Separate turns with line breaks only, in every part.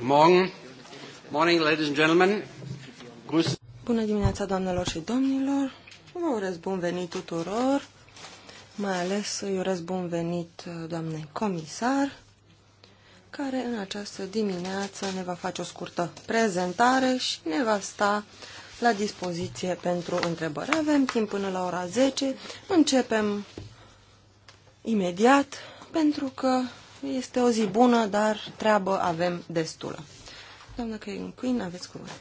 Morgen. Morning, ladies and gentlemen. Bună dimineața, doamnelor și domnilor. Vă urez bun venit tuturor. Mai ales îi urez bun venit uh, doamnei comisar, care în această dimineață ne va face o scurtă prezentare și ne va sta la dispoziție pentru întrebări. Avem timp până la ora 10. Începem imediat pentru că este o zi bună, dar treabă avem destulă. Doamna Caitlin Quinn, aveți cuvântul.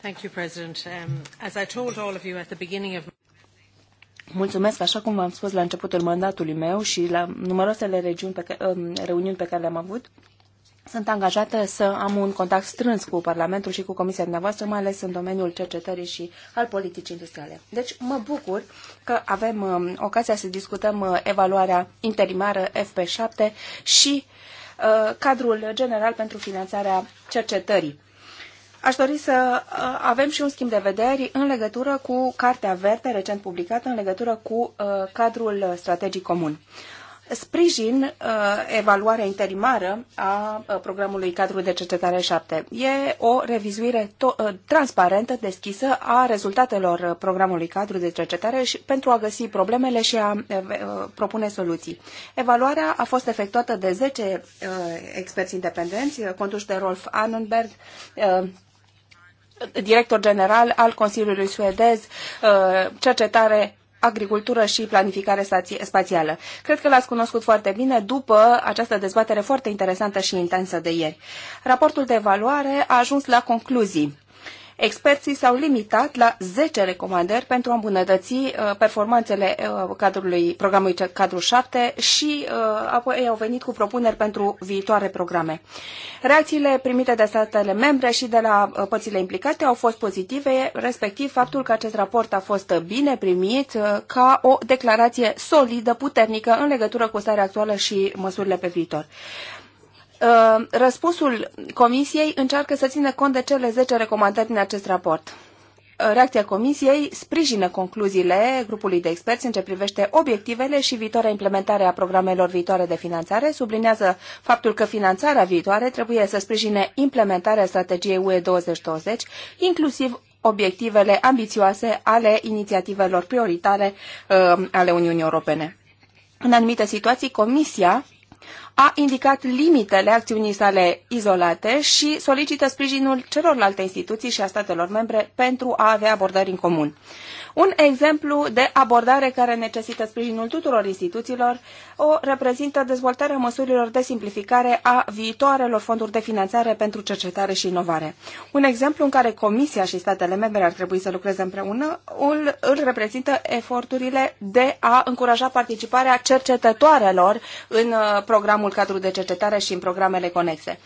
Thank you, President. Um, as I told all of you at the beginning of
Mulțumesc, așa cum v-am spus la începutul mandatului meu și la numeroasele regiuni pe care, um, reuniuni pe care le-am avut. Sunt angajată să am un contact strâns cu Parlamentul și cu Comisia dumneavoastră, mai ales în domeniul cercetării și al politicii industriale. Deci mă bucur că avem um, ocazia să discutăm uh, evaluarea interimară FP7 și uh, cadrul general pentru finanțarea cercetării. Aș dori să uh, avem și un schimb de vederi în legătură cu Cartea Verde, recent publicată, în legătură cu cadrul strategic comun sprijin uh, evaluarea interimară a uh, programului cadru de cercetare 7. E o revizuire uh, transparentă, deschisă a rezultatelor uh, programului cadru de cercetare și pentru a găsi problemele și a uh, propune soluții. Evaluarea a fost efectuată de 10 uh, experți independenți, uh, conduși de Rolf Annenberg, uh, director general al Consiliului Suedez, uh, cercetare agricultură și planificare spațială. Cred că l-ați cunoscut foarte bine după această dezbatere foarte interesantă și intensă de ieri. Raportul de evaluare a ajuns la concluzii Experții s-au limitat la 10 recomandări pentru a îmbunătăți uh, performanțele uh, cadrului, programului cadru 7 și uh, apoi au venit cu propuneri pentru viitoare programe. Reacțiile primite de statele membre și de la părțile implicate au fost pozitive, respectiv faptul că acest raport a fost bine primit ca o declarație solidă, puternică în legătură cu starea actuală și măsurile pe viitor. Uh, răspunsul Comisiei încearcă să țină cont de cele 10 recomandări din acest raport. Uh, reacția Comisiei sprijină concluziile grupului de experți în ce privește obiectivele și viitoarea implementare a programelor viitoare de finanțare, sublinează faptul că finanțarea viitoare trebuie să sprijine implementarea strategiei UE 2020, inclusiv obiectivele ambițioase ale inițiativelor prioritare uh, ale Uniunii Europene. În anumite situații, Comisia a indicat limitele acțiunii sale izolate și solicită sprijinul celorlalte instituții și a statelor membre pentru a avea abordări în comun. Un exemplu de abordare care necesită sprijinul tuturor instituțiilor o reprezintă dezvoltarea măsurilor de simplificare a viitoarelor fonduri de finanțare pentru cercetare și inovare. Un exemplu în care Comisia și statele membre ar trebui să lucreze împreună îl, îl reprezintă eforturile de a încuraja participarea cercetătoarelor în uh, programul cadru de cercetare și în programele conexe.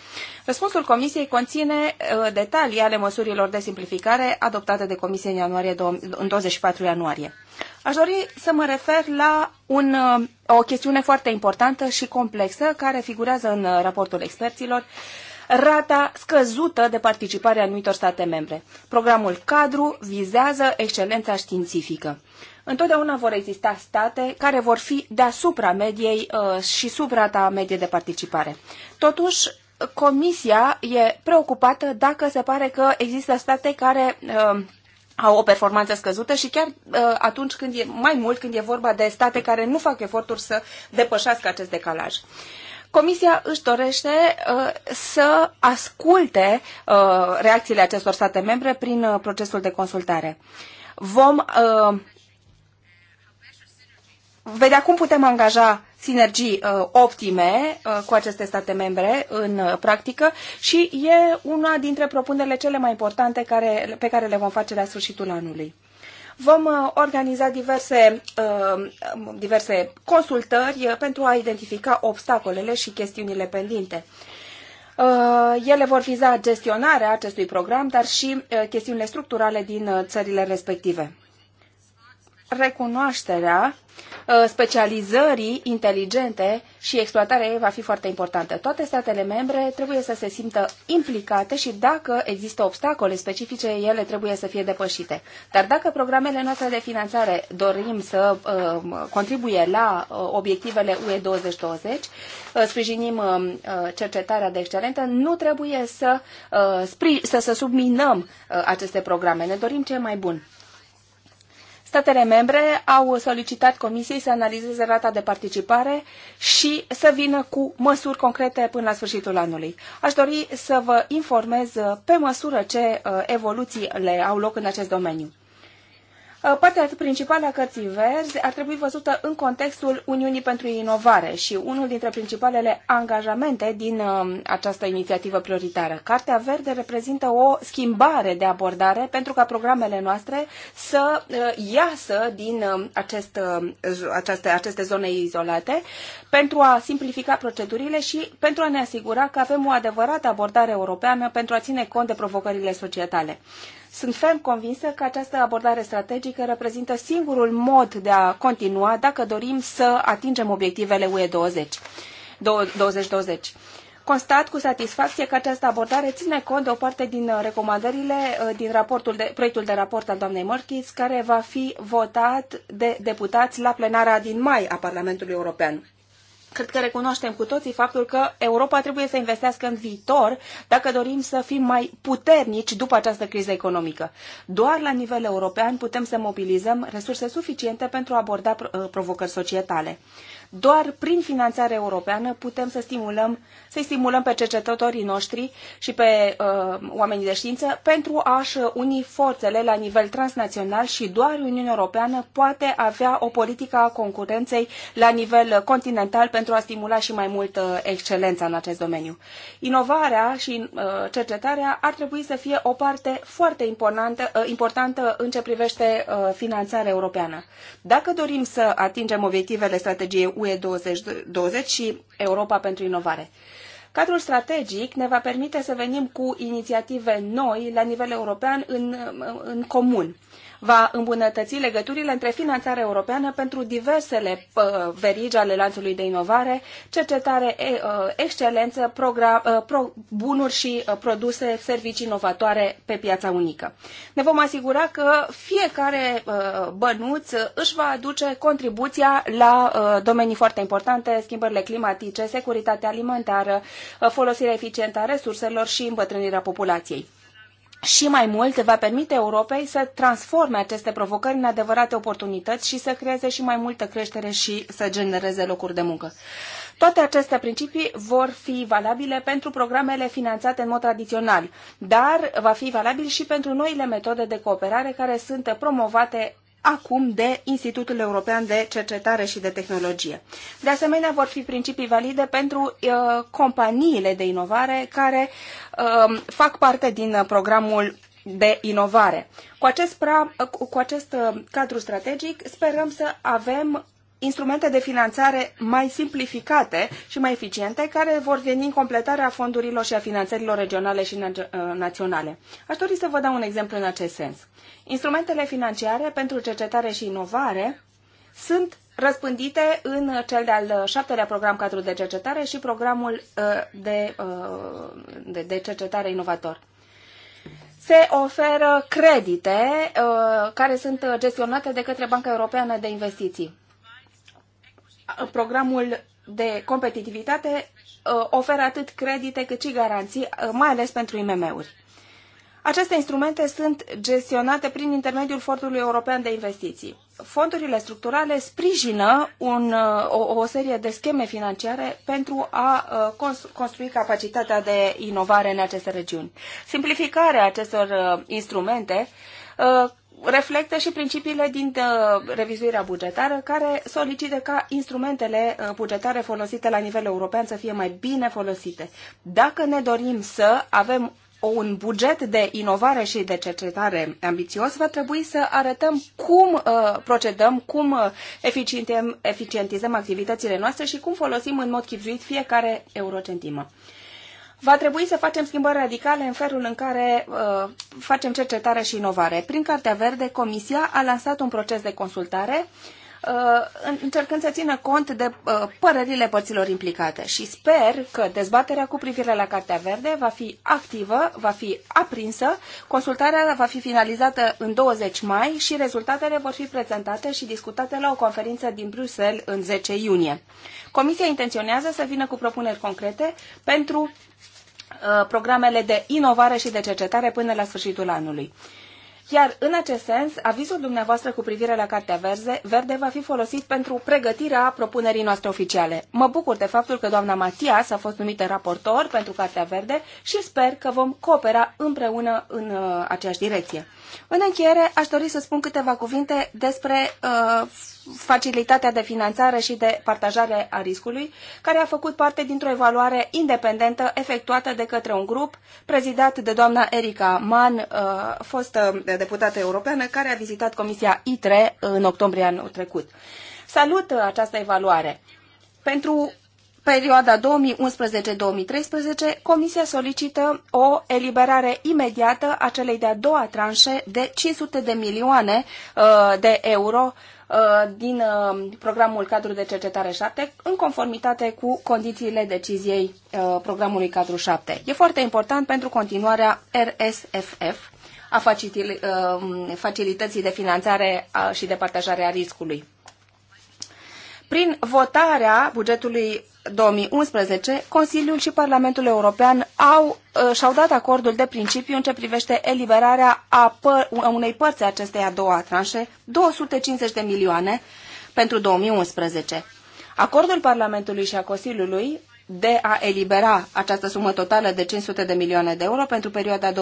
Răspunsul Comisiei conține uh, detalii ale măsurilor de simplificare adoptate de Comisie în, ianuarie, în 24 ianuarie. Aș dori să mă refer la un, uh, o chestiune foarte importantă și complexă care figurează în uh, raportul experților, rata scăzută de participare a anumitor state membre. Programul cadru vizează excelența științifică. Întotdeauna vor exista state care vor fi deasupra mediei și sub rata medie de participare. Totuși, Comisia e preocupată dacă se pare că există state care uh, au o performanță scăzută și chiar uh, atunci când e mai mult când e vorba de state care nu fac eforturi să depășească acest decalaj. Comisia își dorește uh, să asculte uh, reacțiile acestor state membre prin uh, procesul de consultare. Vom uh, vedea cum putem angaja sinergii uh, optime uh, cu aceste state membre în uh, practică și e una dintre propunerile cele mai importante care, pe care le vom face la sfârșitul anului. Vom uh, organiza diverse, uh, diverse consultări uh, pentru a identifica obstacolele și chestiunile pendinte. Uh, ele vor viza gestionarea acestui program, dar și uh, chestiunile structurale din țările respective recunoașterea uh, specializării inteligente și exploatarea ei va fi foarte importantă. Toate statele membre trebuie să se simtă implicate și dacă există obstacole specifice, ele trebuie să fie depășite. Dar dacă programele noastre de finanțare dorim să uh, contribuie la uh, obiectivele UE 2020, uh, sprijinim uh, cercetarea de excelentă, nu trebuie să, uh, spri- să, să subminăm uh, aceste programe. Ne dorim ce mai bun Statele membre au solicitat Comisiei să analizeze rata de participare și să vină cu măsuri concrete până la sfârșitul anului. Aș dori să vă informez uh, pe măsură ce uh, evoluții le au loc în acest domeniu. Uh, partea principală a cărții verzi ar trebui văzută în contextul Uniunii pentru Inovare și unul dintre principalele angajamente din uh, această inițiativă prioritară. Cartea verde reprezintă o schimbare de abordare pentru ca programele noastre să uh, iasă din acest, aceste, aceste zone izolate pentru a simplifica procedurile și pentru a ne asigura că avem o adevărată abordare europeană pentru a ține cont de provocările societale. Sunt ferm convinsă că această abordare strategică reprezintă singurul mod de a continua dacă dorim să atingem obiectivele UE 20. 2020. Constat cu satisfacție că această abordare ține cont de o parte din recomandările uh, din raportul de, proiectul de raport al doamnei Mărchis, care va fi votat de deputați la plenara din mai a Parlamentului European. Cred că recunoaștem cu toții faptul că Europa trebuie să investească în viitor dacă dorim să fim mai puternici după această criză economică. Doar la nivel european putem să mobilizăm resurse suficiente pentru a aborda uh, provocări societale. Doar prin finanțare europeană putem să stimulăm, să stimulăm pe cercetătorii noștri și pe uh, oamenii de știință pentru a-și uni forțele la nivel transnațional și doar Uniunea Europeană poate avea o politică a concurenței la nivel continental pentru a stimula și mai mult uh, excelența în acest domeniu. Inovarea și uh, cercetarea ar trebui să fie o parte foarte importantă, uh, importantă în ce privește uh, finanțarea europeană. Dacă dorim să atingem obiectivele strategiei UE 2020 și Europa pentru inovare. Cadrul strategic ne va permite să venim cu inițiative noi la nivel european în, în comun va îmbunătăți legăturile între finanțarea europeană pentru diversele verigi ale lanțului de inovare, cercetare, ă, excelență, program, ă, bunuri și ă, produse, servicii inovatoare pe piața unică. Ne vom asigura că fiecare bănuț își va aduce contribuția la domenii foarte importante, schimbările climatice, securitatea alimentară, folosirea eficientă a resurselor și îmbătrânirea populației și mai mult va permite Europei să transforme aceste provocări în adevărate oportunități și să creeze și mai multă creștere și să genereze locuri de muncă. Toate aceste principii vor fi valabile pentru programele finanțate în mod tradițional, dar va fi valabil și pentru noile metode de cooperare care sunt promovate acum de Institutul European de Cercetare și de Tehnologie. De asemenea, vor fi principii valide pentru uh, companiile de inovare care uh, fac parte din programul de inovare. Cu acest, pra, cu acest uh, cadru strategic sperăm să avem instrumente de finanțare mai simplificate și mai eficiente, care vor veni în completarea fondurilor și a finanțărilor regionale și ă, naționale. Aș dori să vă dau un exemplu în acest sens. Instrumentele financiare pentru cercetare și inovare sunt răspândite în cel de-al șaptelea program cadru de cercetare și programul ă, de, ă, de, de cercetare inovator se oferă credite care sunt gestionate de către Banca Europeană de Investiții programul de competitivitate uh, oferă atât credite cât și garanții, uh, mai ales pentru IMM-uri. Aceste instrumente sunt gestionate prin intermediul Fondului European de Investiții. Fondurile structurale sprijină un, uh, o, o serie de scheme financiare pentru a construi capacitatea de inovare în aceste regiuni. Simplificarea acestor instrumente reflectă și principiile din uh, revizuirea bugetară, care solicită ca instrumentele uh, bugetare folosite la nivel european să fie mai bine folosite. Dacă ne dorim să avem un buget de inovare și de cercetare ambițios, va trebui să arătăm cum uh, procedăm, cum uh, eficientizăm activitățile noastre și cum folosim în mod chipzuit fiecare eurocentimă. Uh, va trebui să facem schimbări radicale în felul în care uh, facem cercetare și inovare. Prin Cartea Verde, Comisia a lansat un proces de consultare uh, încercând să țină cont de uh, părerile părților implicate și sper că dezbaterea cu privire la Cartea Verde va fi activă, va fi aprinsă, consultarea va fi finalizată în 20 mai și rezultatele vor fi prezentate și discutate la o conferință din Bruxelles în 10 iunie. Comisia intenționează să vină cu propuneri concrete pentru Uh, programele de inovare și de cercetare până la sfârșitul anului. Iar în acest sens, avizul dumneavoastră cu privire la Cartea Verze, Verde va fi folosit pentru pregătirea propunerii noastre oficiale. Mă bucur de faptul că doamna Matias a fost numită raportor pentru Cartea Verde și sper că vom coopera împreună în uh, aceeași direcție. În încheiere, aș dori să spun câteva cuvinte despre uh, facilitatea de finanțare și de partajare a riscului, care a făcut parte dintr-o evaluare independentă efectuată de către un grup prezidat de doamna Erika Mann, uh, fostă deputată europeană, care a vizitat Comisia ITRE în octombrie anul trecut. Salut uh, această evaluare! Pentru perioada 2011-2013, Comisia solicită o eliberare imediată a celei de-a doua tranșe de 500 de milioane uh, de euro uh, din uh, programul cadru de cercetare 7 în conformitate cu condițiile deciziei programului cadru 7. E foarte important pentru continuarea RSFF a facilității de finanțare și de partajare a riscului. Prin votarea bugetului 2011, Consiliul și Parlamentul European au, uh, și-au dat acordul de principiu în ce privește eliberarea a păr, unei părți a acestei a doua tranșe, 250 de milioane pentru 2011. Acordul Parlamentului și a Consiliului de a elibera această sumă totală de 500 de milioane de euro pentru perioada 2011-2013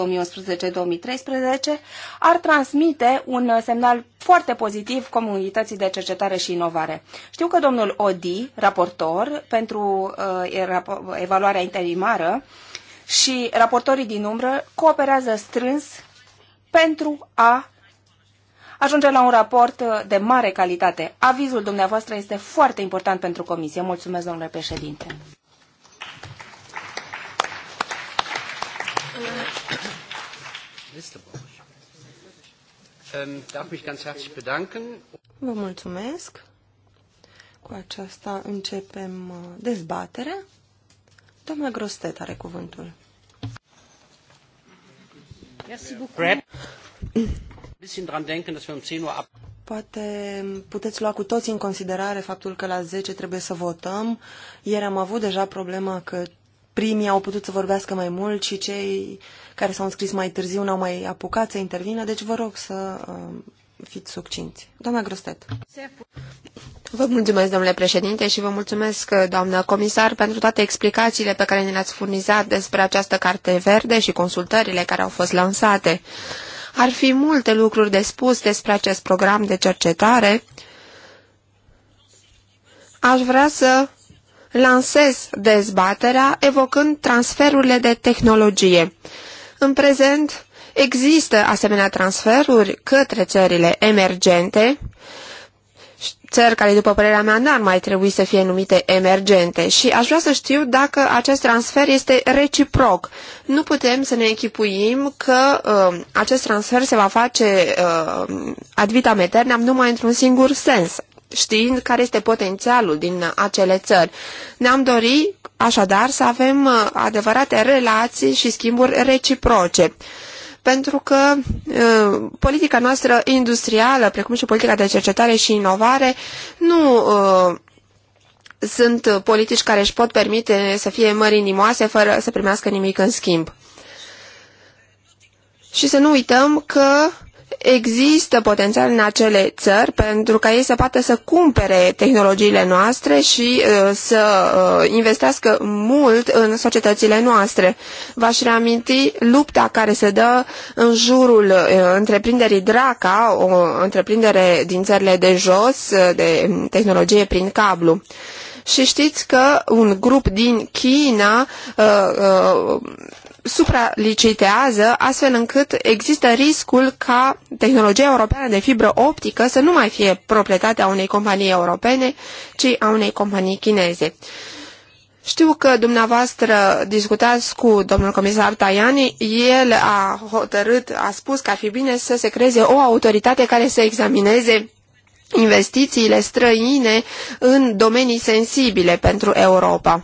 ar transmite un semnal foarte pozitiv comunității de cercetare și inovare. Știu că domnul Odi, raportor pentru uh, evaluarea interimară și raportorii din umbră cooperează strâns pentru a ajunge la un raport de mare calitate. Avizul dumneavoastră este foarte important pentru comisie. Mulțumesc, domnule președinte.
Ähm,
Vă mulțumesc. Cu aceasta începem uh, dezbaterea. Doamna Grostet are cuvântul.
Um
Poate puteți lua cu toți în considerare faptul că la 10 trebuie să votăm. Ieri am avut deja problema că primii au putut să vorbească mai mult și cei care s-au înscris mai târziu n-au mai apucat să intervină, deci vă rog să um, fiți succinți. Doamna Grostet. Vă mulțumesc, domnule președinte, și vă mulțumesc,
doamnă comisar, pentru toate explicațiile pe care ne le-ați furnizat despre această carte verde și consultările care au fost lansate. Ar fi multe lucruri de spus despre acest program de cercetare. Aș vrea să lansez dezbaterea evocând transferurile de tehnologie. În prezent există asemenea transferuri către țările emergente, țări care, după părerea mea, n-ar mai trebui să fie numite emergente și aș vrea să știu dacă acest transfer este reciproc. Nu putem să ne echipuim că uh, acest transfer se va face uh, ad vitam eternam numai într-un singur sens știind care este potențialul din acele țări. Ne-am dorit așadar să avem uh, adevărate relații și schimburi reciproce pentru că uh, politica noastră industrială, precum și politica de cercetare și inovare, nu uh, sunt politici care își pot permite să fie mări inimoase fără să primească nimic în schimb. Și să nu uităm că există potențial în acele țări pentru ca ei să poată să cumpere tehnologiile noastre și uh, să uh, investească mult în societățile noastre. V-aș reaminti lupta care se dă în jurul uh, întreprinderii Draca, o întreprindere din țările de jos de tehnologie prin cablu. Și știți că un grup din China uh, uh, supralicitează astfel încât există riscul ca tehnologia europeană de fibră optică să nu mai fie proprietatea unei companii europene, ci a unei companii chineze. Știu că dumneavoastră discutați cu domnul comisar Tajani, el a hotărât, a spus că ar fi bine să se creeze o autoritate care să examineze investițiile străine în domenii sensibile pentru Europa.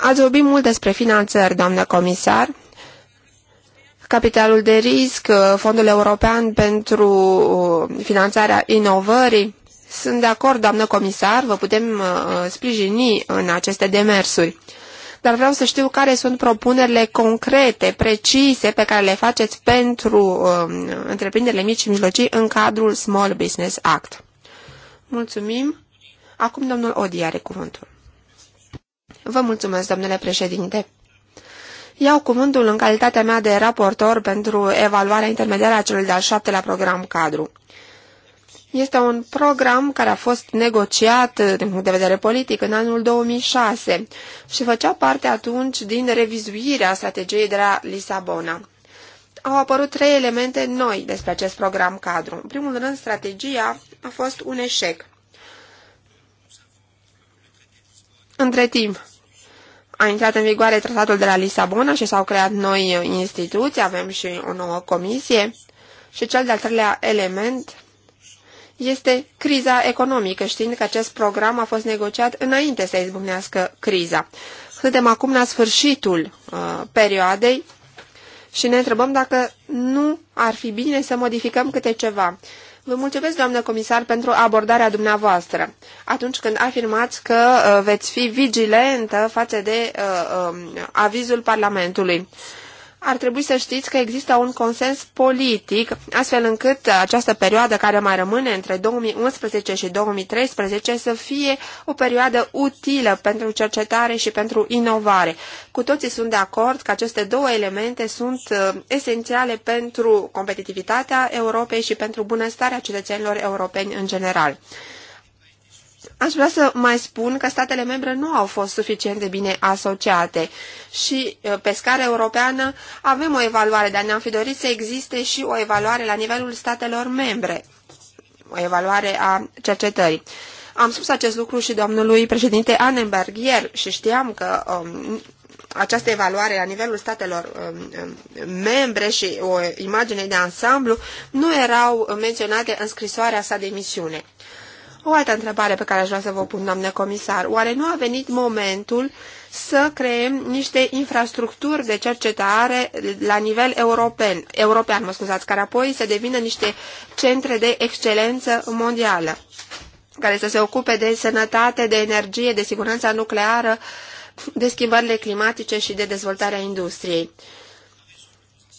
Ați vorbit mult despre finanțări, doamnă comisar, capitalul de risc, Fondul European pentru uh, Finanțarea Inovării. Sunt de acord, doamnă comisar, vă putem uh, sprijini în aceste demersuri. Dar vreau să știu care sunt propunerile concrete, precise, pe care le faceți pentru um, întreprinderile mici și mijlocii în cadrul Small Business Act. Mulțumim. Acum domnul Odi are cuvântul. Vă mulțumesc, domnule președinte. Iau cuvântul în calitatea mea de raportor pentru evaluarea intermediară a celui de-al șaptelea program cadru. Este un program care a fost negociat din punct de vedere politic în anul 2006 și făcea parte atunci din revizuirea strategiei de la Lisabona. Au apărut trei elemente noi despre acest program cadru. În primul rând, strategia a fost un eșec. Între timp, a intrat în vigoare tratatul de la Lisabona și s-au creat noi instituții, avem și o nouă comisie. Și cel de-al treilea element este criza economică, știind că acest program a fost negociat înainte să izbucnească criza. Suntem acum la sfârșitul uh, perioadei și ne întrebăm dacă nu ar fi bine să modificăm câte ceva. Vă mulțumesc, doamnă comisar, pentru abordarea dumneavoastră. Atunci când afirmați că uh, veți fi vigilentă uh, față de uh, uh, avizul Parlamentului ar trebui să știți că există un consens politic, astfel încât această perioadă care mai rămâne între 2011 și 2013 să fie o perioadă utilă pentru cercetare și pentru inovare. Cu toții sunt de acord că aceste două elemente sunt uh, esențiale pentru competitivitatea Europei și pentru bunăstarea cetățenilor europeni în general aș vrea să mai spun că statele membre nu au fost suficient de bine asociate și uh, pe scară europeană avem o evaluare, dar ne-am fi dorit să existe și o evaluare la nivelul statelor membre, o evaluare a cercetării. Am spus acest lucru și domnului președinte Annenberg ieri și știam că um, această evaluare la nivelul statelor um, um membre și o imagine de ansamblu nu erau menționate în scrisoarea sa de misiune. O altă întrebare pe care aș vrea să vă pun, doamne comisar. Oare nu a venit momentul să creăm niște infrastructuri de cercetare la nivel european, european mă scuzați, care apoi să devină niște centre de excelență mondială, care să se ocupe de sănătate, de energie, de siguranța nucleară, de schimbările climatice și de dezvoltarea industriei.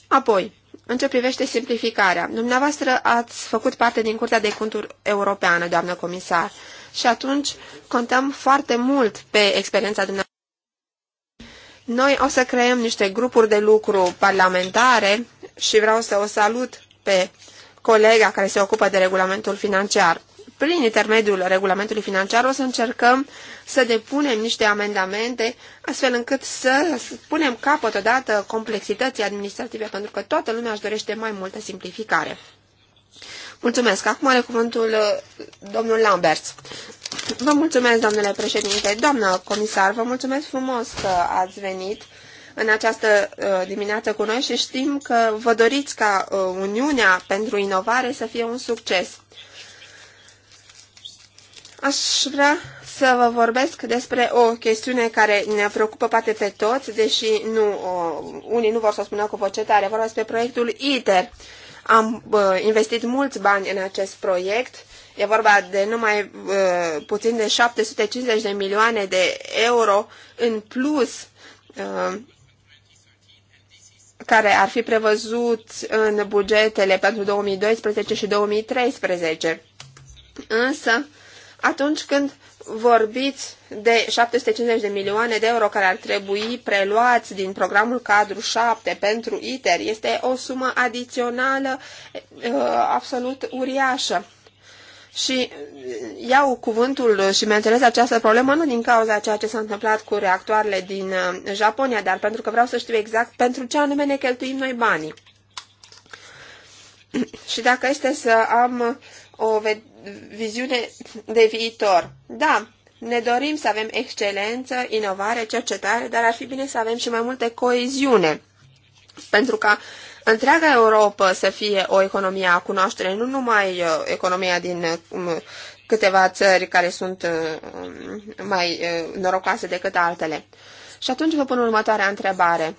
Apoi, în ce privește simplificarea, dumneavoastră ați făcut parte din Curtea de Conturi Europeană, doamnă comisar, și atunci contăm foarte mult pe experiența dumneavoastră. Noi o să creăm niște grupuri de lucru parlamentare și vreau să o salut pe colega care se ocupă de regulamentul financiar prin intermediul regulamentului financiar, o să încercăm să depunem niște amendamente, astfel încât să punem capăt odată complexității administrative, pentru că toată lumea își dorește mai multă simplificare. Mulțumesc. Acum are cuvântul uh, domnul Lamberts. Vă mulțumesc, domnule președinte. Doamnă comisar, vă mulțumesc frumos că ați venit în această uh, dimineață cu noi și știm că vă doriți ca uh, Uniunea pentru Inovare să fie un succes. Aș vrea să vă vorbesc despre o chestiune care ne preocupă poate pe toți, deși nu, o, unii nu vor să o spună cu voce tare. Vorbesc despre proiectul ITER. Am bă, investit mulți bani în acest proiect. E vorba de numai bă, puțin de 750 de milioane de euro în plus bă, care ar fi prevăzut în bugetele pentru 2012 și 2013. Însă, atunci când vorbiți de 750 de milioane de euro care ar trebui preluați din programul cadru 7 pentru ITER, este o sumă adițională eh, absolut uriașă. Și eh, iau cuvântul și menționez această problemă nu din cauza ceea ce s-a întâmplat cu reactoarele din eh, Japonia, dar pentru că vreau să știu exact pentru ce anume ne cheltuim noi banii. Și dacă este să am o viziune de viitor. Da, ne dorim să avem excelență, inovare, cercetare, dar ar fi bine să avem și mai multe coeziune. Pentru ca întreaga Europa să fie o economie a cunoașterii, nu numai uh, economia din um, câteva țări care sunt uh, um, mai uh, norocoase decât altele. Și atunci vă pun următoarea întrebare.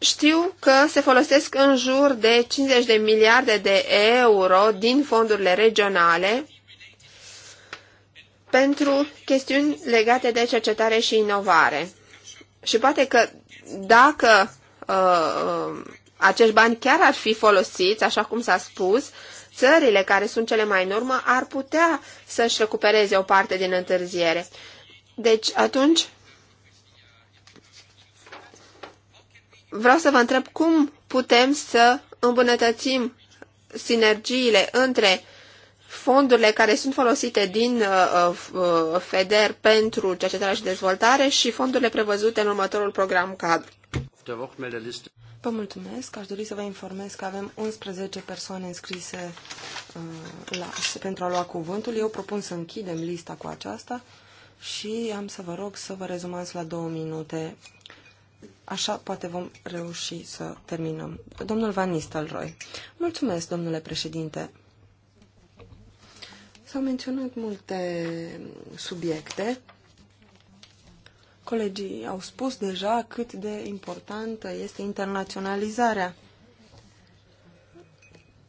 Știu că se folosesc în jur de 50 de miliarde de euro din fondurile regionale pentru chestiuni legate de cercetare și inovare. Și poate că dacă uh, uh, acești bani chiar ar fi folosiți, așa cum s-a spus, țările care sunt cele mai în urmă ar putea să-și recupereze o parte din întârziere. Deci atunci vreau să vă întreb cum putem să îmbunătățim sinergiile între fondurile care sunt folosite din uh, uh, FEDER pentru cercetare și dezvoltare și fondurile prevăzute în următorul program cadru.
Vă mulțumesc. Aș dori să vă informez că avem 11 persoane înscrise uh, la, pentru a lua cuvântul. Eu propun să închidem lista cu aceasta și am să vă rog să vă rezumați la două minute Așa poate vom reuși să terminăm. Domnul Van Nistelrooy. Mulțumesc, domnule președinte. S-au menționat multe subiecte. Colegii au spus deja cât de importantă este internaționalizarea.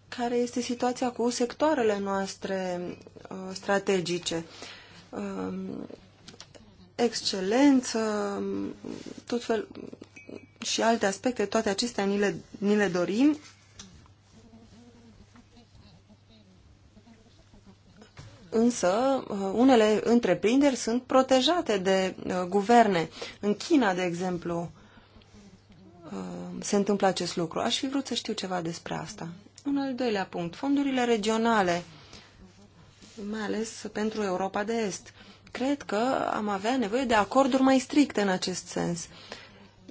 Care este situația cu sectoarele noastre uh, strategice? Uh, excelență, tot fel și alte aspecte, toate acestea ni le, ni le dorim. Însă, uh, unele întreprinderi sunt protejate de uh, guverne. În China, de exemplu, uh, se întâmplă acest lucru. Aș fi vrut să știu ceva despre asta. Un al doilea punct, fondurile regionale, mai ales pentru Europa de Est. Uh, cred că am avea nevoie de acorduri mai stricte în acest sens.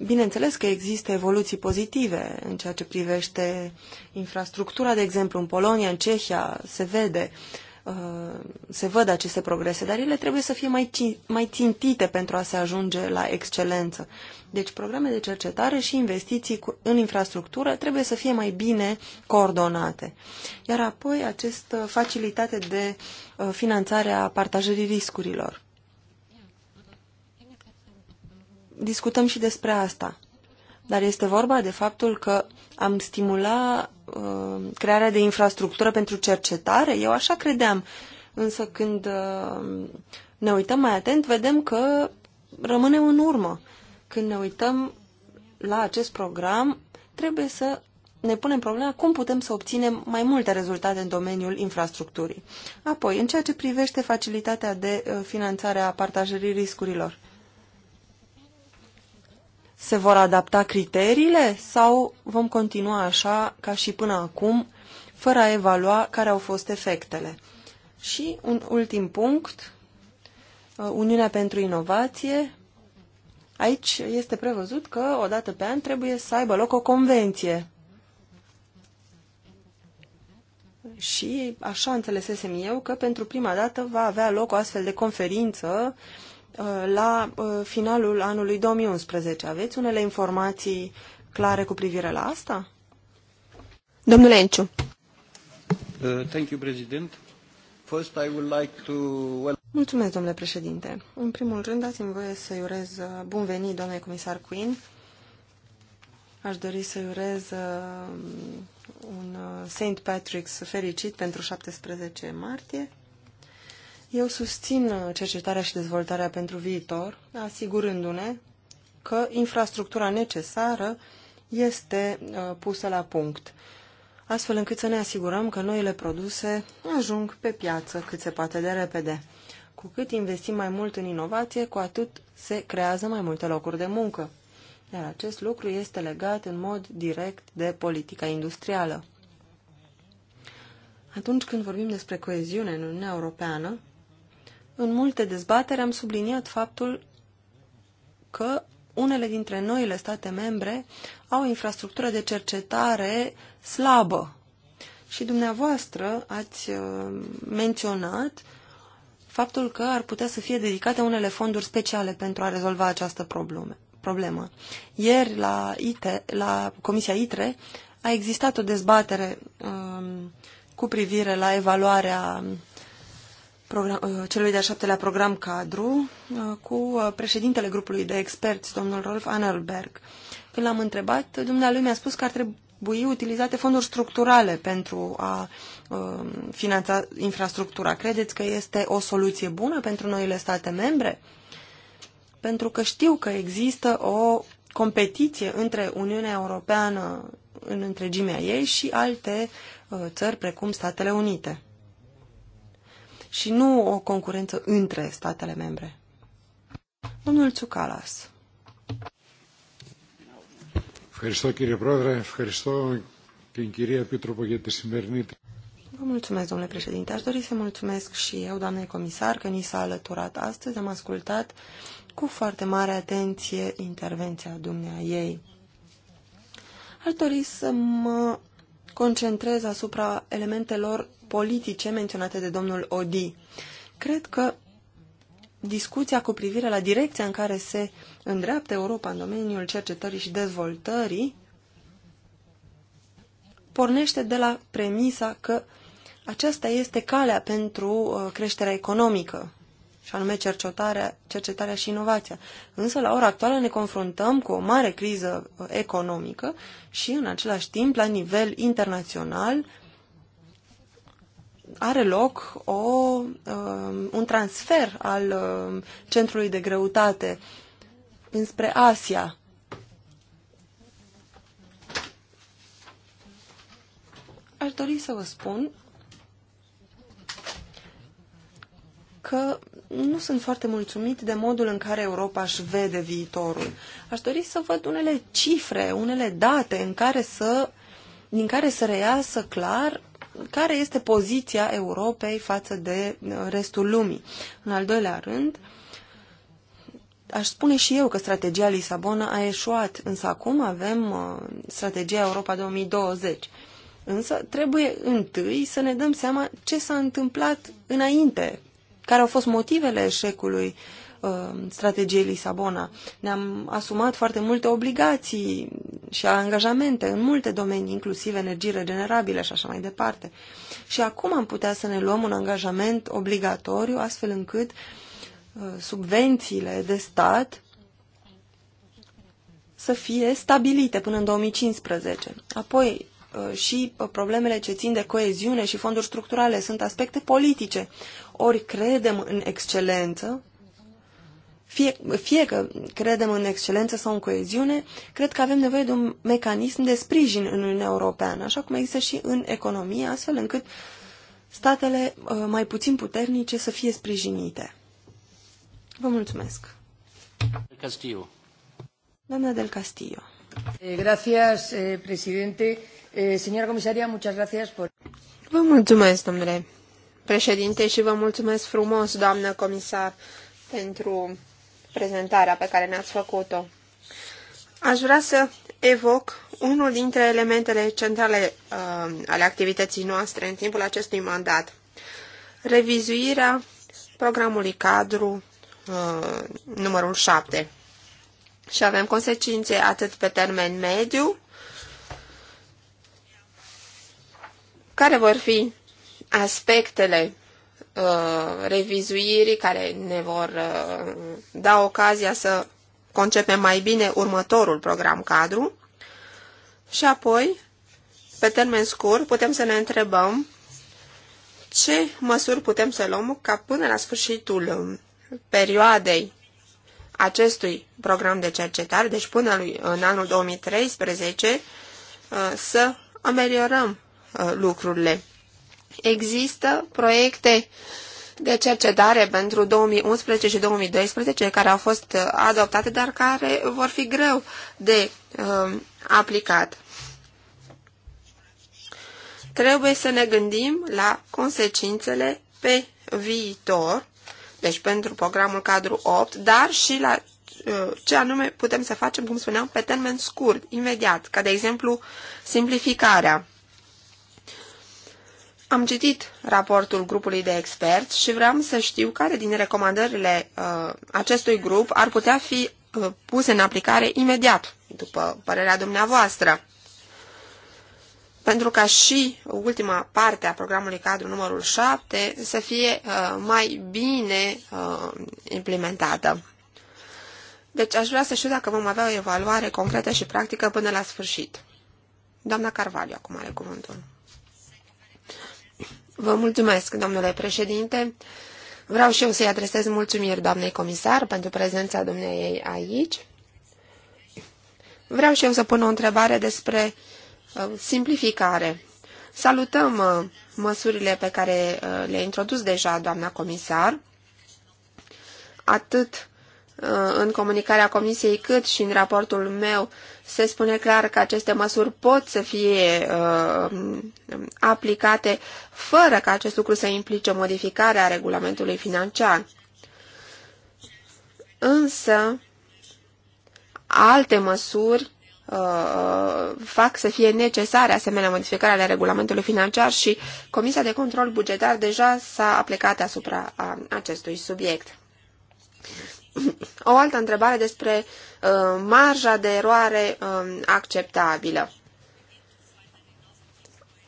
Bineînțeles că există evoluții pozitive în ceea ce privește infrastructura, de exemplu, în Polonia, în Cehia, se vede uh, Uh, se văd aceste progrese, dar ele trebuie să fie mai, mai țintite pentru a se ajunge la excelență. Deci programe de cercetare și investiții în infrastructură trebuie să fie mai bine coordonate. Iar apoi această uh, facilitate de uh, finanțare a partajării riscurilor. Discutăm și despre asta. Dar este vorba de faptul că am stimula Uh, crearea de infrastructură pentru cercetare? Eu așa credeam. Însă când uh, ne uităm mai atent, vedem că rămânem în urmă. Când ne uităm la acest program, trebuie să ne punem problema cum putem să obținem mai multe rezultate în domeniul infrastructurii. Apoi, în ceea ce privește facilitatea de uh, finanțare a partajării riscurilor, se vor adapta criteriile sau vom continua așa ca și până acum, fără a evalua care au fost efectele? Și un ultim punct, uh, Uniunea pentru Inovație. Aici este prevăzut că odată pe an trebuie să aibă loc o convenție. Și așa înțelesesem eu că pentru prima dată va avea loc o astfel de conferință uh, Uh, la uh, finalul anului 2011. Aveți unele informații clare cu privire la asta?
Domnule Enciu.
Uh, thank you, President. First, I would like to...
Mulțumesc, domnule președinte. În primul rând, dați-mi voie să-i urez bun venit, domnule comisar Quinn. Aș dori să-i urez un St. Patrick's fericit pentru 17 martie. Eu susțin uh, cercetarea și dezvoltarea pentru viitor, asigurându-ne că infrastructura necesară este uh, pusă la punct, astfel încât să ne asigurăm că noile produse ajung pe piață cât se poate de repede. Cu cât investim mai mult în inovație, cu atât se creează mai multe locuri de muncă. Iar acest lucru este legat în mod direct de politica industrială. Atunci când vorbim despre coeziune în Uniunea Europeană, în multe dezbatere am subliniat faptul că unele dintre noile state membre au o infrastructură de cercetare slabă. Și dumneavoastră ați uh, menționat faptul că ar putea să fie dedicate unele fonduri speciale pentru a rezolva această problemă. Ieri la, ITE, la Comisia ITRE a existat o dezbatere um, cu privire la evaluarea program, uh, celui de-al șaptelea program cadru uh, cu uh, președintele grupului de experți, domnul Rolf Annelberg. Când l-am întrebat, dumnealui mi-a spus că ar trebui utilizate fonduri structurale pentru a uh, finanța infrastructura. Credeți că este o soluție bună pentru noile state membre? Pentru că știu că există o competiție între Uniunea Europeană în întregimea ei și alte uh, țări precum Statele Unite și nu o concurență între statele membre. Domnul Tsukalas. Vă mulțumesc, domnule președinte. Aș dori să mulțumesc și eu, doamne comisar, că ni s-a alăturat astăzi. Am ascultat cu foarte mare atenție intervenția dumnea ei. Aș dori să mă concentrez asupra elementelor politice menționate de domnul Odi. Cred că discuția cu privire la direcția în care se îndreaptă Europa în domeniul cercetării și dezvoltării pornește de la premisa că aceasta este calea pentru uh, creșterea economică, și anume cercetarea, cercetarea și inovația. Însă, la ora actuală, ne confruntăm cu o mare criză uh, economică și, în același timp, la nivel internațional, are loc o, um, un transfer al um, centrului de greutate înspre Asia. Aș dori să vă spun că nu sunt foarte mulțumit de modul în care Europa își vede viitorul. Aș dori să văd unele cifre, unele date în care să, din care să reiasă clar care este poziția Europei față de uh, restul lumii. În al doilea rând, aș spune și eu că strategia Lisabona a eșuat, însă acum avem uh, strategia Europa 2020. Însă trebuie întâi să ne dăm seama ce s-a întâmplat înainte, care au fost motivele eșecului uh, Uh, strategiei Lisabona. Ne-am asumat foarte multe obligații și angajamente în multe domenii, inclusiv energii regenerabile și așa mai departe. Și acum am putea să ne luăm un angajament obligatoriu, astfel încât uh, subvențiile de stat să fie stabilite până în 2015. Apoi, uh, și problemele ce țin de coeziune și fonduri structurale sunt aspecte politice. Ori credem în excelență, fie, fie că credem în excelență sau în coeziune, cred că avem nevoie de un mecanism de sprijin în Uniunea Europeană, așa cum există și în economie, astfel încât statele uh, mai puțin puternice să fie sprijinite. Vă
mulțumesc. Castillo.
Doamna del Castillo. Eh, gracias, eh, presidente. Eh, señora comisaria, muchas gracias por...
Vă mulțumesc, domnule președinte, și vă mulțumesc frumos, doamnă comisar, pentru prezentarea pe care ne-ați făcut-o. Aș vrea să evoc unul dintre elementele centrale uh, ale activității noastre în timpul acestui mandat. Revizuirea programului cadru uh, numărul 7. Și avem consecințe atât pe termen mediu, care vor fi aspectele uh, revizuiri care ne vor uh, da ocazia să concepem mai bine următorul program cadru și apoi, pe termen scurt, putem să ne întrebăm ce măsuri putem să luăm ca până la sfârșitul um, perioadei acestui program de cercetare, deci până în anul 2013, uh, să ameliorăm uh, lucrurile. Există proiecte de cercetare pentru 2011 și 2012 care au fost uh, adoptate, dar care vor fi greu de uh, aplicat. Trebuie să ne gândim la consecințele pe viitor, deci pentru programul cadru 8, dar și la uh, ce anume putem să facem, cum spuneam, pe termen scurt, imediat, ca de exemplu simplificarea. Am citit raportul grupului de experți și vreau să știu care din recomandările uh, acestui grup ar putea fi uh, puse în aplicare imediat, după părerea dumneavoastră. Pentru ca și ultima parte a programului cadru numărul 7 să fie uh, mai bine uh, implementată. Deci aș vrea să știu dacă vom avea o evaluare concretă și practică până la sfârșit. Doamna Carvalho acum are cuvântul. Vă mulțumesc, domnule președinte. Vreau și eu să-i adresez mulțumiri doamnei comisar pentru prezența dumneei aici. Vreau și eu să pun o întrebare despre uh, simplificare. Salutăm uh, măsurile pe care uh, le-a introdus deja doamna comisar, atât Uh, în comunicarea comisiei cât și în raportul meu se spune clar că aceste măsuri pot să fie uh, aplicate fără ca acest lucru să implice modificarea regulamentului financiar. Însă, alte măsuri uh, fac să fie necesare asemenea modificarea ale regulamentului financiar și Comisia de Control Bugetar deja s-a aplicat asupra uh, acestui subiect. O altă întrebare despre uh, marja de eroare uh, acceptabilă.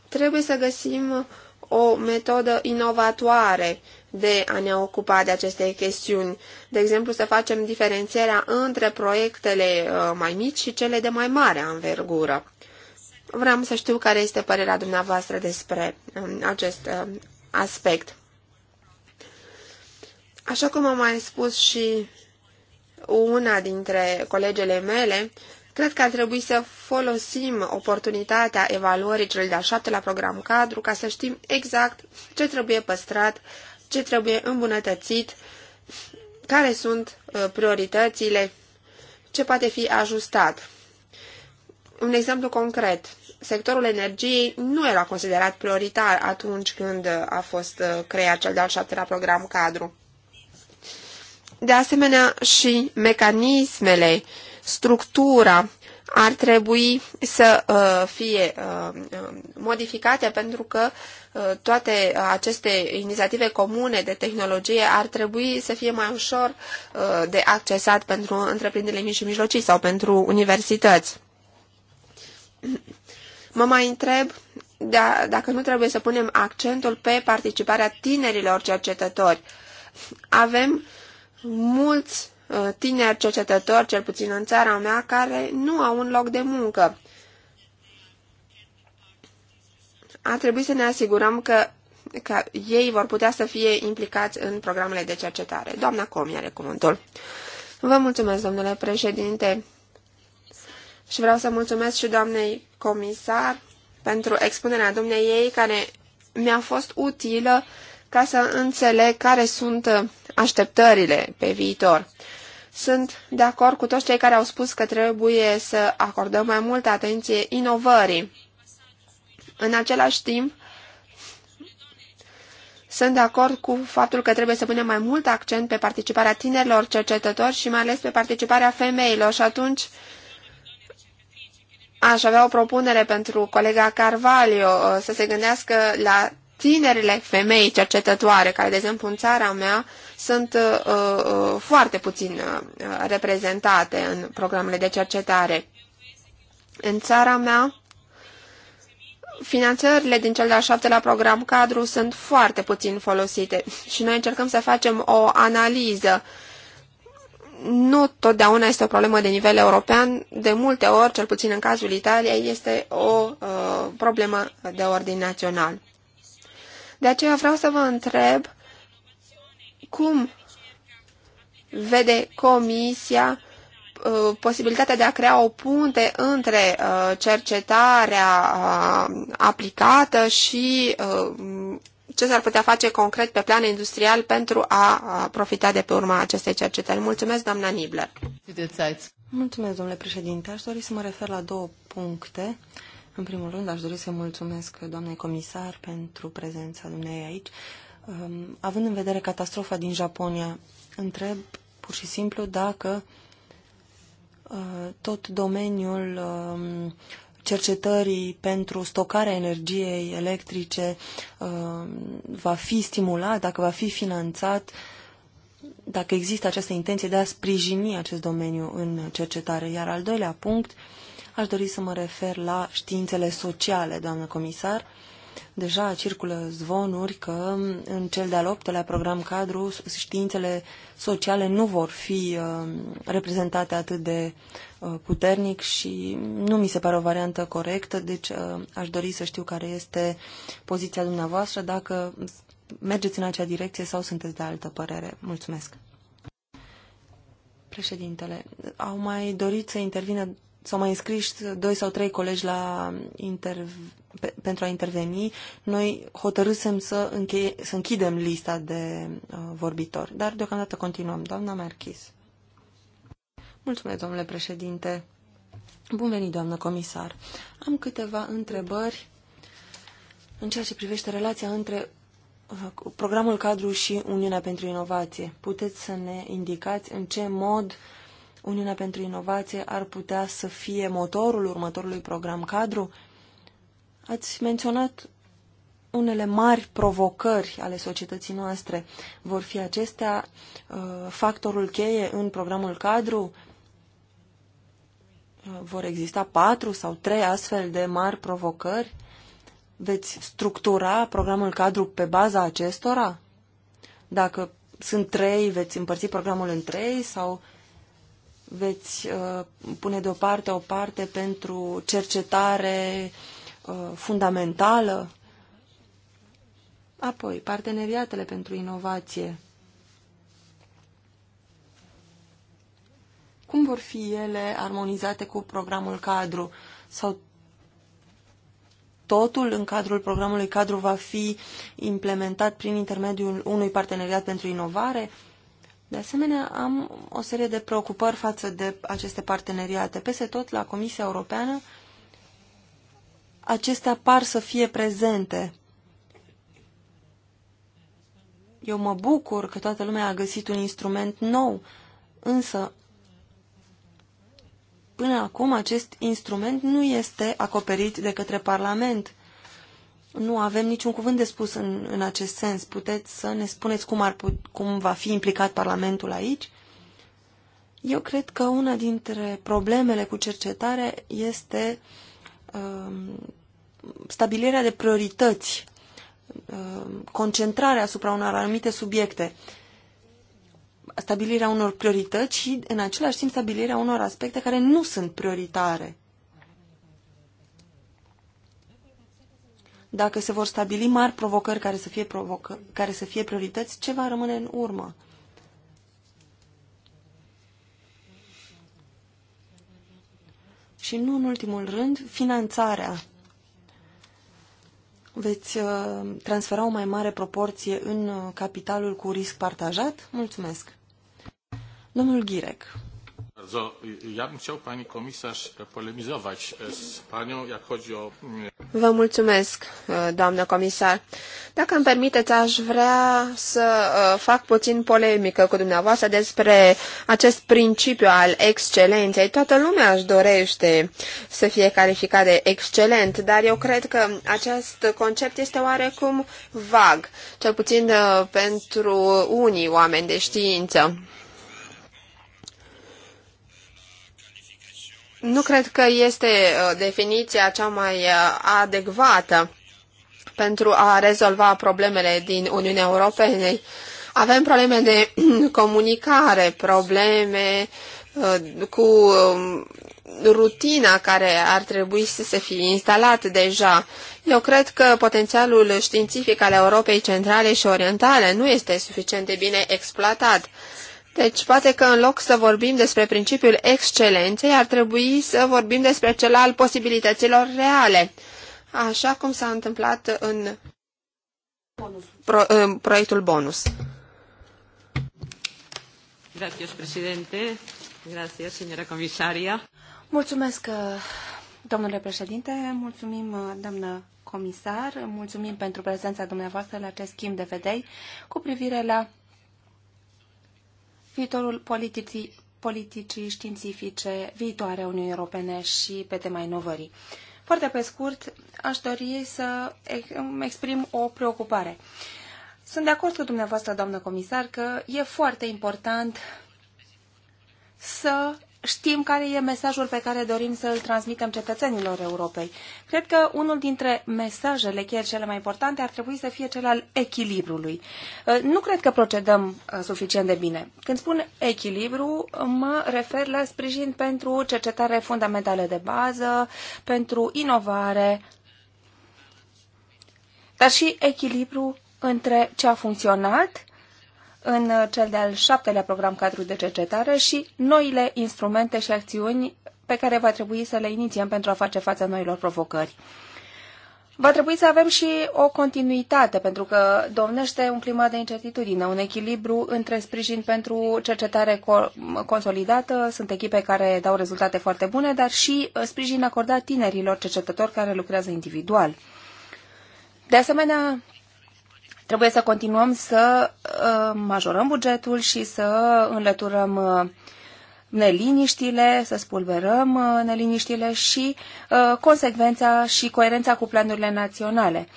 Trebuie să găsim o metodă inovatoare de a ne ocupa de aceste chestiuni. De exemplu, să facem diferențierea între proiectele uh, mai mici și cele de mai mare anvergură. Vreau să știu care este părerea dumneavoastră despre um, acest uh, aspect. Așa cum am mai spus și una dintre colegele mele, cred că ar trebui să folosim oportunitatea evaluării celui de-al la program cadru ca să știm exact ce trebuie păstrat, ce trebuie îmbunătățit, care sunt uh, prioritățile, ce poate fi ajustat. Un exemplu concret, sectorul energiei nu era considerat prioritar atunci când a fost uh, creat cel de-al șaptelea program cadru. De asemenea, și mecanismele, structura ar trebui să uh, fie uh, uh, modificate pentru că uh, toate aceste inițiative comune de tehnologie ar trebui să fie mai ușor uh, de accesat pentru întreprinderile mici și mijlocii sau pentru universități. Mă mai întreb da, dacă nu trebuie să punem accentul pe participarea tinerilor cercetători. Avem mulți uh, tineri cercetători, cel puțin în țara mea, care nu au un loc de muncă. A trebuit să ne asigurăm că, că ei vor putea să fie implicați în programele de cercetare. Doamna Comi are cuvântul. Vă mulțumesc, domnule președinte, și vreau să mulțumesc și doamnei comisar pentru expunerea ei care mi-a fost utilă ca să înțeleg care sunt așteptările pe viitor. Sunt de acord cu toți cei care au spus că trebuie să acordăm mai multă atenție inovării. În același timp, sunt de acord cu faptul că trebuie să punem mai mult accent pe participarea tinerilor cercetători și mai ales pe participarea femeilor și atunci aș avea o propunere pentru colega Carvalho uh, să se gândească la tinerile femei cercetătoare, care, de exemplu, în țara mea, sunt uh, uh, foarte puțin uh, reprezentate în programele de cercetare. În țara mea, finanțările din cel de-al șaptelea program cadru sunt foarte puțin folosite și noi încercăm să facem o analiză. Nu totdeauna este o problemă de nivel european, de multe ori, cel puțin în cazul Italiei, este o uh, problemă de ordin național. De aceea vreau să vă întreb cum vede Comisia uh, posibilitatea de a crea o punte între uh, cercetarea uh, aplicată și ce s-ar putea face concret pe plan industrial pentru a profita de pe urma acestei cercetări. Mulțumesc, doamna Nibler.
Mulțumesc, domnule președinte. Aș dori să mă refer la două puncte în primul rând, aș dori să mulțumesc doamnei comisar pentru prezența dumnei aici. Um, având în vedere catastrofa din Japonia, întreb pur și simplu dacă uh, tot domeniul um, cercetării pentru stocarea energiei electrice um, va fi stimulat, dacă va fi finanțat, dacă există această intenție de a sprijini acest domeniu în cercetare. Iar al doilea punct, Aș dori să mă refer la științele sociale, doamnă comisar. Deja circulă zvonuri că în cel de-al optelea program cadru științele sociale nu vor fi uh, reprezentate atât de uh, puternic și nu mi se pare o variantă corectă, deci uh, aș dori să știu care este poziția dumneavoastră, dacă mergeți în acea direcție sau sunteți de altă părere. Mulțumesc. Președintele, au mai dorit să intervină s-au mai înscris doi sau trei colegi la inter, pe, pentru a interveni, noi hotărâsem să, încheie, să închidem lista de uh, vorbitori. Dar deocamdată continuăm. Doamna Marchis. Mulțumesc, domnule președinte. Bun venit, doamnă comisar. Am câteva întrebări în ceea ce privește relația între uh, programul cadru și Uniunea pentru Inovație. Puteți să ne indicați în ce mod uh, Uniunea pentru Inovație ar putea să fie motorul următorului program cadru? Ați menționat unele mari provocări ale societății noastre. Vor fi acestea uh, factorul cheie în programul cadru? Uh, vor exista patru sau trei astfel de mari provocări? Veți structura programul cadru pe baza acestora? Dacă sunt trei, veți împărți programul în trei sau veți uh, pune deoparte o parte pentru cercetare uh, fundamentală? Apoi, parteneriatele pentru inovație. Cum vor fi ele armonizate cu programul cadru? Sau totul în cadrul programului cadru va fi implementat prin intermediul unui parteneriat pentru inovare? De asemenea, am o serie de preocupări față de aceste parteneriate. Peste tot, la Comisia Europeană, acestea par să fie prezente. Eu mă bucur că toată lumea a găsit un instrument nou, însă până acum acest instrument nu este acoperit de către Parlament nu avem niciun cuvânt de spus în, în acest sens. Puteți să ne spuneți cum, ar put, cum va fi implicat Parlamentul aici? Eu cred că una dintre problemele cu cercetarea este uh, stabilirea de priorități, uh, concentrarea asupra unor anumite subiecte, stabilirea unor priorități și, în același timp, stabilirea unor aspecte care nu sunt prioritare. Dacă se vor stabili mari provocări care să fie, provocă, care să fie priorități, ce va rămâne în urmă? Și nu în ultimul rând, finanțarea. Veți uh, transfera o mai mare proporție în uh, capitalul cu risc partajat? Mulțumesc. Domnul Ghirec. Vă
mulțumesc, doamnă comisar. Dacă îmi permiteți, aș vrea să fac puțin polemică cu dumneavoastră despre acest principiu al excelenței. Toată lumea își dorește să fie calificat de excelent, dar eu cred că acest concept este oarecum vag, cel puțin pentru unii oameni de știință. nu cred că este uh, definiția cea mai uh, adecvată pentru a rezolva problemele din Uniunea Europeană. Avem probleme de comunicare, probleme uh, cu um, rutina care ar trebui să se fie instalat deja. Eu cred că potențialul științific al Europei Centrale și Orientale nu este suficient de bine exploatat. Deci, poate că în loc să vorbim despre principiul excelenței, ar trebui să vorbim despre cel al posibilităților reale, așa cum s-a întâmplat în, pro, în proiectul bonus.
Gracias, presidente. Gracias, señora comisaria.
Mulțumesc, uh, domnule președinte. Mulțumim, uh, doamnă comisar. Mulțumim pentru prezența dumneavoastră la acest schimb de vedei cu privire la viitorul politicii, politicii științifice viitoare a Uniunii Europene și pe tema inovării. Foarte pe scurt, aș dori să exprim o preocupare. Sunt de acord cu dumneavoastră, doamnă comisar, că e foarte important să știm care e mesajul pe care dorim să îl transmitem cetățenilor Europei. Cred că unul dintre mesajele chiar cele mai importante ar trebui să fie cel al echilibrului. Uh, nu cred că procedăm uh, suficient de bine. Când spun echilibru, mă refer la sprijin pentru cercetare fundamentală de bază, pentru inovare, dar și echilibru între ce a funcționat în cel de-al șaptelea program cadru de cercetare și noile instrumente și acțiuni pe care va trebui să le inițiem pentru a face față noilor provocări. Va trebui să avem și o continuitate, pentru că domnește un climat de incertitudine, un echilibru între sprijin pentru cercetare consolidată, sunt echipe care dau rezultate foarte bune, dar și sprijin acordat tinerilor cercetători care lucrează individual. De asemenea, Trebuie să continuăm să uh, majorăm bugetul și să înlăturăm uh, neliniștile, să spulberăm uh, neliniștile și consecvența și coerența cu planurile naționale,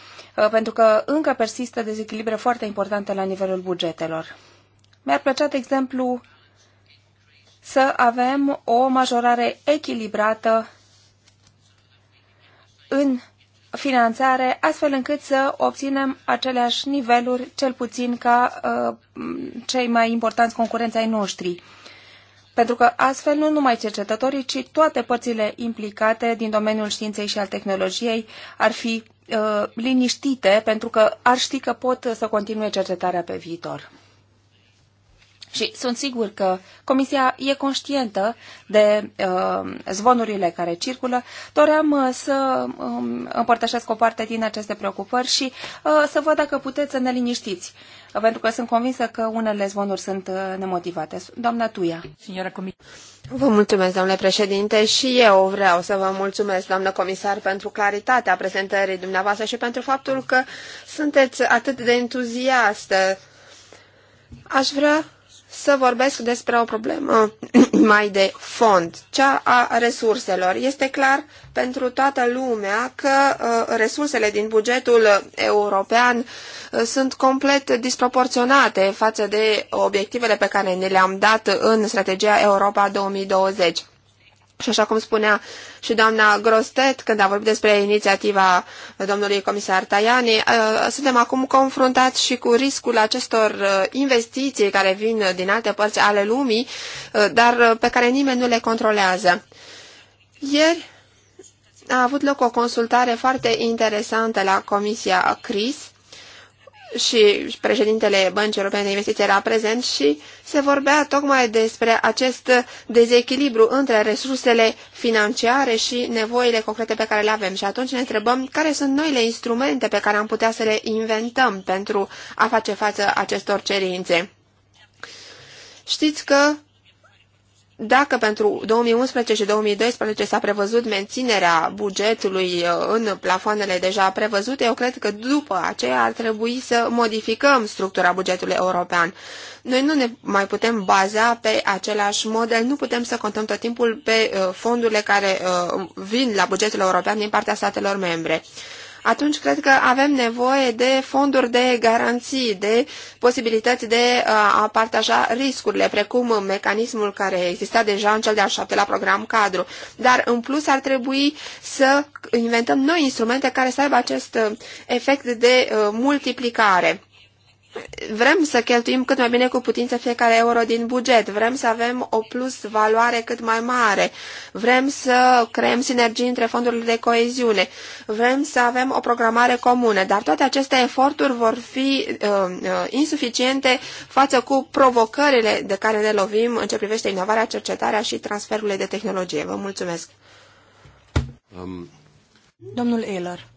pentru că încă persistă dezechilibre foarte importante la nivelul bugetelor. Mi-ar plăcea, de exemplu, să avem o majorare echilibrată în finanțare, astfel încât să obținem aceleași niveluri, cel puțin ca uh, cei mai importanți concurenți ai noștri. Pentru că astfel nu numai cercetătorii, ci toate părțile implicate din domeniul științei și al tehnologiei ar fi uh, liniștite pentru că ar ști că pot să continue cercetarea pe viitor. Și sunt sigur că Comisia e conștientă de uh, zvonurile care circulă. Doream uh, să um, împărtășesc o parte din aceste preocupări și uh, să văd dacă puteți să ne liniștiți, uh, pentru că sunt convinsă că unele zvonuri sunt uh, nemotivate. Doamna Tuia.
Vă mulțumesc, domnule președinte, și eu vreau să vă mulțumesc, doamnă comisar, pentru claritatea prezentării dumneavoastră și pentru faptul că sunteți atât de entuziastă. Aș vrea să vorbesc despre o problemă mai de fond, cea a resurselor. Este clar pentru toată lumea că uh, resursele din bugetul european uh, sunt complet disproporționate față de obiectivele pe care ne le-am dat în strategia Europa 2020. Și așa cum spunea și doamna Grostet când a vorbit despre inițiativa domnului comisar Tajani, uh, suntem acum confruntați și cu riscul acestor uh, investiții care vin din alte părți ale lumii, uh, dar pe care nimeni nu le controlează. Ieri a avut loc o consultare foarte interesantă la Comisia CRIS și președintele Băncii Europene de Investiții era prezent și se vorbea tocmai despre acest dezechilibru între resursele financiare și nevoile concrete pe care le avem. Și atunci ne întrebăm care sunt noile instrumente pe care am putea să le inventăm pentru a face față acestor cerințe. Știți că dacă pentru 2011 și 2012 s-a prevăzut menținerea bugetului uh, în plafoanele deja prevăzute, eu cred că după aceea ar trebui să modificăm structura bugetului european. Noi nu ne mai putem baza pe același model, nu putem să contăm tot timpul pe uh, fondurile care uh, vin la bugetul european din partea statelor membre atunci cred că avem nevoie de fonduri de garanții, de posibilități de uh, a partaja riscurile, precum mecanismul care exista deja în cel de-al șaptelea program cadru. Dar în plus ar trebui să inventăm noi instrumente care să aibă acest uh, efect de uh, multiplicare vrem să cheltuim cât mai bine cu putință fiecare euro din buget, vrem să avem o plus valoare cât mai mare, vrem să creăm sinergii între fondurile de coeziune, vrem să avem o programare comună, dar toate aceste eforturi vor fi uh, uh insuficiente față cu provocările de care ne lovim în ce privește inovarea, cercetarea și transferurile de tehnologie. Vă mulțumesc!
Um.
Domnul Ehler.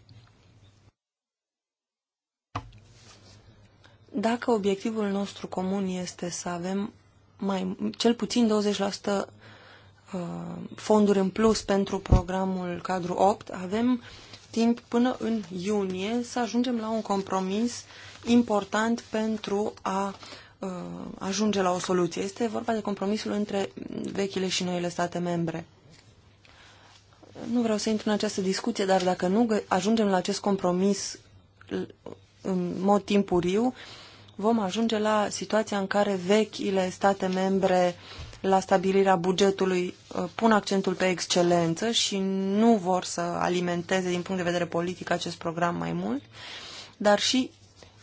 Dacă obiectivul nostru comun este să avem mai, cel puțin 20% uh, fonduri în plus pentru programul cadru 8, avem timp până în iunie să ajungem la un compromis important pentru a uh, ajunge la o soluție. Este vorba de compromisul între vechile și noile state membre. Nu vreau să intru în această discuție, dar dacă nu ajungem la acest compromis în mod timpuriu, vom ajunge la situația în care vechile state membre la stabilirea bugetului uh, pun accentul pe excelență și nu vor să alimenteze din punct de vedere politic acest program mai mult, dar și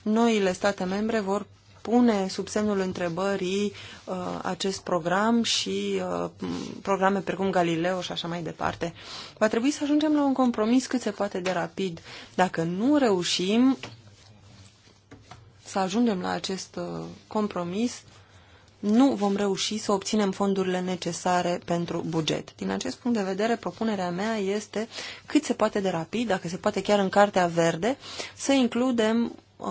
noile state membre vor pune sub semnul întrebării uh, acest program și uh, programe precum Galileo și așa mai departe. Va trebui să ajungem la un compromis cât se poate de rapid. Dacă nu reușim, să ajungem la acest uh, compromis, nu vom reuși să obținem fondurile necesare pentru buget. Din acest punct de vedere, propunerea mea este cât se poate de rapid, dacă se poate chiar în Cartea Verde, să includem uh,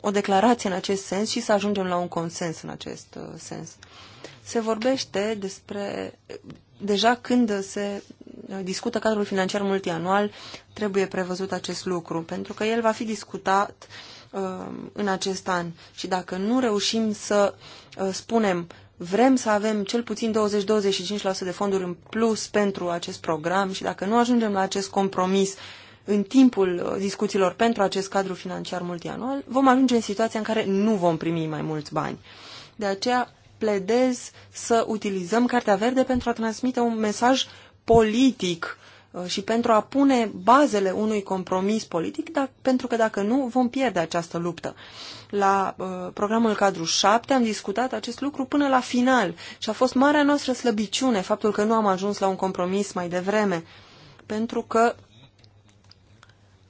o declarație în acest sens și să ajungem la un consens în acest uh, sens. Se vorbește despre, deja când se uh, discută cadrul financiar multianual, trebuie prevăzut acest lucru, pentru că el va fi discutat uh, Um, în acest an. Și dacă nu reușim să uh, spunem vrem să avem cel puțin 20-25% de fonduri în plus pentru acest program și dacă nu ajungem la acest compromis în timpul uh, discuțiilor pentru acest cadru financiar multianual, vom ajunge în situația în care nu vom primi mai mulți bani. De aceea pledez să utilizăm Cartea Verde pentru a transmite un mesaj politic Uh, și pentru a pune bazele unui compromis politic, dar, pentru că dacă nu, vom pierde această luptă. La uh, programul cadru 7 am discutat acest lucru până la final și a fost marea noastră slăbiciune faptul că nu am ajuns la un compromis mai devreme, pentru că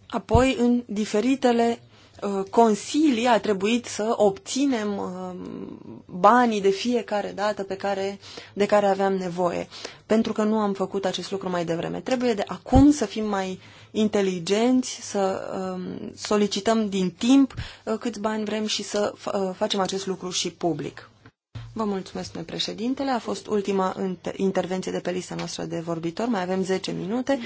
apoi în diferitele Uh, consilii a trebuit să obținem uh, banii de fiecare dată pe care, de care aveam nevoie, pentru că nu am făcut acest lucru mai devreme. Trebuie de acum să fim mai inteligenți, să um, solicităm din timp uh, câți bani vrem și să facem acest lucru și public. Vă mulțumesc, domnule președintele. A fost ultima intervenție de pe lista noastră de vorbitor. Mai avem 10 minute.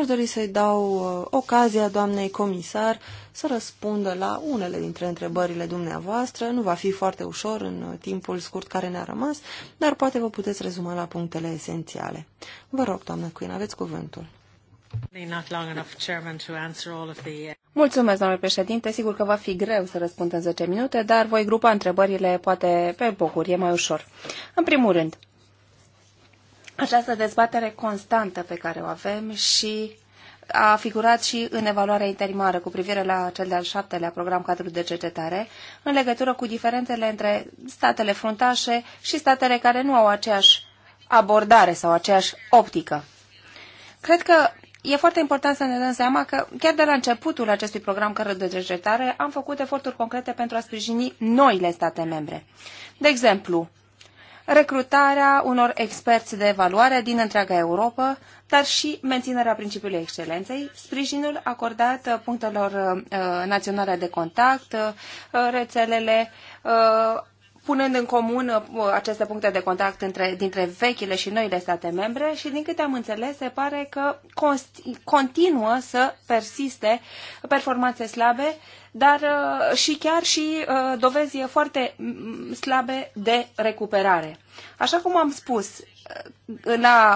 Aș dori să-i dau uh, ocazia doamnei comisar să răspundă la unele dintre întrebările dumneavoastră. Nu va fi foarte ușor în uh, timpul scurt care ne-a rămas, dar poate vă puteți rezuma la punctele esențiale. Vă rog, doamnă Cuin, aveți cuvântul. Mulțumesc, domnule președinte. Sigur că va
fi greu să răspund în 10 minute, dar voi grupa întrebările poate pe bocuri, e mai ușor. În primul rând, această dezbatere constantă pe care o avem și a figurat și în evaluarea interimară cu privire la cel de-al șaptelea program cadru de cercetare, în legătură cu diferențele între statele fruntașe și statele care nu au aceeași abordare sau aceeași optică. Cred că e foarte important să ne dăm seama că chiar de la începutul acestui program care de cercetare am făcut eforturi concrete pentru a sprijini noile state membre. De exemplu, recrutarea unor experți de evaluare din întreaga Europa, dar și menținerea principiului excelenței, sprijinul acordat uh, punctelor uh, naționale de contact, uh, rețelele, punând în comun uh, aceste puncte de contact între, dintre vechile și noile state membre și, din câte am înțeles, se pare că continuă să persiste performanțe slabe, dar uh, și chiar și uh, dovezi foarte mm, slabe de recuperare. Așa cum am spus,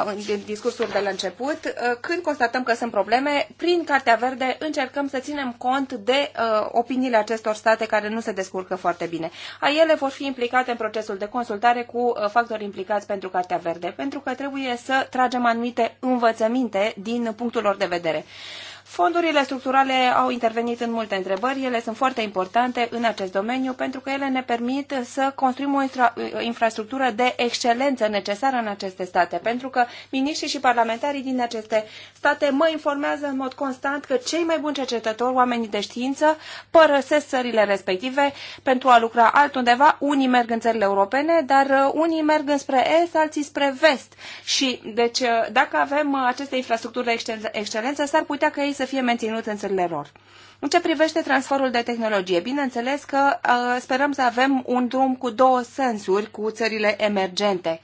în discursul de la început, uh, când constatăm că sunt probleme, prin Cartea Verde încercăm să ținem cont de uh, opiniile acestor state care nu se descurcă foarte bine. A ele vor fi implicate în procesul de consultare cu uh, factori implicați pentru Cartea Verde, pentru că trebuie să tragem anumite învățăminte din punctul lor de vedere. Uh, Fondurile structurale au intervenit în multe întrebări, ele sunt foarte importante în acest domeniu pentru că ele ne permit să construim o infra infrastructură de excelență necesară în aceste state, pentru că miniștrii și parlamentarii din aceste state mă informează în mod constant că cei mai buni cercetători, oamenii de știință, părăsesc țările respective pentru a lucra altundeva. Unii merg în țările europene, dar uh, unii merg înspre est, alții spre vest. Și, deci, uh, dacă avem uh, aceste infrastructuri de excelență, s-ar putea că ei să fie menținut în țările lor. În ce privește transferul de tehnologie, bineînțeles că uh, sperăm să avem un drum cu două sensuri cu țările emergente.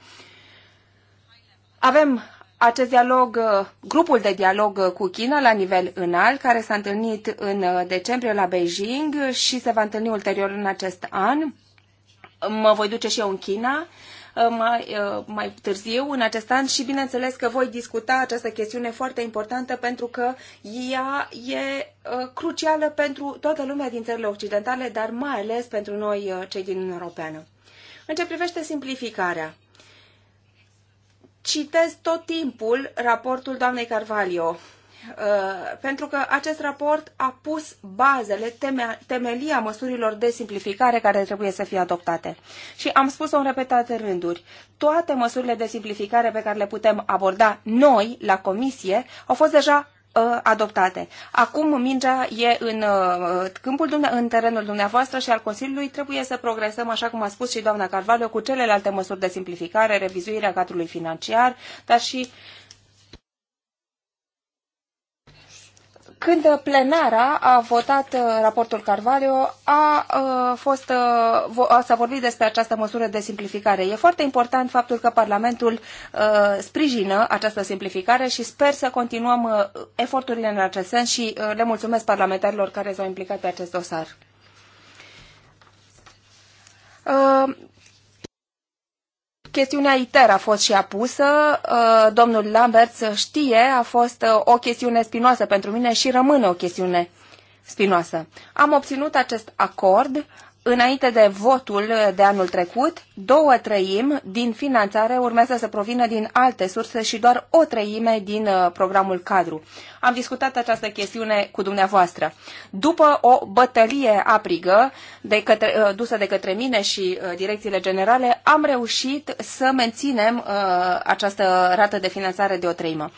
Avem acest dialog, uh, grupul de dialog uh, cu China la nivel înalt, care s-a întâlnit în uh, decembrie la Beijing și se va întâlni ulterior în acest an. Mă voi duce și eu în China Uh, mai, uh, mai târziu în acest an și bineînțeles că voi discuta această chestiune foarte importantă pentru că ea e uh, crucială pentru toată lumea din țările occidentale, dar mai ales pentru noi cei din Uniunea Europeană. În ce privește simplificarea, citesc tot timpul raportul doamnei Carvalho Uh, pentru că acest raport a pus bazele, teme, temelia măsurilor de simplificare care trebuie să fie adoptate. Și am spus-o în repetate rânduri. Toate măsurile de simplificare pe care le putem aborda noi, la comisie, au fost deja uh, adoptate. Acum mingea e în uh, câmpul dumne, în terenul dumneavoastră și al Consiliului trebuie să progresăm, așa cum a spus și doamna Carvalho, cu celelalte măsuri de simplificare, revizuirea cadrului financiar, dar și uh, Când plenara a votat uh, raportul Carvalho, a, uh, fost, uh, s-a vorbit despre această măsură de simplificare. E foarte important faptul că Parlamentul sprijină această simplificare și sper să continuăm eforturile în acest sens și le mulțumesc parlamentarilor care s-au implicat pe acest dosar. Chestiunea ITER a fost și apusă. Uh, domnul Lambert știe, a fost uh, o chestiune spinoasă pentru mine și rămâne o chestiune spinoasă. Am obținut acest acord, înainte de votul de anul trecut, două treimi din finanțare urmează să provină din alte surse și doar o treime din uh, programul cadru. Am discutat această chestiune cu dumneavoastră. După o bătălie aprigă de către, uh, dusă de către mine și uh, direcțiile generale, am reușit să menținem această rată de finanțare de o treimă.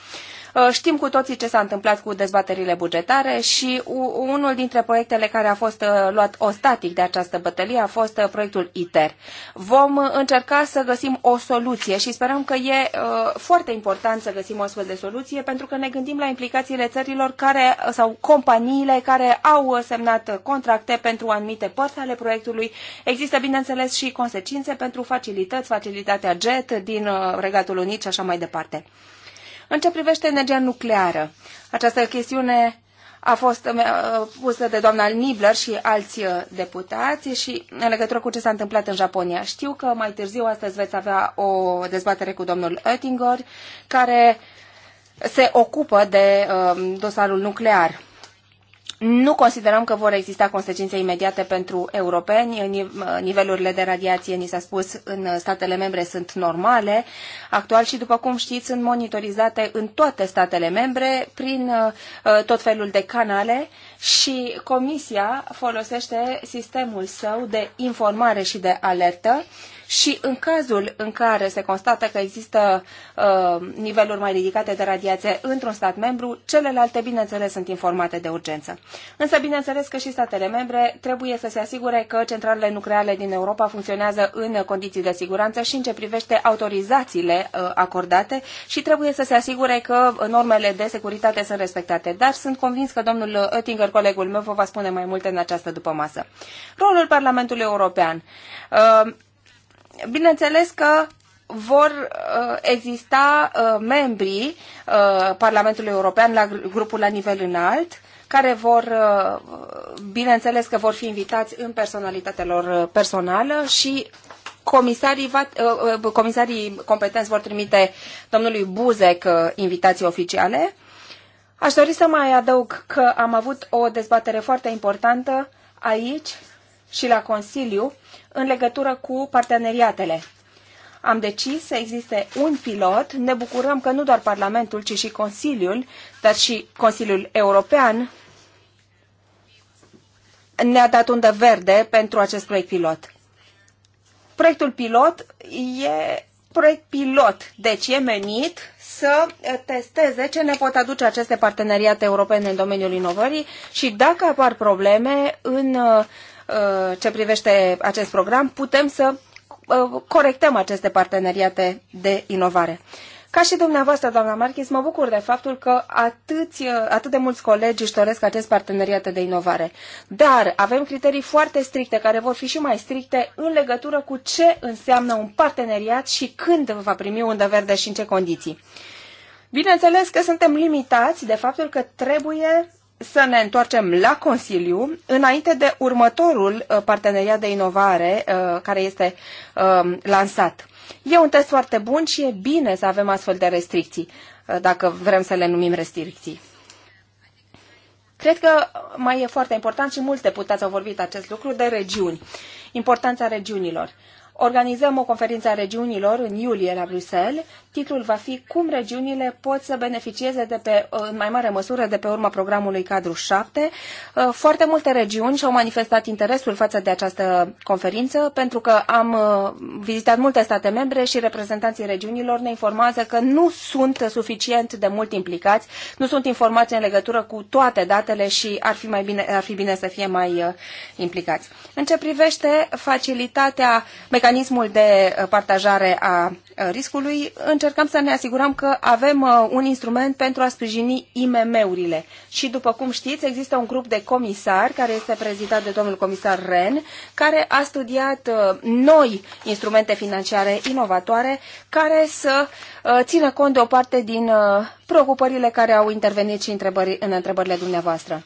Uh, știm cu toții ce s-a întâmplat cu dezbaterile bugetare și unul dintre proiectele care a fost uh, luat ostatic de această bătălie a fost uh, proiectul ITER. Vom încerca să găsim o soluție și sperăm că e foarte important să găsim o astfel de soluție pentru că ne gândim la implicațiile țărilor care sau companiile care au semnat contracte pentru anumite părți ale proiectului. Există, bineînțeles, și consecințe pentru facilități, facilitatea JET din Regatul Unit și așa mai departe. În ce privește energia nucleară, această chestiune a fost uh, pusă de doamna Nibler și alți uh, deputați și în legătură cu ce s-a întâmplat în Japonia. Știu că mai târziu astăzi veți avea o dezbatere cu domnul Oettinger, care se ocupă de uh, dosarul nuclear. Nu considerăm că vor exista consecințe imediate pentru europeni. Nivelurile de radiație, ni s-a spus, în statele membre sunt normale. Actual și, după cum știți, sunt monitorizate în toate statele membre prin uh, tot felul de canale și Comisia folosește sistemul său de informare și de alertă și în cazul în care se constată că există uh, niveluri mai ridicate de radiație într-un stat membru, celelalte, bineînțeles, sunt informate de urgență. Însă, bineînțeles că și statele membre trebuie să se asigure că centralele nucleare din Europa funcționează în condiții de siguranță și în ce privește autorizațiile uh, acordate și trebuie să se asigure că normele de securitate sunt respectate. Dar sunt convins că domnul Oettinger, colegul meu, vă va spune mai multe în această dupămasă. Rolul Parlamentului European. Uh, bineînțeles că vor uh, exista uh, membrii uh, Parlamentului European la grupul la nivel înalt, care vor, bineînțeles că vor fi invitați în personalitatea lor personală și comisarii, va, comisarii competenți vor trimite domnului Buzec invitații oficiale. Aș dori să mai adaug că am avut o dezbatere foarte importantă aici și la Consiliu în legătură cu parteneriatele. Am decis să existe un pilot. Ne bucurăm că nu doar Parlamentul, ci și Consiliul, dar și Consiliul European ne-a dat undă verde pentru acest proiect pilot. Proiectul pilot e proiect pilot, deci e menit să testeze ce ne pot aduce aceste parteneriate europene în domeniul inovării și dacă apar probleme în Uh, ce privește acest program, putem să uh, corectăm aceste parteneriate de inovare. Ca și dumneavoastră, doamna Marchis, mă bucur de faptul că atâți, uh, atât de mulți colegi își doresc acest parteneriat de inovare. Dar avem criterii foarte stricte, care vor fi și mai stricte, în legătură cu ce înseamnă un parteneriat și când va primi undă verde și în ce condiții. Bineînțeles că suntem limitați de faptul că trebuie să ne întoarcem la Consiliu înainte de următorul uh, parteneriat de inovare uh, care este um, lansat. E un test foarte bun și e bine să avem astfel de restricții, uh, dacă vrem să le numim restricții. Cred că mai e foarte important și mulți deputați au vorbit acest lucru de regiuni, importanța regiunilor. Organizăm o conferință a regiunilor în iulie la Bruxelles titlul va fi Cum regiunile pot să beneficieze de pe, uh, în mai mare măsură de pe urma programului cadru 7. Uh, foarte multe regiuni și-au manifestat interesul față de această conferință pentru că am uh, vizitat multe state membre și reprezentanții regiunilor ne informează că nu sunt suficient de mult implicați, nu sunt informați în legătură cu toate datele și ar fi, mai bine, ar fi bine să fie mai implicați. În ce privește facilitatea, mecanismul de partajare a riscului, în încercăm să ne asigurăm că avem uh, un instrument pentru a sprijini IMM-urile. Și după cum știți, există un grup de comisari care este prezidat de domnul comisar Ren, care a studiat uh, noi instrumente financiare inovatoare care să uh, țină cont de o parte din preocupările care au intervenit și întrebări, în întrebările dumneavoastră.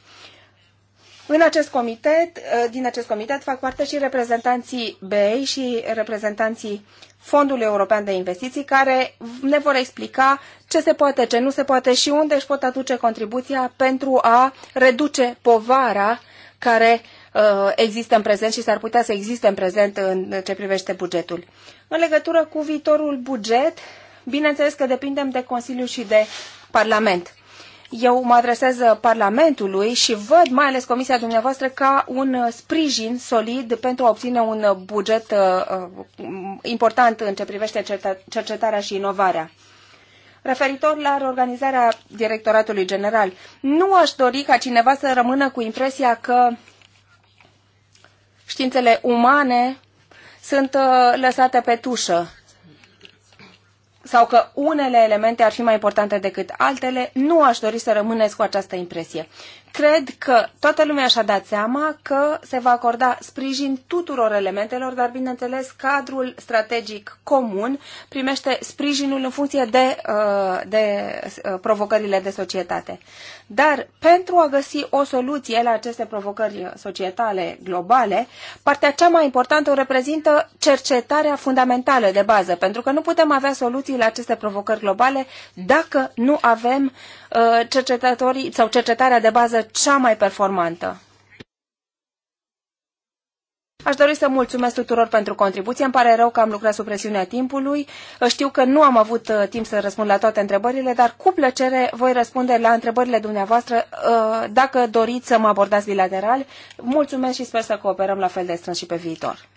În acest comitet, ă, din acest comitet fac parte și reprezentanții BEI și reprezentanții Fondului European de Investiții, care ne vor explica ce se poate, ce nu se poate și unde își pot aduce contribuția pentru a reduce povara care ă, există în prezent și s-ar putea să existe în prezent în ce privește bugetul. În legătură cu viitorul buget, bineînțeles că depindem de Consiliu și de Parlament. Eu mă adresez Parlamentului și văd mai ales Comisia dumneavoastră ca un uh, sprijin solid pentru a obține un uh, buget uh, important în ce privește cercetarea și inovarea referitor la reorganizarea directoratului general. Nu aș dori ca cineva să rămână cu impresia că științele umane sunt lăsate pe tușă sau că unele elemente ar fi mai importante decât altele, nu aș dori să rămâneți cu această impresie. Cred că toată lumea și-a dat seama că se va acorda sprijin tuturor elementelor, dar bineînțeles cadrul strategic comun primește sprijinul în funcție de, uh, de uh, provocările de societate. Dar pentru a găsi o soluție la aceste provocări societale globale, partea cea mai importantă o reprezintă cercetarea fundamentală de bază, pentru că nu putem avea soluții la aceste provocări globale dacă nu avem uh, Uh, cercetătorii sau cercetarea de bază cea mai performantă. Aș dori să mulțumesc tuturor pentru contribuție. Îmi pare rău că am lucrat sub presiunea timpului. Uh, știu că nu am avut uh, timp să răspund la toate întrebările, dar cu plăcere voi răspunde la întrebările dumneavoastră dacă doriți să mă abordați bilateral. Mulțumesc și sper să
cooperăm la fel de strâns și pe viitor.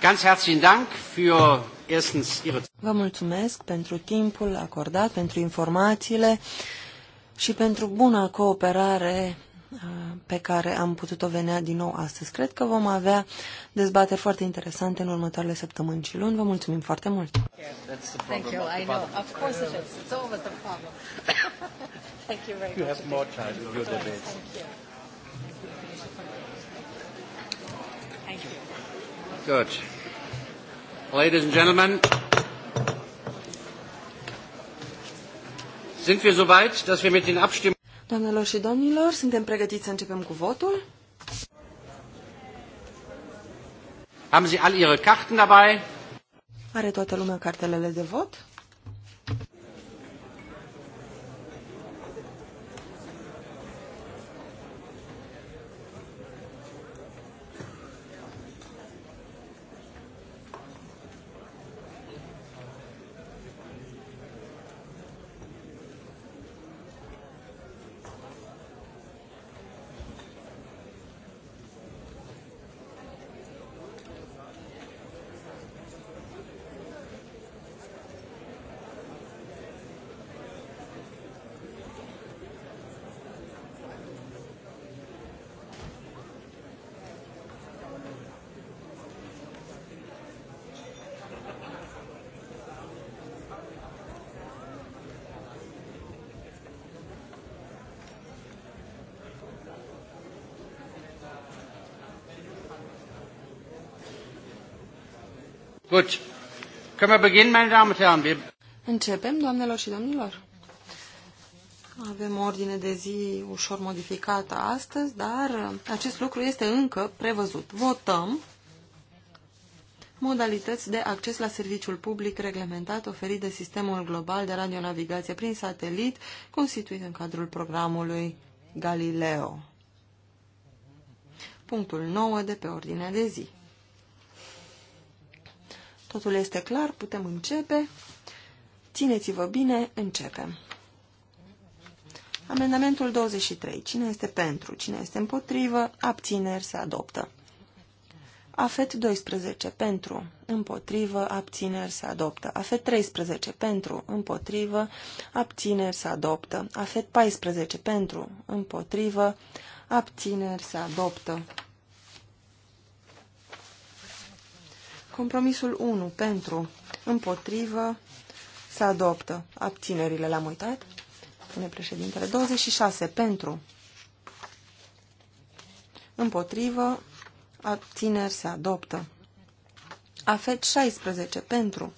Ganz herzlichen Dank für
Vă mulțumesc pentru timpul acordat, pentru informațiile și pentru buna cooperare uh, pe care am putut-o venea din nou astăzi. Cred că vom avea dezbateri foarte interesante în următoarele săptămâni și luni. Vă mulțumim foarte mult!
Thank you, I know. Of course it is.
It's always a problem. Thank you very much. You have more time your debate.
Thank you.
Thank you. Good. Ladies and gentlemen, sind wir soweit, dass wir mit den Abstimmungen...
Doamnelor și domnilor, suntem pregătiți să începem cu votul.
Haben Sie all Ihre
Karten dabei? Are toată lumea cartelele de vot?
Gut. Können wir beginnen, meine Damen und Herren?
Începem, doamnelor și domnilor. Avem ordine de zi ușor modificată astăzi, dar uh, acest lucru este încă prevăzut. Votăm modalități de acces la serviciul public reglementat oferit de Sistemul Global de Radionavigație prin satelit, constituit în cadrul programului Galileo. Punctul 9 de pe ordinea de zi. Totul este clar, putem începe. Țineți-vă bine, începem. Amendamentul 23. Cine este pentru? Cine este împotrivă? Abțineri se adoptă. Afet 12. Pentru. Împotrivă. Abțineri se adoptă. Afet 13. Pentru. Împotrivă. Abțineri se adoptă. Afet 14. Pentru. Împotrivă. Abțineri se adoptă. Compromisul 1 pentru, împotrivă, se adoptă. Abținerile le-am uitat. Pune președintele. 26 pentru, împotrivă, abțineri se adoptă. Afet 16 pentru,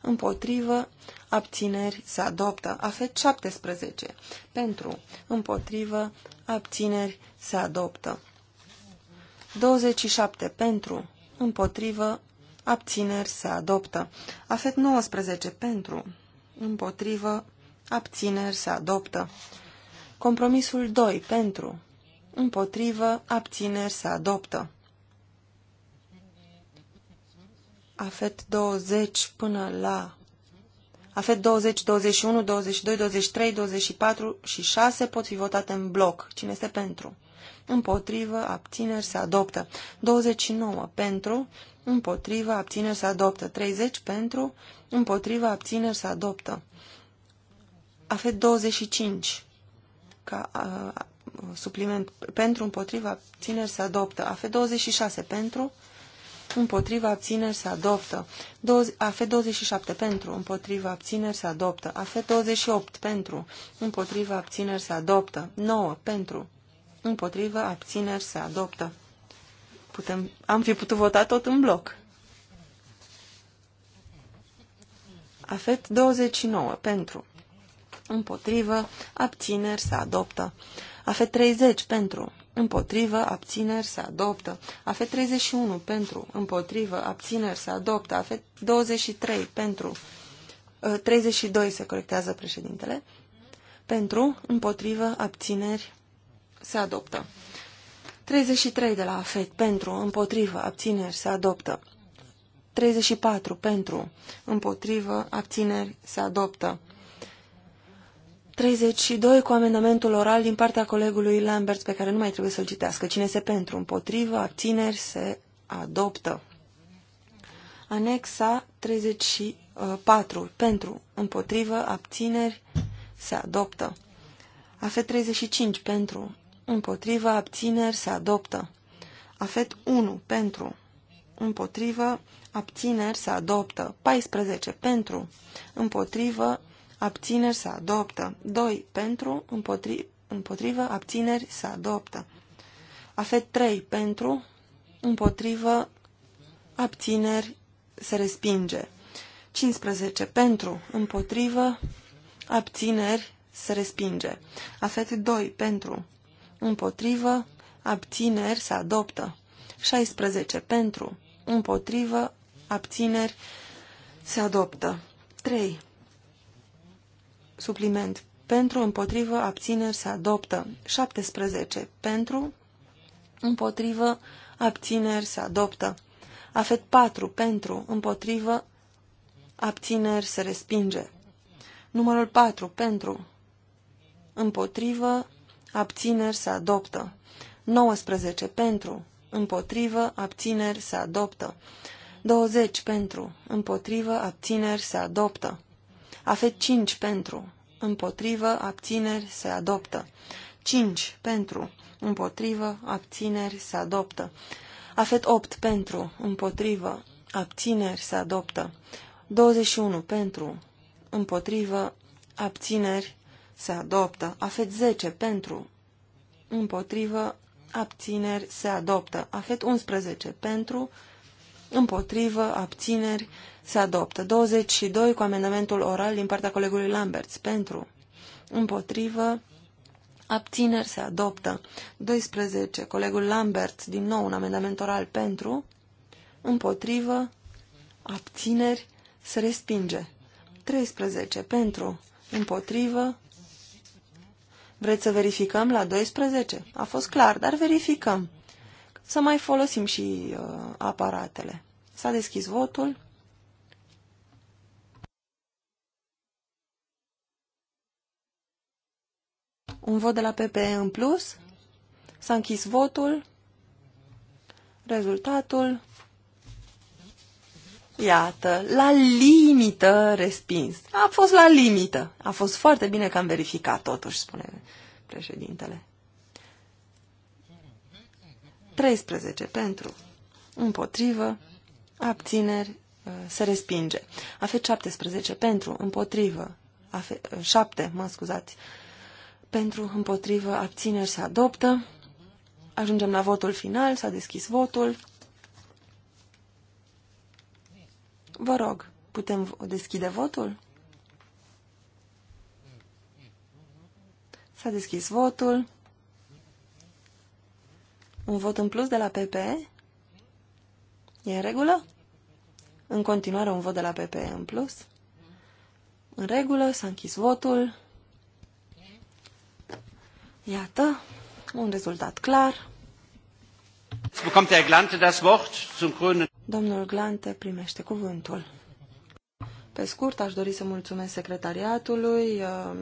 împotrivă, abțineri se adoptă. Afet 17 pentru, împotrivă, abțineri se adoptă. 27 pentru, împotrivă, abțineri se adoptă. Afet 19 pentru, împotrivă, abțineri se adoptă. Compromisul 2 pentru, împotrivă, abțineri se adoptă. Afet 20 până la Afet 20, 21, 22, 23, 24 și 6 pot fi votate în bloc. Cine este pentru? împotrivă, abțineri, se adoptă. 29 pentru, împotrivă, abțineri, se adoptă. 30 pentru, împotrivă, abțineri, se adoptă. Afet 25 ca a, supliment pentru, împotrivă, abțineri, se adoptă. Afet 26 pentru, împotriva abțineri se adoptă. AF 27 pentru, împotriva abțineri se adoptă. AF 28 pentru, împotriva abțineri se adoptă. 9 pentru, împotrivă, abțineri, se adoptă. Putem, am fi putut vota tot în bloc. Afet 29, pentru, împotrivă, abțineri, se adoptă. Afet 30, pentru, împotrivă, abțineri, se adoptă. Afet 31, pentru, împotrivă, abțineri, se adoptă. Afet 23, pentru, 32, ă, se corectează președintele, pentru, împotrivă, abțineri, se adoptă. 33 de la AFET pentru, împotrivă, abțineri, se adoptă. 34 pentru, împotrivă, abțineri, se adoptă. 32 cu amendamentul oral din partea colegului Lambert, pe care nu mai trebuie să-l citească. Cine se pentru, împotrivă, abțineri, se adoptă. Anexa 34 pentru, împotrivă, abțineri, se adoptă. AF 35 pentru, împotrivă, abțineri, se adoptă. Afet 1, pentru, împotrivă, abțineri, se adoptă. 14, pentru, împotrivă, abțineri, se adoptă. 2, pentru, împotri, împotrivă, abțineri, se adoptă. Afet 3, pentru, împotrivă, abțineri, se respinge. 15, pentru, împotrivă, abțineri, se respinge. Afet 2, pentru, împotrivă, abțineri se adoptă. 16 pentru, împotrivă, abțineri se adoptă. 3. Supliment. Pentru, împotrivă, abțineri se adoptă. 17. Pentru, împotrivă, abțineri se adoptă. Afet 4. Pentru, împotrivă, abțineri se respinge. Numărul 4. Pentru, împotrivă, abțineri se adoptă. 19 pentru, împotrivă, abțineri se adoptă. 20 pentru, împotrivă, abțineri se adoptă. Afet 5 pentru, împotrivă, abțineri se adoptă. 5 pentru, împotrivă, abțineri se adoptă. Afet 8 pentru, împotrivă, abțineri se adoptă. 21 pentru, împotrivă, abțineri se adoptă. Afet 10 pentru, împotrivă, abțineri, se adoptă. Afet 11 pentru, împotrivă, abțineri, se adoptă. 22 cu amendamentul oral din partea colegului Lamberts pentru, împotrivă, abțineri, se adoptă. 12 colegul Lamberts din nou un amendament oral pentru, împotrivă, abțineri, se respinge. 13 pentru, împotrivă, Vreți să verificăm la 12? A fost clar, dar verificăm. Să mai folosim și uh, aparatele. S-a deschis votul. Un vot de la PPE în plus. S-a închis votul. Rezultatul Iată, la limită respins. A fost la limită. A fost foarte bine că am verificat totuși, spune președintele. 13 pentru, împotrivă, abțineri, uh, se respinge. A fost 17 pentru, împotrivă, afe, 7, uh, mă scuzați, pentru, împotrivă, abțineri se adoptă. Ajungem la votul final, s-a deschis votul. Vă rog, putem deschide votul? S-a deschis votul. Un vot în plus de la PP? E în regulă? În continuare un vot de la PP în plus? În regulă, s-a închis votul. Iată, un rezultat clar.
bekommt Herr Glante das Wort zum grünen
Domnul Glante primește cuvântul. Pe scurt, aș dori să mulțumesc secretariatului, um,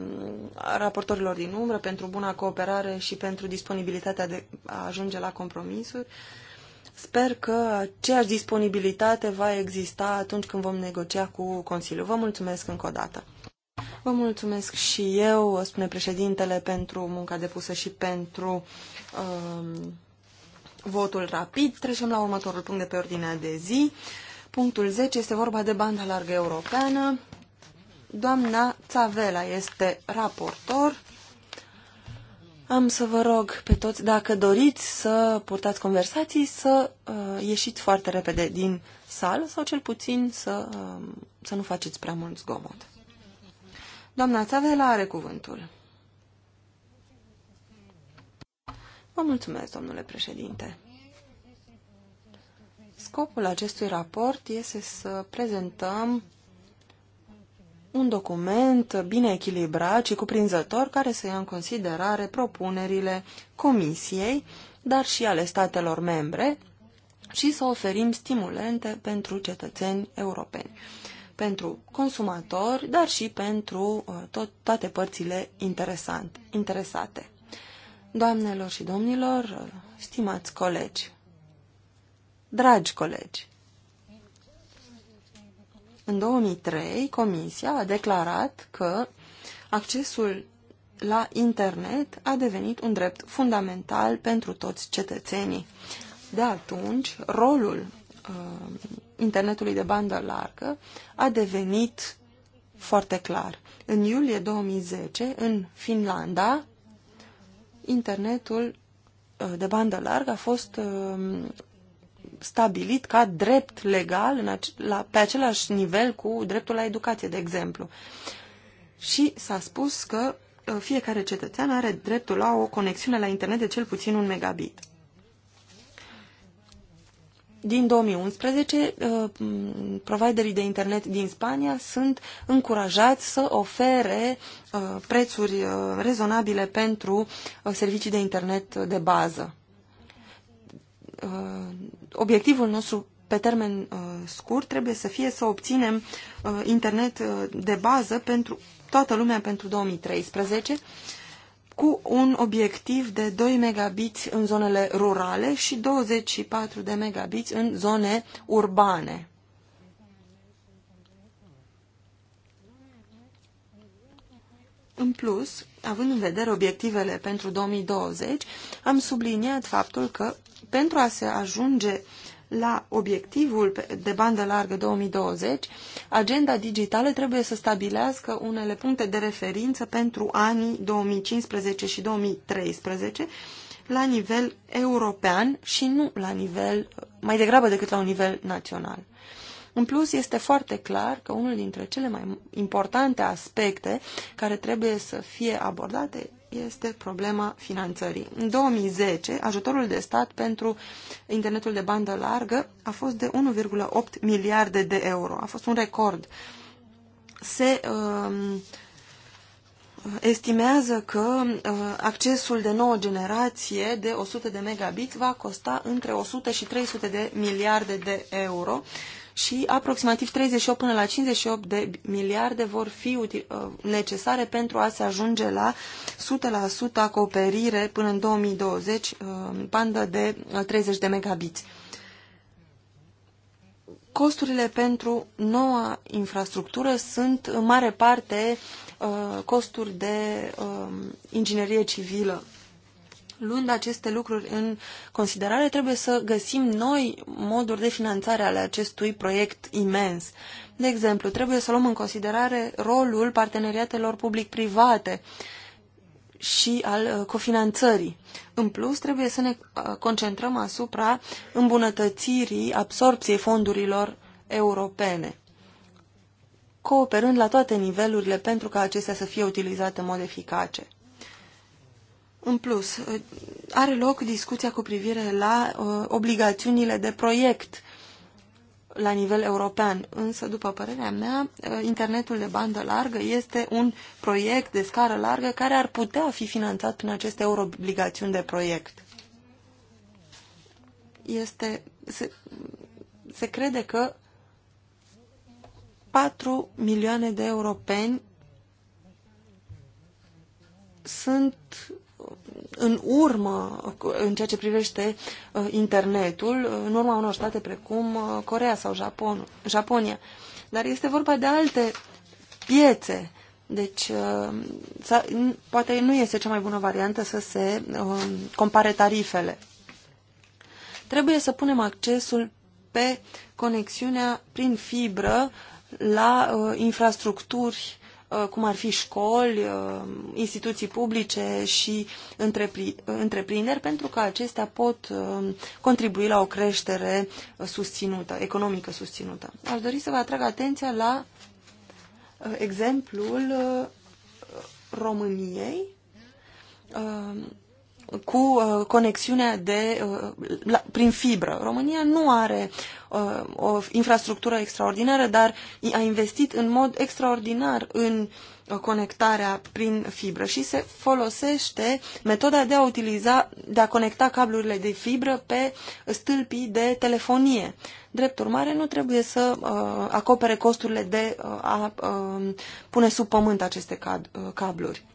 raportorilor din umbră pentru buna cooperare și pentru disponibilitatea de a ajunge la compromisuri. Sper că aceeași disponibilitate va exista atunci când vom negocia cu Consiliul. Vă mulțumesc încă o dată. Vă mulțumesc și eu, spune președintele, pentru munca depusă și pentru Uh, votul rapid. Trecem la următorul punct de pe ordinea de zi. Punctul 10 este vorba de banda largă europeană. Doamna Țavela este raportor. Am să vă rog pe toți, dacă doriți să purtați conversații, să uh, ieșiți foarte repede din sală sau cel puțin să, uh, să nu faceți prea mult zgomot. Doamna Țavela are cuvântul. Vă mulțumesc, domnule președinte. Scopul acestui raport este să prezentăm un document bine echilibrat și cuprinzător care să ia în considerare propunerile Comisiei, dar și ale statelor membre și să oferim stimulente pentru cetățeni europeni, pentru consumatori, dar și pentru uh, tot, toate părțile interesant, interesate. Doamnelor și domnilor, stimați colegi, dragi colegi, în 2003 Comisia a declarat că accesul la internet a devenit un drept fundamental pentru toți cetățenii. De atunci, rolul uh, internetului de bandă largă a devenit foarte clar. În iulie 2010, în Finlanda, internetul uh, de bandă largă a fost uh, stabilit ca drept legal în ac- la, pe același nivel cu dreptul la educație, de exemplu. Și s-a spus că uh, fiecare cetățean are dreptul la o conexiune la internet de cel puțin un megabit din 2011, uh, providerii de internet din Spania sunt încurajați să ofere uh, prețuri uh, rezonabile pentru servicii de internet de bază. Obiectivul nostru pe termen scurt trebuie să fie să obținem internet de bază pentru toată lumea pentru 2013 cu un obiectiv de 2 megabiți în zonele rurale și 24 de megabiți în zone urbane. În plus, având în vedere obiectivele pentru 2020, am subliniat faptul că pentru a se ajunge uh, la obiectivul de bandă largă 2020, agenda digitală trebuie să stabilească unele puncte de referință pentru anii 2015 și 2013 la nivel european și nu la nivel, mai degrabă decât la un nivel național. În plus, este foarte clar că unul dintre cele mai importante aspecte care trebuie să fie abordate este problema finanțării. În 2010, ajutorul de stat pentru internetul de bandă largă a fost de 1,8 miliarde de euro. A fost un record. Se uh, estimează că uh, accesul de nouă generație de 100 de megabit va costa între 100 și 300 de miliarde de euro. Uh, și aproximativ 38 până la 58 de miliarde vor fi uh, necesare pentru a se ajunge la 100% acoperire până în 2020, bandă uh, de 30 uh, de megabiți. Costurile pentru noua infrastructură sunt în mare parte costuri de inginerie civilă luând aceste lucruri în considerare, trebuie să găsim noi moduri de finanțare ale acestui proiect imens. De exemplu, trebuie să luăm în considerare rolul parteneriatelor public-private și al uh, cofinanțării. În plus, trebuie să ne uh, concentrăm asupra îmbunătățirii absorpției fondurilor europene, cooperând la toate nivelurile pentru ca acestea să fie utilizate în mod eficace. În plus, are loc discuția cu privire la uh, obligațiunile de proiect la nivel european, însă, după părerea mea, uh, internetul de bandă largă este un proiect de scară largă care ar putea fi finanțat prin aceste euroobligațiuni de proiect. Este, se, se crede că 4 milioane de europeni sunt în urmă în ceea ce privește uh, internetul, uh, în urma unor state precum uh, Corea sau Japon, Japonia. Dar este vorba de alte piețe. Deci, poate nu este cea mai bună variantă să se um, compare tarifele. Trebuie să punem accesul pe conexiunea prin fibră la infrastructuri Uh, cum ar fi școli, uh, instituții publice și întreprinderi, pentru că acestea pot uh, contribui la o creștere susținută, economică susținută. Aș dori să vă atrag atenția la exemplul României, cu uh, conexiunea de, uh, la, prin fibră. România nu are uh, o infrastructură extraordinară, dar a investit în mod extraordinar în uh, conectarea prin fibră și se folosește metoda de a utiliza, de a conecta cablurile de fibră pe stâlpii de telefonie. Drept urmare, nu trebuie să uh, acopere costurile de uh, a uh, pune sub pământ aceste cad, uh, cabluri.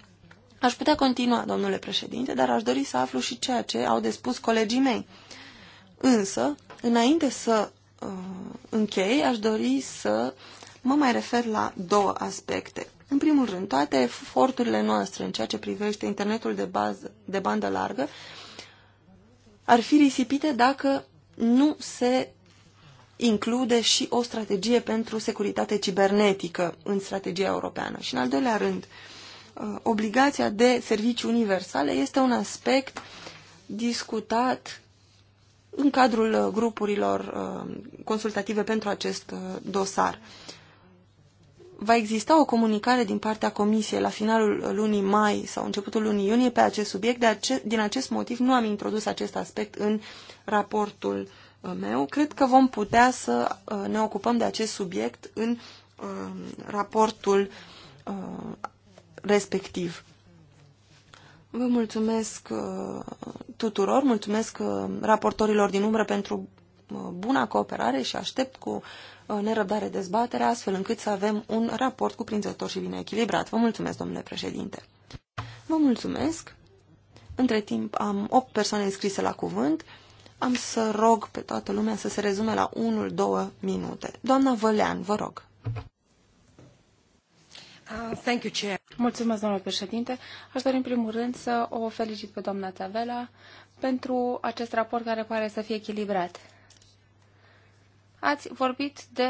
Aș putea continua, domnule președinte, dar aș dori să aflu și ceea ce au de spus colegii mei. Însă, înainte să uh, închei, aș dori să mă mai refer la două aspecte. În primul rând, toate eforturile noastre în ceea ce privește internetul de, bază, de bandă largă ar fi risipite dacă nu se include și o strategie pentru securitate cibernetică în strategia europeană. Și în al doilea rând, uh, Uh, obligația de servicii universale este un aspect discutat în cadrul uh, grupurilor uh, consultative pentru acest dosar. Va exista o comunicare din partea Comisiei la finalul lunii mai sau începutul lunii iunie pe acest subiect, de ace din acest motiv nu am introdus acest aspect în raportul meu. Cred că vom putea să ne ocupăm de acest subiect în raportul respectiv. Vă mulțumesc uh, tuturor, mulțumesc uh, raportorilor din umbră pentru uh, buna cooperare și aștept cu nerăbdare dezbaterea, astfel încât să avem un raport cuprinzător și bine echilibrat. Vă mulțumesc, domnule președinte. Vă mulțumesc. Între timp am 8 persoane înscrise la cuvânt. Am să rog pe toată lumea să se rezume la 1-2 minute. Doamna Vălean, vă rog.
Uh, Mulțumesc, domnule președinte. Aș dori, în primul rând, să o felicit pe doamna Tavela pentru acest raport care pare să fie echilibrat. Ați vorbit de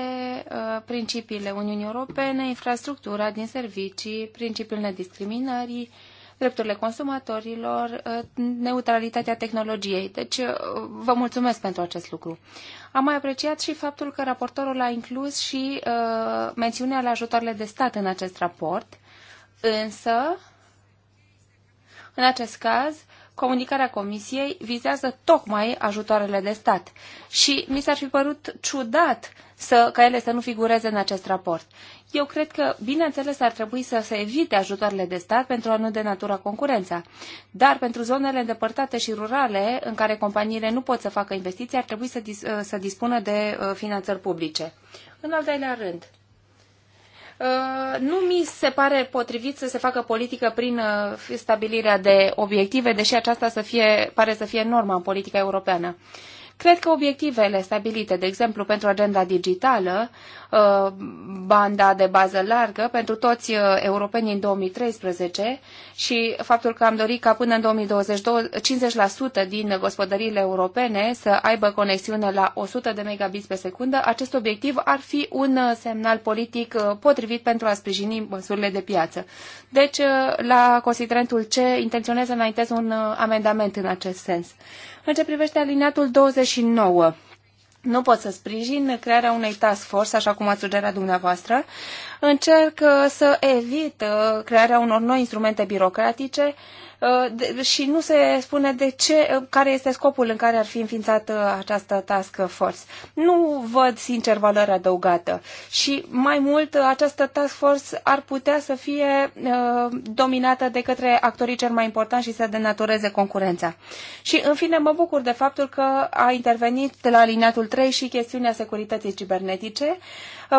uh, principiile Uniunii Europene, infrastructura din servicii, principiul nediscriminării, uh, drepturile consumatorilor, uh, neutralitatea tehnologiei. Deci uh, vă mulțumesc pentru acest lucru. Am mai apreciat și faptul că raportorul a inclus și uh, mențiunea la ajutoarele de stat în acest raport, însă, în acest caz, uh, comunicarea Comisiei vizează tocmai ajutoarele de stat și mi s-ar fi părut ciudat să, ca ele să nu figureze în acest raport. Eu cred că, bineînțeles, ar trebui să se evite ajutoarele de stat pentru a nu denatura concurența. Dar pentru zonele îndepărtate și rurale, în care companiile nu pot să facă investiții, ar trebui să, dis- să dispună de uh, finanțări publice. În al doilea rând, Uh, nu mi se pare potrivit să se facă politică prin uh, stabilirea de obiective, deși aceasta să fie, pare să fie norma în politica europeană. Uh, Cred că obiectivele stabilite, de exemplu, pentru agenda digitală, uh, banda de bază largă pentru toți uh, europenii în 2013 și faptul că am dorit ca până în 2020 50% din gospodăriile europene să aibă conexiune la 100 de megabits pe secundă, acest obiectiv ar fi un uh, semnal politic potrivit pentru a sprijini măsurile de piață. Deci, la considerentul C, intenționez să înaintez un amendament în acest sens. În ce privește aliniatul 29, nu pot să sprijin crearea unei task force, așa cum ați sugerat dumneavoastră. Încerc uh, să evit uh, crearea unor noi instrumente birocratice uh, Uh, și nu se spune de ce, uh, care este scopul în care ar fi înființată uh, această task force. Nu văd sincer valoare adăugată și mai mult această task force ar putea să fie dominată de către actorii cel mai important și să denatureze concurența. Și în fine mă bucur de faptul că a intervenit de la alineatul 3 și chestiunea securității cibernetice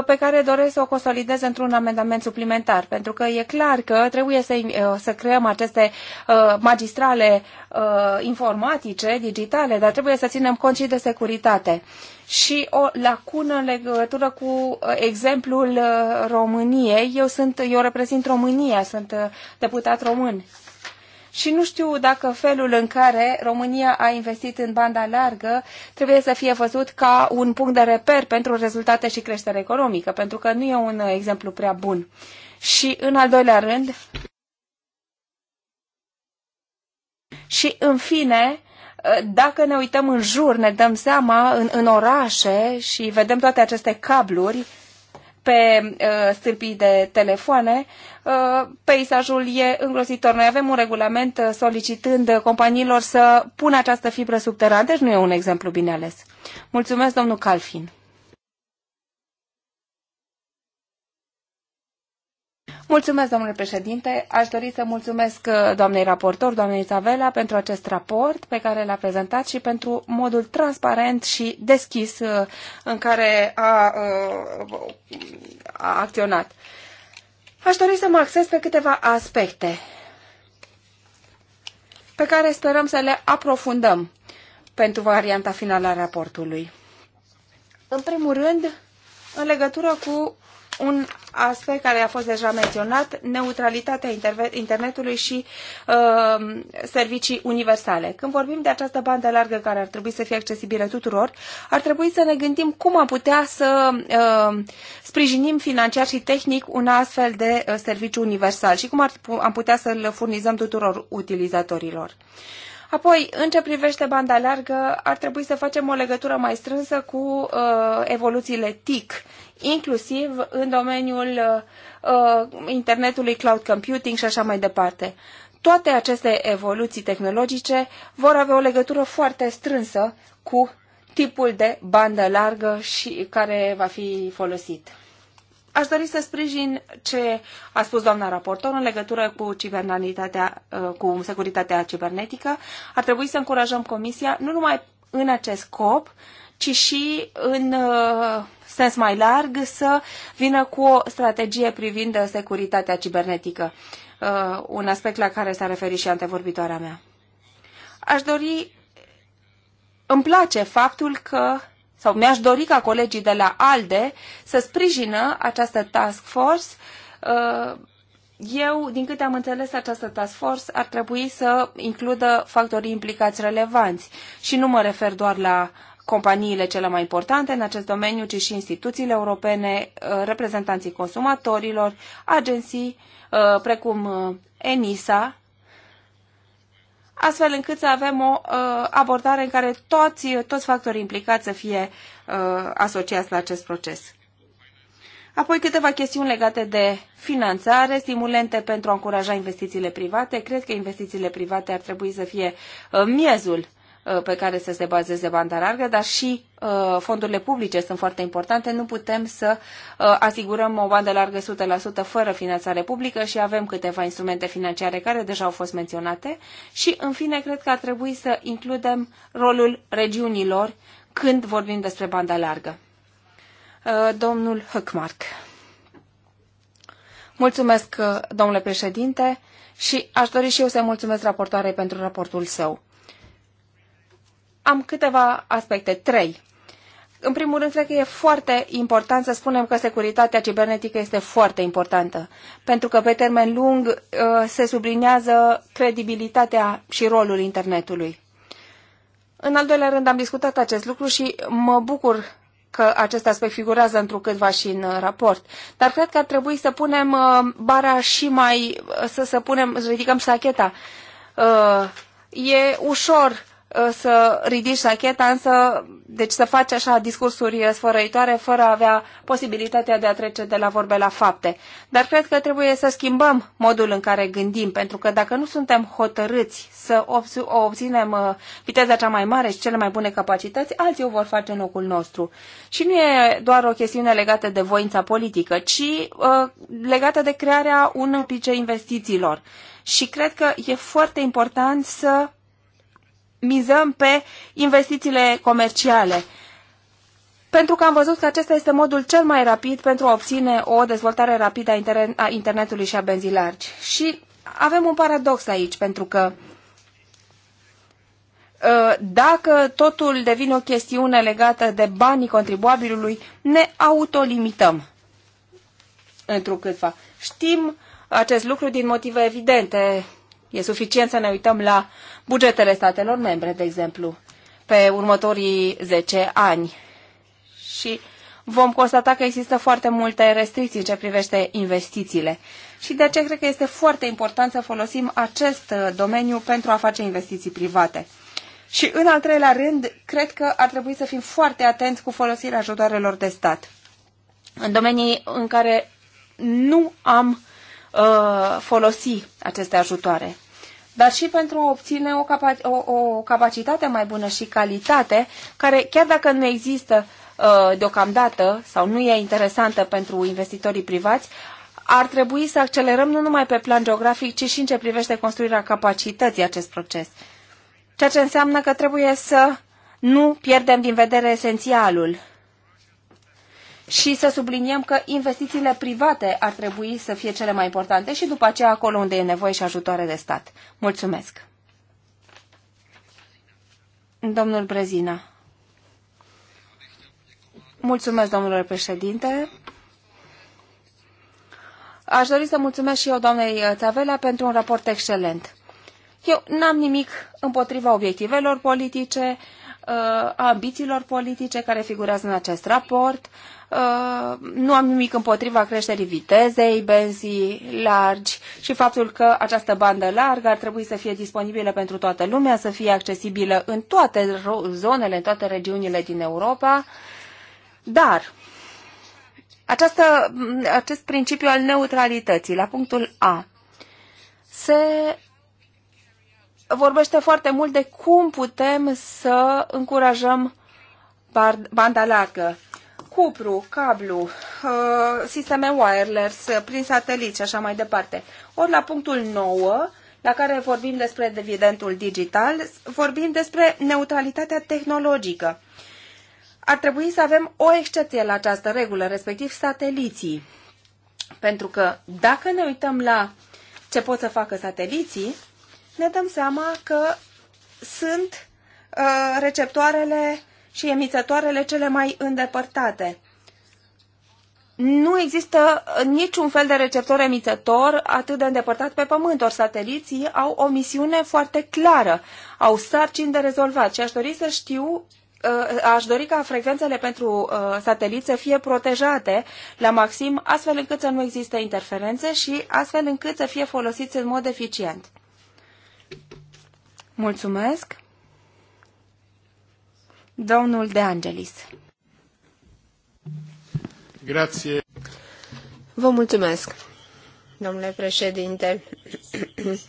pe care doresc să o consolidez într-un amendament suplimentar, pentru că e clar că trebuie să, să creăm aceste Uh, magistrale uh, informatice, digitale, dar trebuie să ținem cont și de securitate. Și o lacună în legătură cu uh, exemplul României. Eu, sunt, eu reprezint România, sunt deputat român. Și nu știu dacă felul în care România a investit în banda largă trebuie să fie văzut ca un punct de reper pentru rezultate și creștere economică, pentru că nu e un exemplu prea bun. Și în al doilea rând, și, în fine, eh, dacă ne uităm în jur, ne dăm seama în, în orașe și vedem toate aceste cabluri pe uh, stâlpii de telefoane, uh, peisajul e îngrozitor. Noi avem un regulament solicitând companiilor să pună această fibră subterană, deci nu e un exemplu bine ales. Mulțumesc, domnul Calfin. Mulțumesc, domnule președinte. Aș dori să mulțumesc uh, doamnei raportor, doamnei Isabela, pentru acest raport pe care l-a prezentat și pentru modul transparent și deschis uh, în care a, uh, a acționat. Aș dori să mă acces pe câteva aspecte pe care sperăm să le aprofundăm pentru varianta finală a raportului. În primul rând, în legătură cu un aspect care a fost deja menționat, neutralitatea internetului și uh, servicii universale. Când vorbim de această bandă largă care ar trebui să fie accesibilă tuturor, ar trebui să ne gândim cum am putea să uh, sprijinim financiar și tehnic un astfel de uh, serviciu universal și cum ar, am putea să-l furnizăm tuturor utilizatorilor. Uh, Apoi, în ce privește banda largă, ar trebui să facem o legătură mai strânsă cu uh, evoluțiile TIC, inclusiv în domeniul uh, internetului, cloud computing și așa mai departe. Toate aceste evoluții tehnologice vor avea o legătură foarte strânsă cu tipul de bandă largă și care va fi folosit. Aș dori să sprijin ce a spus doamna raportor în legătură cu, cibernalitatea, uh, cu securitatea cibernetică. Ar trebui să încurajăm Comisia nu numai în acest scop, ci și în uh, sens mai larg să vină cu o strategie privind securitatea cibernetică, uh, un aspect la care s-a referit și antevorbitoarea mea. Aș dori, îmi place faptul că sau mi-aș dori ca colegii de la ALDE să sprijină această task force. Uh, eu, din câte am înțeles, această task force ar trebui să includă factorii implicați relevanți și nu mă refer doar la companiile cele mai importante în acest domeniu, ci și instituțiile europene, uh, reprezentanții consumatorilor, agenții uh, precum ENISA, astfel încât să avem o uh, abordare în care toți, toți factorii implicați să fie uh, asociați la acest proces. Apoi câteva chestiuni legate de finanțare, stimulente pentru a încuraja investițiile private. Cred că investițiile private ar trebui să fie uh, miezul Uh, pe care să se bazeze banda largă, dar și uh, fondurile publice sunt foarte importante. Nu putem să uh, asigurăm o bandă largă 100% fără finanțare publică și avem câteva instrumente financiare care deja au fost menționate. Și, în fine, cred că ar trebui să includem rolul regiunilor când vorbim despre banda largă. Domnul Höckmark. Mulțumesc, domnule președinte, și aș dori și eu să mulțumesc raportoarei pentru raportul său am câteva aspecte. Trei. În primul rând, cred că e foarte important să spunem că securitatea cibernetică este foarte importantă, pentru că pe termen lung uh, se sublinează credibilitatea și rolul internetului. În al doilea rând, am discutat acest lucru și mă bucur că acest aspect figurează câtva și în raport. Dar cred că ar trebui să punem uh, bara și mai, uh, să, să punem, să ridicăm sacheta. E ușor Uh, să ridici sacheta, însă, deci să faci așa discursuri sfărăitoare fără a avea posibilitatea de a trece de la vorbe la fapte. Dar cred că trebuie să schimbăm modul în care gândim, pentru că dacă nu suntem hotărâți să obținem uh, viteza cea mai mare și cele mai bune capacități, alții o vor face în locul nostru. Și nu e doar o chestiune legată de voința politică, ci uh, legată de crearea unui pice investițiilor. Și cred că e foarte important să mizăm pe investițiile comerciale. Pentru că am văzut că acesta este modul cel mai rapid pentru a obține o dezvoltare rapidă a internetului și a benzii largi. Și avem un paradox aici, pentru că ă, dacă totul devine o chestiune legată de banii contribuabilului, ne autolimităm. Întrucâtva. Știm acest lucru din motive evidente. E suficient să ne uităm la bugetele statelor membre, de exemplu, pe următorii 10 ani. Și vom constata că există foarte multe restricții în ce privește investițiile. Și de aceea cred că este foarte important să folosim acest uh, domeniu pentru a face investiții private. Și în al treilea rând, cred că ar trebui să fim foarte atenți cu folosirea ajutoarelor de stat. În domenii în care nu am uh, folosit aceste ajutoare dar și pentru a obține o, capa o, o capacitate mai bună și calitate, care chiar dacă nu există uh, deocamdată sau nu e interesantă pentru investitorii privați, ar trebui să accelerăm nu numai pe plan geografic, ci și în ce privește construirea capacității acest proces. Ceea ce înseamnă că trebuie să nu pierdem din vedere esențialul, și să subliniem că investițiile private ar trebui să fie cele mai importante și după aceea acolo unde e nevoie și ajutoare de stat. Mulțumesc! Domnul Brezina. Mulțumesc, domnule președinte. Aș dori să mulțumesc și eu doamnei Țavela pentru un raport excelent. Eu n-am nimic împotriva obiectivelor politice, a uh, ambițiilor politice care figurează în acest raport. Uh, nu am nimic împotriva creșterii vitezei, benzii largi și faptul că această bandă largă ar trebui să fie disponibilă pentru toată lumea, să fie accesibilă în toate zonele, în toate regiunile din Europa. Dar această, acest principiu al neutralității, la punctul A, se vorbește foarte mult de cum putem să încurajăm banda largă cupru, cablu, uh, sisteme wireless, uh, prin satelit și așa mai departe. Ori la punctul 9, la care vorbim despre dividendul digital, vorbim despre neutralitatea tehnologică. Ar trebui să avem o excepție la această regulă, respectiv sateliții. Pentru că dacă ne uităm la ce pot să facă sateliții, ne dăm seama că sunt uh, receptoarele și emițătoarele cele mai îndepărtate. Nu există niciun fel de receptor emițător atât de îndepărtat pe Pământ, ori sateliții au o misiune foarte clară, au sarcini de rezolvat și aș dori să știu uh, aș dori ca frecvențele pentru uh, sateliți să fie protejate la maxim, astfel încât să nu existe interferențe și astfel încât să fie folosiți în mod eficient. Mulțumesc! Domnul De Angelis.
Grazie.
Vă mulțumesc, domnule președinte.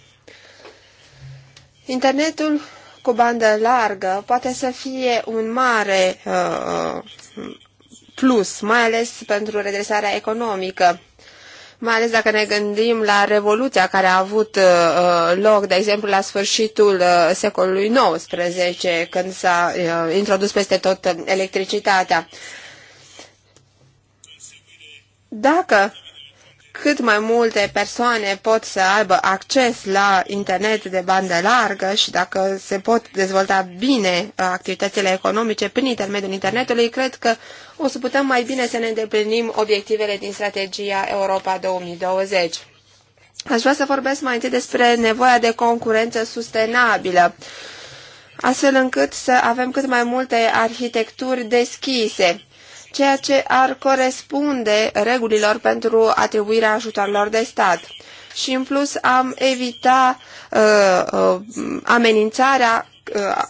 Internetul cu bandă largă poate să fie un mare uh, uh plus, mai ales pentru redresarea economică mai ales dacă ne gândim la revoluția care a avut uh, uh, loc, de exemplu, la sfârșitul uh, secolului XIX, când s-a introdus peste tot electricitatea. Dacă cât mai multe persoane pot să aibă acces la internet de bandă largă și dacă se pot dezvolta bine uh, activitățile economice prin intermediul internetului, cred că o să putem mai bine să ne îndeplinim obiectivele din strategia Europa 2020. Aș vrea să vorbesc mai întâi despre nevoia de concurență sustenabilă, astfel încât să avem cât mai multe arhitecturi deschise ceea ce ar corespunde regulilor pentru atribuirea ajutorilor de stat. Și în plus am evita uh, uh, amenințarea uh,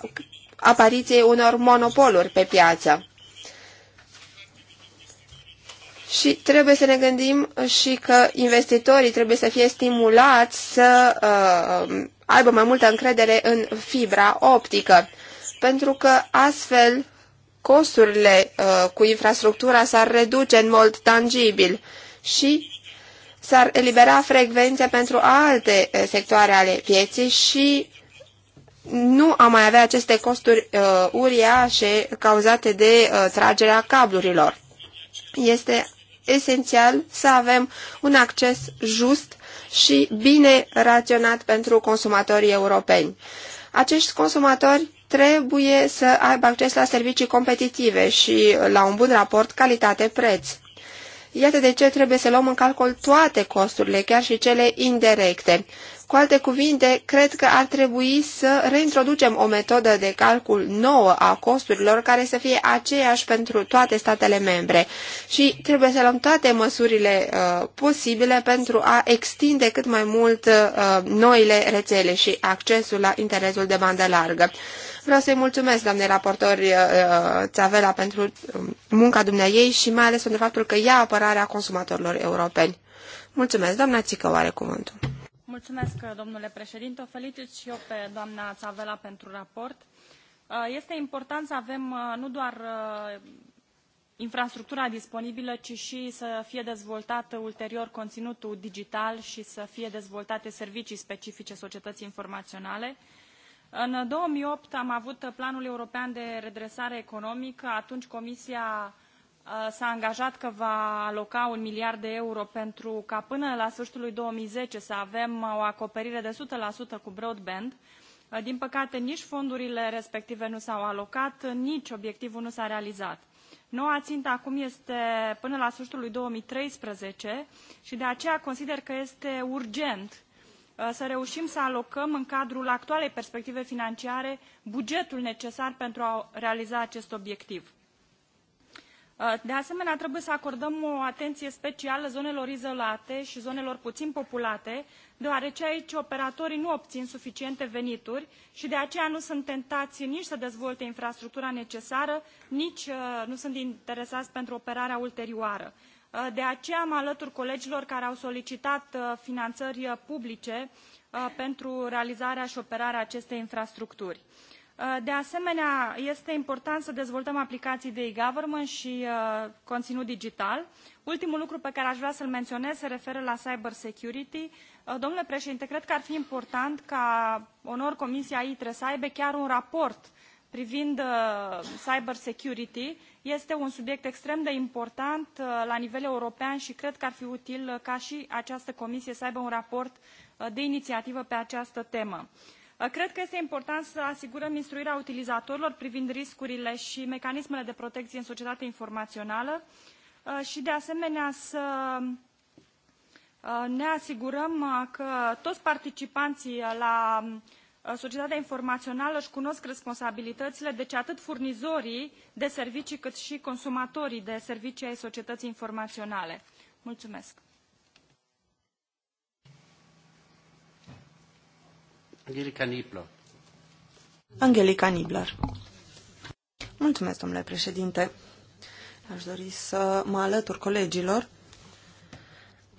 apariției unor monopoluri pe piață. Și trebuie să ne gândim și că investitorii trebuie să fie stimulați să uh, aibă mai multă încredere în fibra optică, pentru că astfel costurile uh, cu infrastructura s-ar reduce în mod tangibil și s-ar elibera frecvențe pentru alte uh, sectoare ale pieții și nu am mai avea aceste costuri uh, uriașe cauzate de uh, tragerea cablurilor. Este esențial să avem un acces just și bine raționat pentru consumatorii europeni. Acești consumatori trebuie să aibă acces la servicii competitive și la un bun raport calitate-preț. Iată de ce trebuie să luăm în calcul toate costurile, chiar și cele indirecte. Cu alte cuvinte, cred că ar trebui să reintroducem o metodă de calcul nouă a costurilor care să fie aceeași pentru toate statele membre și trebuie să luăm toate măsurile uh, posibile pentru a extinde cât mai mult uh, noile rețele și accesul la interesul de bandă largă. Vreau să-i mulțumesc, doamnei raportor uh, uh, Țavela, pentru um, munca ei și mai ales pentru faptul că ia apărarea consumatorilor europeni. Mulțumesc, doamna Țică, oare cuvântul.
Mulțumesc, domnule președinte. O felicit și eu pe doamna Țavela pentru raport. Uh, este important să avem nu doar infrastructura disponibilă, ci și să fie dezvoltat ulterior conținutul digital și să fie dezvoltate servicii specifice societății informaționale. În 2008 am avut Planul European de Redresare Economică. Atunci Comisia uh, s-a angajat că va aloca un miliard de euro pentru ca până la sfârșitul lui 2010 să avem o acoperire de 100% cu broadband. Uh, din păcate, nici fondurile respective nu s-au alocat, nici obiectivul nu s-a realizat. Noua țintă acum este până la sfârșitul lui 2013 și de aceea consider că este urgent Uh, să reușim să alocăm în cadrul actualei perspective financiare bugetul necesar pentru a realiza acest obiectiv. Uh, de asemenea, trebuie să acordăm o atenție specială zonelor izolate și zonelor puțin populate, deoarece aici operatorii nu obțin suficiente venituri și de aceea nu sunt tentați nici să dezvolte infrastructura necesară, nici uh, nu sunt interesați pentru operarea ulterioară. Uh, de aceea mă alătur colegilor care au solicitat uh, finanțări uh, publice pentru realizarea și operarea acestei infrastructuri. De asemenea, este important să dezvoltăm aplicații de e-government și conținut digital. Ultimul lucru pe care aș vrea să-l menționez se referă la cyber security. domnule președinte, cred că ar fi important ca onor Comisia ITRE să aibă chiar un raport privind uh, cyber security este un subiect extrem de important uh, la nivel european și cred că ar fi util uh, ca și această comisie să aibă un raport de inițiativă pe această temă. Cred că este important să asigurăm instruirea utilizatorilor privind riscurile și mecanismele de protecție în societatea informațională și de asemenea să ne asigurăm că toți participanții la Uh, societatea informațională își cunosc responsabilitățile, deci atât furnizorii de servicii cât și consumatorii de servicii ai societății informaționale. Mulțumesc!
Angelica Nibler.
Angelica Nibler. Mulțumesc, domnule președinte. Aș dori să mă alătur colegilor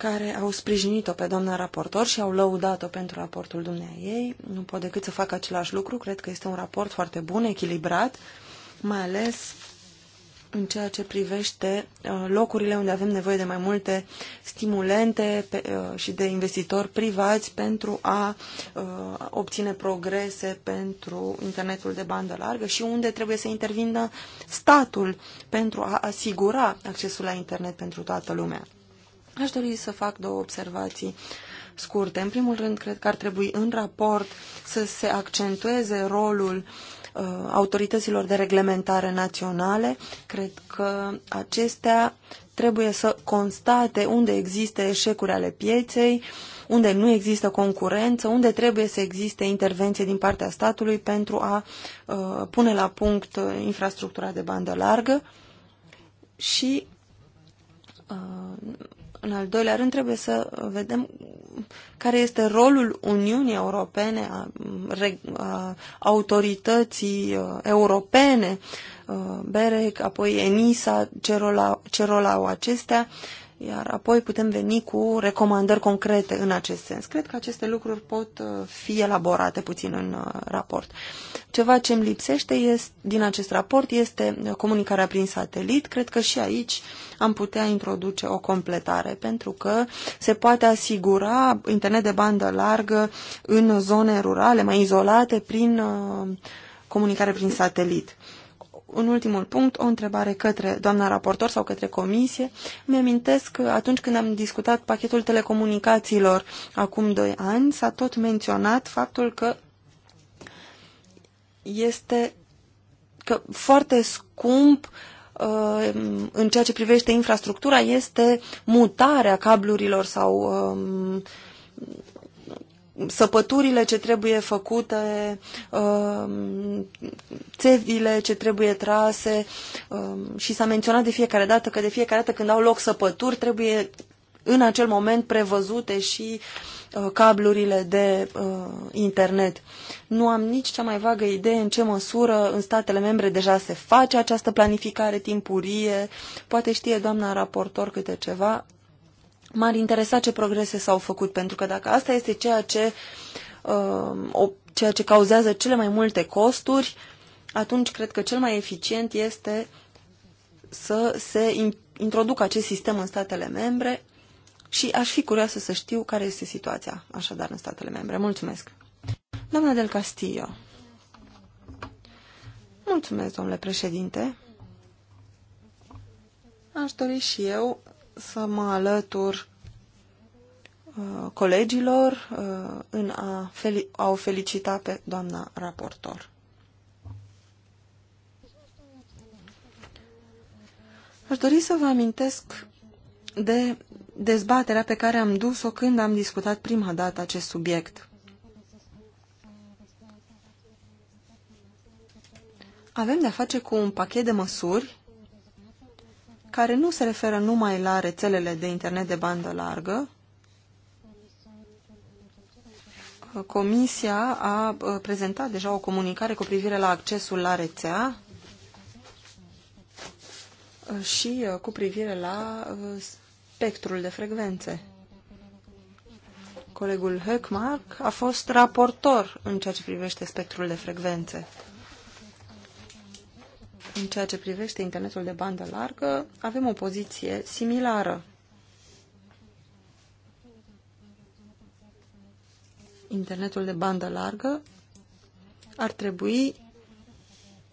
care au sprijinit-o pe doamna raportor și au lăudat-o pentru raportul dumneaei. Nu pot decât să fac același lucru. Cred că este un raport foarte bun, echilibrat, mai ales în ceea ce privește uh, locurile unde avem nevoie de mai multe stimulente uh, și de investitori privați pentru a uh, obține progrese pentru internetul de bandă largă și unde trebuie să intervină statul pentru a asigura accesul la internet pentru toată lumea. Aș dori să fac două observații scurte. În primul rând, cred că ar trebui în raport să se accentueze rolul uh, autorităților de reglementare naționale. Cred că acestea trebuie să constate unde există eșecuri ale pieței, unde nu există concurență, unde trebuie să existe intervenție din partea statului pentru a uh, pune la punct uh, infrastructura de bandă largă și uh, în al doilea rând, trebuie să vedem care este rolul Uniunii Europene, a, a autorității europene, BEREC, apoi ENISA, ce rol, au, acestea. Uh, iar apoi putem veni cu recomandări concrete în acest sens. Cred că aceste lucruri pot uh, fi elaborate puțin în uh, raport. Ceva ce îmi lipsește este, din acest raport este uh, comunicarea prin satelit. Cred că și aici am putea introduce o completare, pentru că se poate asigura internet de bandă largă în zone rurale, mai izolate, prin comunicare prin satelit un ultimul punct, o întrebare către doamna raportor sau către comisie. Mi-amintesc că atunci când am discutat pachetul telecomunicațiilor acum doi ani, s-a tot menționat faptul că este că foarte scump uh, în ceea ce privește infrastructura este mutarea cablurilor sau um, săpăturile ce trebuie făcute, um, țevile ce trebuie trase um, și s-a menționat de fiecare dată că de fiecare dată când au loc săpături trebuie în acel moment prevăzute și uh, cablurile de uh, internet. Nu am nici cea mai vagă idee în ce măsură în statele membre deja se face această planificare timpurie. Poate știe doamna raportor câte ceva. M-ar interesa ce progrese s-au făcut, pentru că dacă asta este ceea ce, uh, o, ceea ce cauzează cele mai multe costuri, atunci cred că cel mai eficient este să se introducă acest sistem în statele membre și aș fi curioasă să știu care este situația așadar în statele membre. Mulțumesc! Doamna Del Castillo. Mulțumesc, domnule președinte. Aș dori și eu să mă alătur uh, colegilor uh, în a, fel a o felicita pe doamna raportor. Aș dori să vă amintesc de dezbaterea pe care am dus-o când am discutat prima dată acest subiect. Avem de-a face cu un pachet de măsuri care nu se referă numai la rețelele de internet de bandă largă. Comisia a uh, prezentat deja o comunicare cu privire la accesul la rețea uh, și uh, cu privire la spectrul de frecvențe. Colegul Höckmark a fost raportor în ceea ce privește spectrul de frecvențe. În ceea ce privește internetul de bandă largă, avem o poziție similară. Internetul de bandă largă ar trebui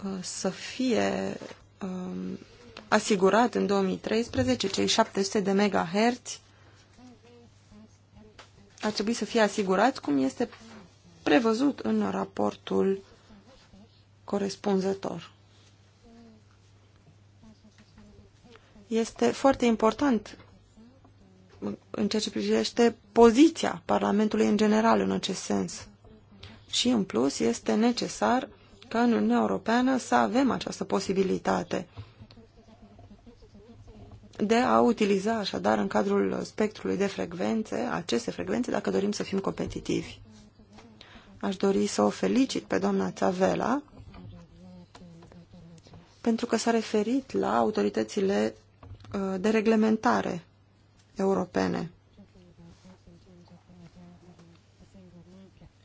uh, să fie um, asigurat în 2013 cei 700 de MHz ar trebui să fie asigurat cum este prevăzut în raportul corespunzător. este foarte important în ceea ce privește poziția Parlamentului în general în acest sens. Și, în plus, este necesar ca în Uniunea Europeană să avem această posibilitate de a utiliza așadar în cadrul spectrului de frecvențe, aceste frecvențe, dacă dorim să fim competitivi. Aș dori să o felicit pe doamna Țavela pentru că s-a referit la autoritățile Uh, de reglementare europene.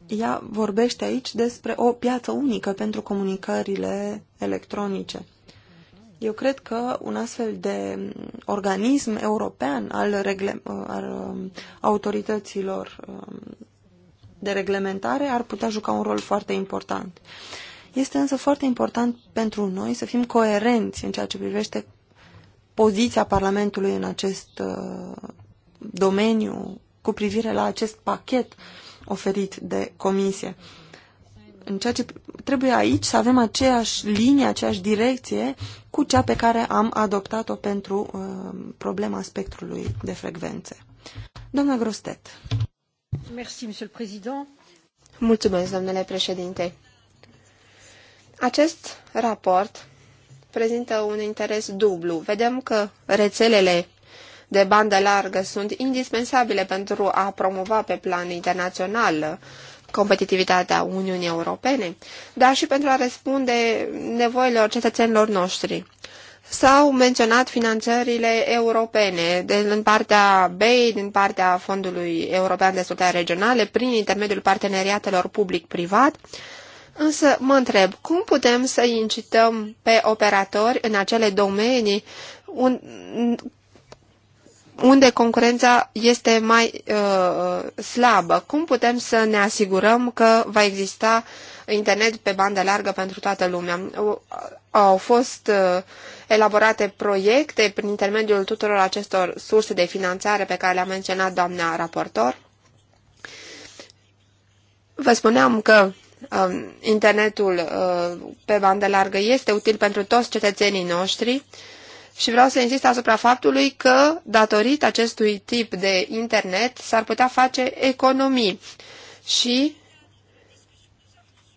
Ea vorbește aici despre o piață unică pentru comunicările electronice. Eu cred că un astfel de organism european al, regle, uh, al um, autorităților um, de reglementare ar putea juca un rol foarte important. Este însă foarte important pentru noi să fim coerenți în ceea ce privește poziția Parlamentului în acest uh, domeniu cu privire la acest pachet oferit de comisie. În ceea ce trebuie aici să avem aceeași linie, aceeași direcție cu cea pe care am adoptat-o pentru uh, problema spectrului de frecvențe. Doamna Grostet.
Merci, monsieur le président.
Mulțumesc, domnule președinte. Acest raport prezintă un interes dublu. Vedem că rețelele de bandă largă sunt indispensabile pentru a promova pe plan internațional competitivitatea Uniunii Europene, dar și pentru a răspunde nevoilor cetățenilor noștri. S-au menționat finanțările europene din partea BEI, din partea Fondului European de Dezvoltare Regionale, prin intermediul parteneriatelor public-privat, Însă mă întreb, cum putem să incităm pe operatori în acele domenii unde concurența este mai uh, slabă? Cum putem să ne asigurăm că va exista internet pe bandă largă pentru toată lumea? Au fost uh, elaborate proiecte prin intermediul tuturor acestor surse de finanțare pe care le-a menționat doamna raportor? Vă spuneam că Um, internetul uh, pe bandă largă este util pentru toți cetățenii noștri și vreau să insist asupra faptului că, datorită acestui tip de internet, s-ar putea face economii și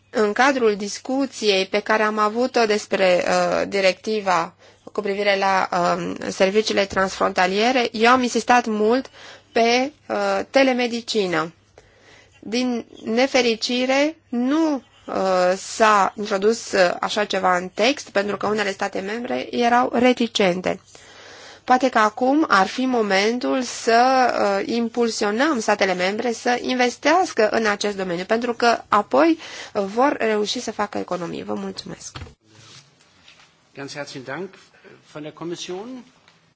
în cadrul discuției pe care am avut-o despre uh, directiva cu privire la uh, serviciile transfrontaliere, eu am insistat mult pe uh, telemedicină. Din nefericire, nu uh, s-a introdus uh, așa ceva în text, pentru că unele state membre erau reticente. Poate că acum ar fi momentul să uh, impulsionăm statele membre să investească în acest domeniu, pentru că apoi uh, vor reuși să facă economii. Vă mulțumesc!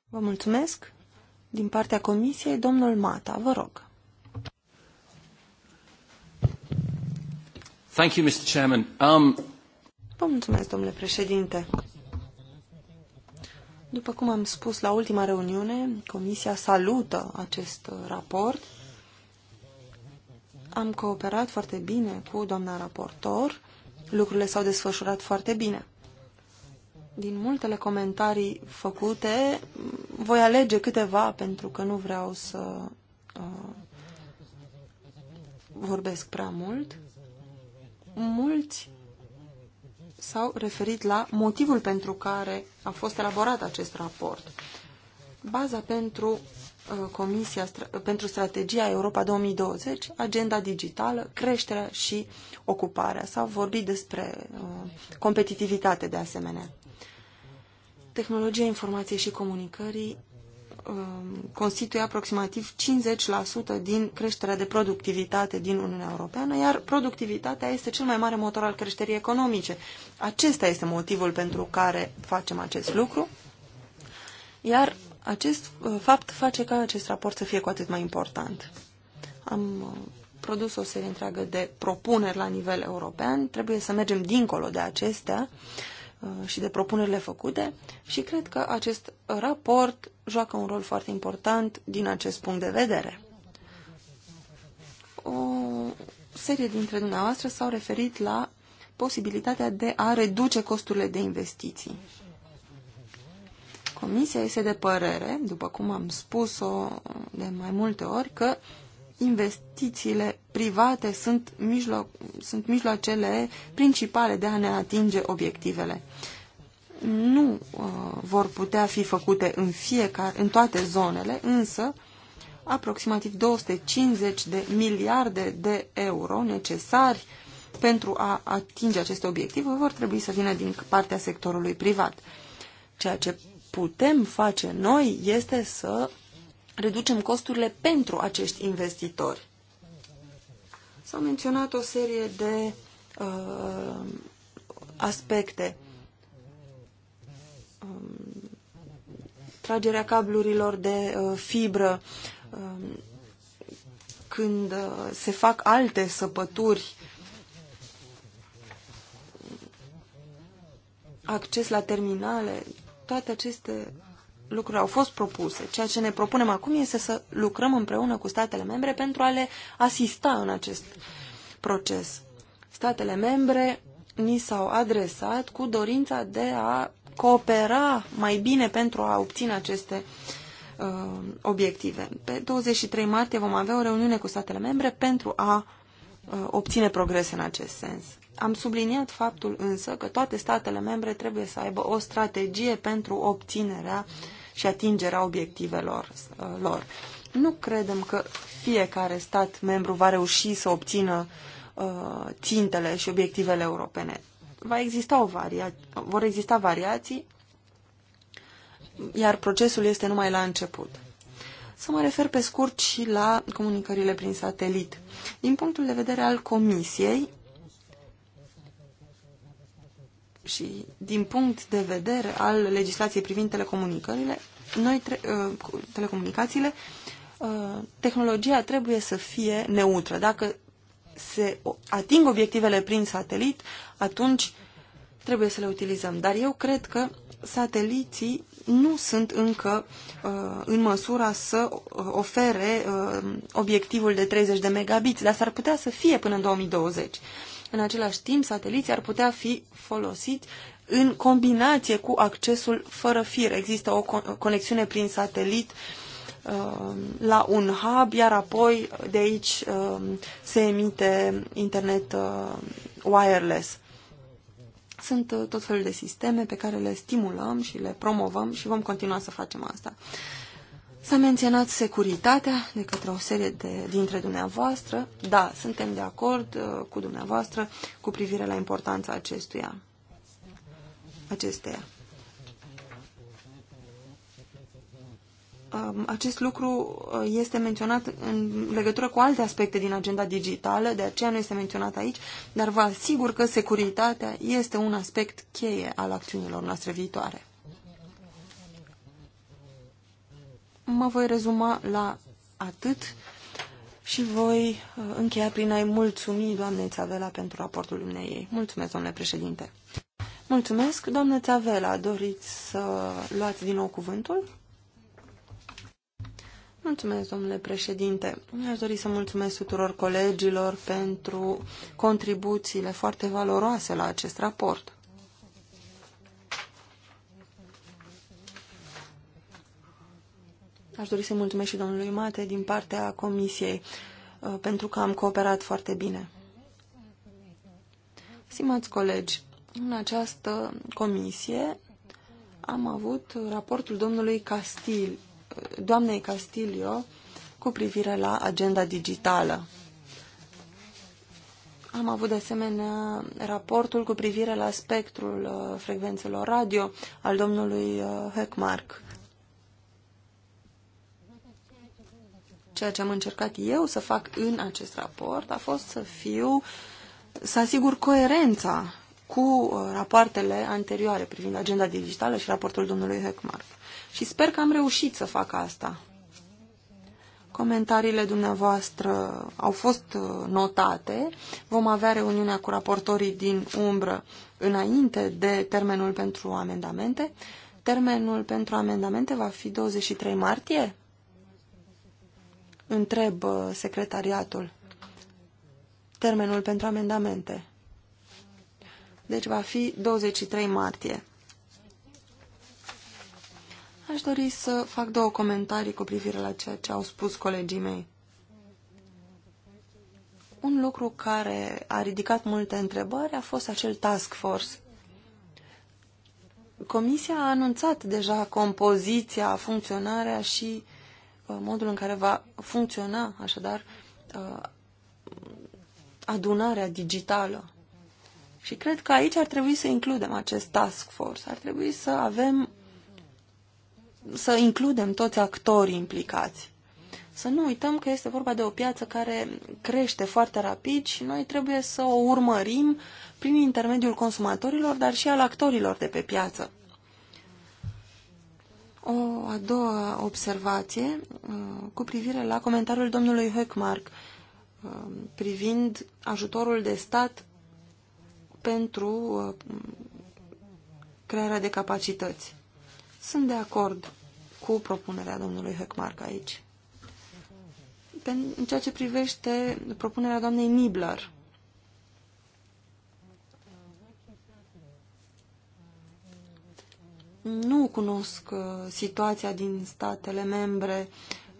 Vă mulțumesc! Din partea Comisiei, domnul Mata, vă rog.
Thank you, Mr. Chairman. Um...
Vă mulțumesc, domnule președinte. După cum am spus la ultima reuniune, Comisia salută acest raport. Am cooperat foarte bine cu doamna raportor. Lucrurile s-au desfășurat foarte bine. Din multele comentarii făcute, voi alege câteva pentru că nu vreau să uh, vorbesc prea mult. Mulți s-au referit la motivul pentru care a fost elaborat acest raport. Baza pentru uh, Comisia pentru Strategia Europa 2020, agenda digitală, creșterea și ocuparea. S-au vorbit despre uh, competitivitate de asemenea. Tehnologia informației și comunicării Um, constituie aproximativ 50% din creșterea de productivitate din Uniunea Europeană, iar productivitatea este cel mai mare motor al creșterii economice. Acesta este motivul pentru care facem acest lucru, iar acest uh, fapt face ca acest raport să fie cu atât mai important. Am uh, produs o serie întreagă de propuneri la nivel european, trebuie să mergem dincolo de acestea, uh, Uh, și de propunerile făcute și cred că acest raport joacă un rol foarte important din acest punct de vedere. O serie dintre dumneavoastră s-au referit la posibilitatea de a reduce costurile de investiții. Comisia este de părere, după cum am spus-o de mai multe ori, că uh, investițiile private sunt, mijlo sunt mijloacele principale de a ne atinge obiectivele. Nu uh, vor putea fi făcute în, fiecare, în toate zonele, însă aproximativ 250 de miliarde de euro necesari pentru a atinge aceste obiective vor trebui să vină din partea sectorului privat. Ceea ce putem face noi este să reducem costurile pentru acești investitori. S-au menționat o serie de uh, aspecte. Um, tragerea cablurilor de uh, fibră, um, când uh, se fac alte săpături, acces la terminale, toate aceste lucruri au fost propuse. Ceea ce ne propunem acum este să lucrăm împreună cu statele membre pentru a le asista în acest proces. Statele membre ni s-au adresat cu dorința de a coopera mai bine pentru a obține aceste uh, obiective. Pe 23 martie vom avea o reuniune cu statele membre pentru a uh, obține progrese în acest sens. Am subliniat faptul însă că toate statele membre trebuie să aibă o strategie pentru obținerea uh, și atingerea obiectivelor uh, lor. Nu credem că fiecare stat membru va reuși să obțină uh, țintele și obiectivele europene. Va exista o varia vor exista variații, iar procesul este numai la început. Să mă refer pe scurt și la comunicările prin satelit. Din punctul de vedere al Comisiei și din punct de vedere al legislației privind telecomunicările, noi, uh, telecomunicațiile, uh, tehnologia trebuie să fie neutră. Dacă se ating obiectivele prin satelit, atunci trebuie să le utilizăm. Dar eu cred că sateliții nu sunt încă uh, în măsura să uh, ofere uh, obiectivul de 30 de megabits, dar s-ar putea să fie până în 2020. În același timp, sateliții ar putea fi folosiți în combinație cu accesul fără fir. Există o conexiune prin satelit uh, la un hub, iar apoi de aici uh, se emite internet uh, wireless. Sunt tot felul de sisteme pe care le stimulăm și le promovăm și vom continua să facem asta. S-a menționat securitatea de către o serie de, dintre dumneavoastră. Da, suntem de acord cu dumneavoastră cu privire la importanța acestuia acesteia. Um, acest lucru uh, este menționat în legătură cu alte aspecte din agenda digitală, de aceea nu este menționat aici, dar vă asigur că securitatea este un aspect cheie al acțiunilor noastre viitoare. Mă voi rezuma la atât și voi uh, încheia prin a-i mulțumi doamnei Țavela pentru raportul ei. Mulțumesc, domnule președinte! Mulțumesc. Doamnă Țavela, doriți să luați din nou cuvântul? Mulțumesc, domnule președinte. Aș dori să mulțumesc tuturor colegilor pentru contribuțiile foarte valoroase la acest raport. Aș dori să mulțumesc și domnului Mate din partea Comisiei uh, pentru că am cooperat foarte bine. Stimați colegi, în această comisie am avut raportul domnului Castil, doamnei Castilio cu privire la agenda digitală. Am avut de asemenea raportul cu privire la spectrul uh, frecvențelor radio al domnului Heckmark. Uh, Ceea ce am încercat eu să fac în acest raport a fost să fiu, să asigur coerența cu uh, rapoartele anterioare privind agenda digitală și raportul domnului Heckmark. Și sper că am reușit să fac asta. Comentariile dumneavoastră au fost uh, notate. Vom avea reuniunea cu raportorii din umbră înainte de termenul pentru amendamente. Termenul pentru amendamente va fi 23 martie? Întreb uh, secretariatul. Termenul pentru amendamente. Deci va fi 23 martie. Aș dori să fac două comentarii cu privire la ceea ce au spus colegii mei. Un lucru care a ridicat multe întrebări a fost acel task force. Comisia a anunțat deja compoziția, funcționarea și uh, modul în care va funcționa, așadar, uh, adunarea digitală. Și cred că aici ar trebui să includem acest task force. Ar trebui să avem, să includem toți actorii implicați. Să nu uităm că este vorba de o piață care crește foarte rapid și noi trebuie să o urmărim prin intermediul consumatorilor, dar și al actorilor de pe piață. O a doua observație uh, cu privire la comentariul domnului Höckmark uh, privind ajutorul de stat pentru uh, crearea de capacități. Sunt de acord cu propunerea domnului Heckmark aici. În ceea ce privește propunerea doamnei Nibler, nu cunosc uh, situația din statele membre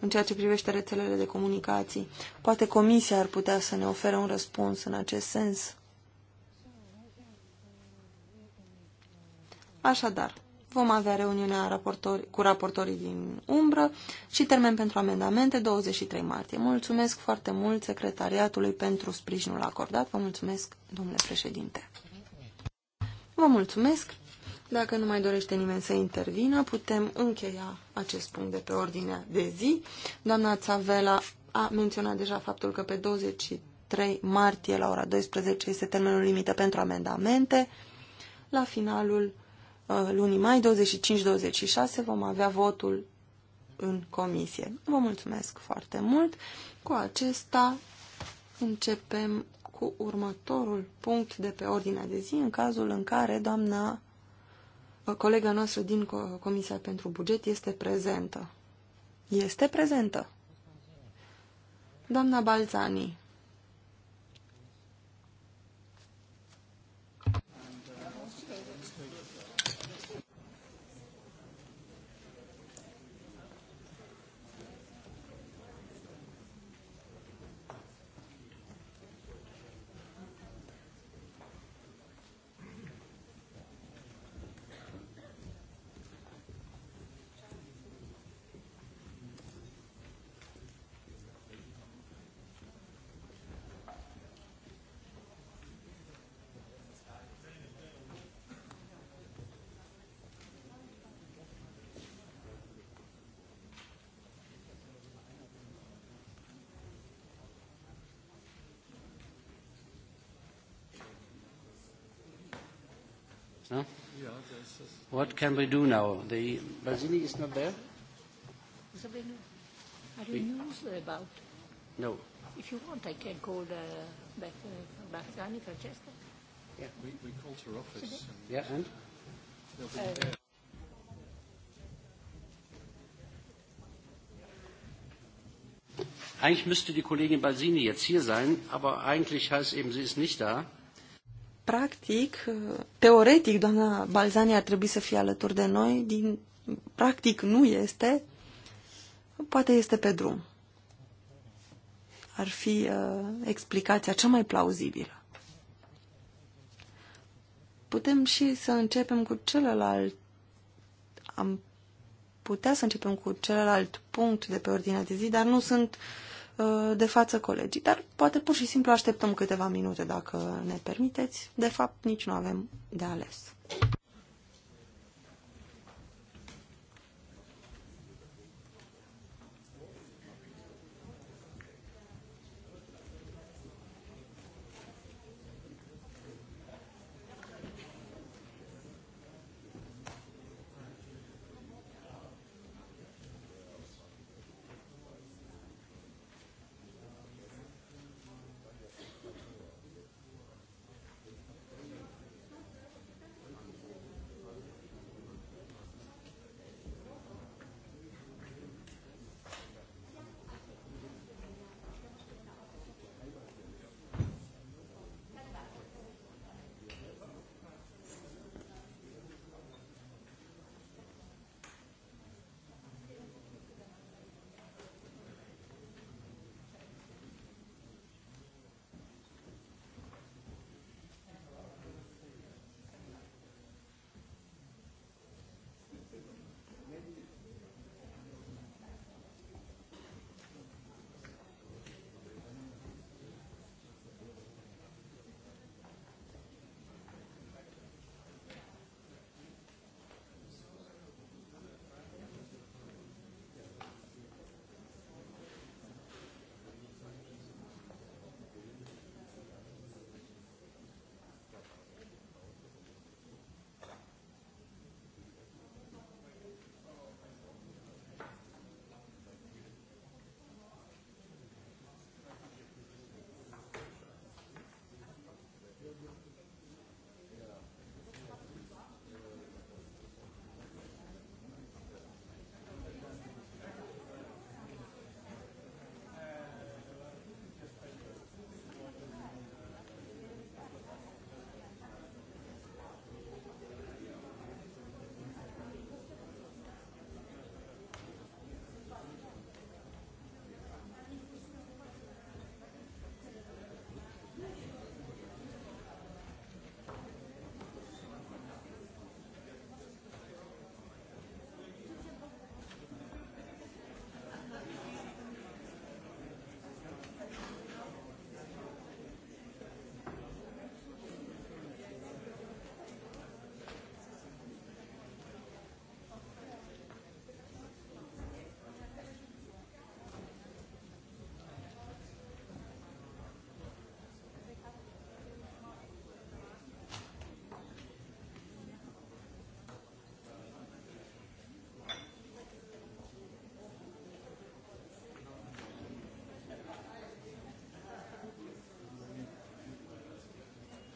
în ceea ce privește rețelele de comunicații. Poate Comisia ar putea să ne ofere un răspuns în acest sens. Așadar, vom avea reuniunea raportori, cu raportorii din umbră și termen pentru amendamente 23 martie. Mulțumesc foarte mult secretariatului pentru sprijinul acordat. Vă mulțumesc, domnule președinte. Vă mulțumesc. Dacă nu mai dorește nimeni să intervină, putem încheia acest punct de pe ordinea de zi. Doamna Țavela a menționat deja faptul că pe 23 martie la ora 12 este termenul limită pentru amendamente. La finalul Uh, lunii mai, 25-26, vom avea votul în comisie. Vă mulțumesc foarte mult. Cu acesta începem cu următorul punct de pe ordinea de zi, în cazul în care doamna uh, colega noastră din Comisia pentru Buget este prezentă. Este prezentă. Doamna Balzani,
No? What can we do now? The Basini is not there?
Are you news about? No. If you want, I can call the
Beth, uh, Bazzani, Francesca.
Yeah. We, we called her office. And yeah, and? Uh, eigentlich müsste die Kollegin Balsini jetzt hier sein, aber eigentlich heißt eben, sie ist nicht da
practic, teoretic, doamna Balzani ar trebui să fie alături de noi, din practic nu este, poate este pe drum. Ar fi uh, explicația cea mai plauzibilă. Putem și să începem cu celălalt. Am putea să începem cu celălalt punct de pe ordinea de zi, dar nu sunt uh, Uh, de față colegii, dar poate pur și simplu așteptăm câteva minute dacă ne permiteți. De fapt, nici nu avem de ales.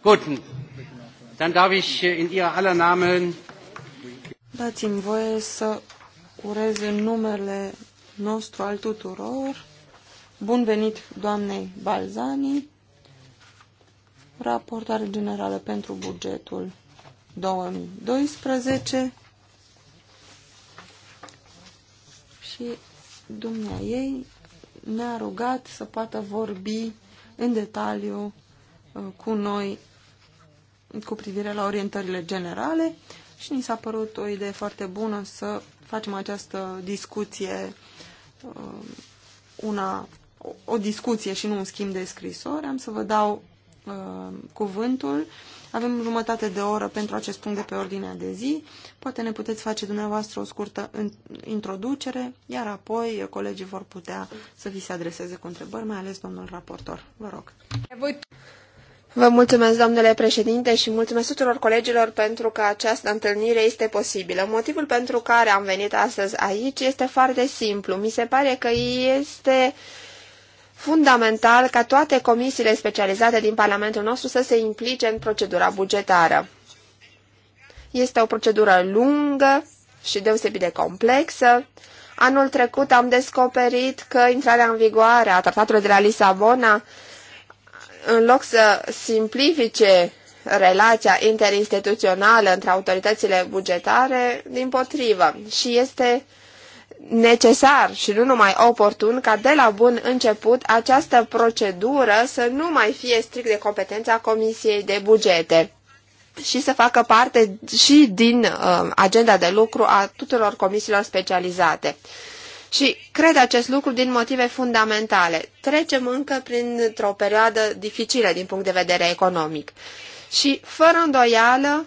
Gut, dann darf ich äh, in Ihrer aller Namen.
Dați-mi voie să urez în numele nostru al tuturor bun venit doamnei Balzani, raportare generală pentru bugetul 2012 și dumnea ei ne-a rugat să poată vorbi în detaliu uh, cu noi cu privire la orientările generale și ni s-a părut o idee foarte bună să facem această discuție um, una, o discuție și nu un schimb de scrisori. Am să vă dau um, cuvântul. Avem jumătate de oră pentru acest punct de pe ordinea de zi. Poate ne puteți face dumneavoastră o scurtă introducere, iar apoi colegii vor putea să vi se adreseze cu întrebări, mai ales domnul raportor. Vă rog. Voi...
Vă mulțumesc, domnule președinte, și mulțumesc tuturor colegilor pentru că această întâlnire este posibilă. Motivul pentru care am venit astăzi aici este foarte simplu. Mi se pare că este fundamental ca toate comisiile specializate din Parlamentul nostru să se implice în procedura bugetară. Este o procedură lungă și deosebit de complexă. Anul trecut am descoperit că intrarea în vigoare a tratatului de la Lisabona în loc să simplifice relația interinstituțională între autoritățile bugetare, din potrivă. Și este necesar și nu numai oportun ca de la bun început această procedură să nu mai fie strict de competența Comisiei de Bugete și să facă parte și din uh, agenda de lucru a tuturor comisiilor specializate. Și cred acest lucru din motive fundamentale. Trecem încă printr-o perioadă dificilă din punct de vedere economic. Și, fără îndoială,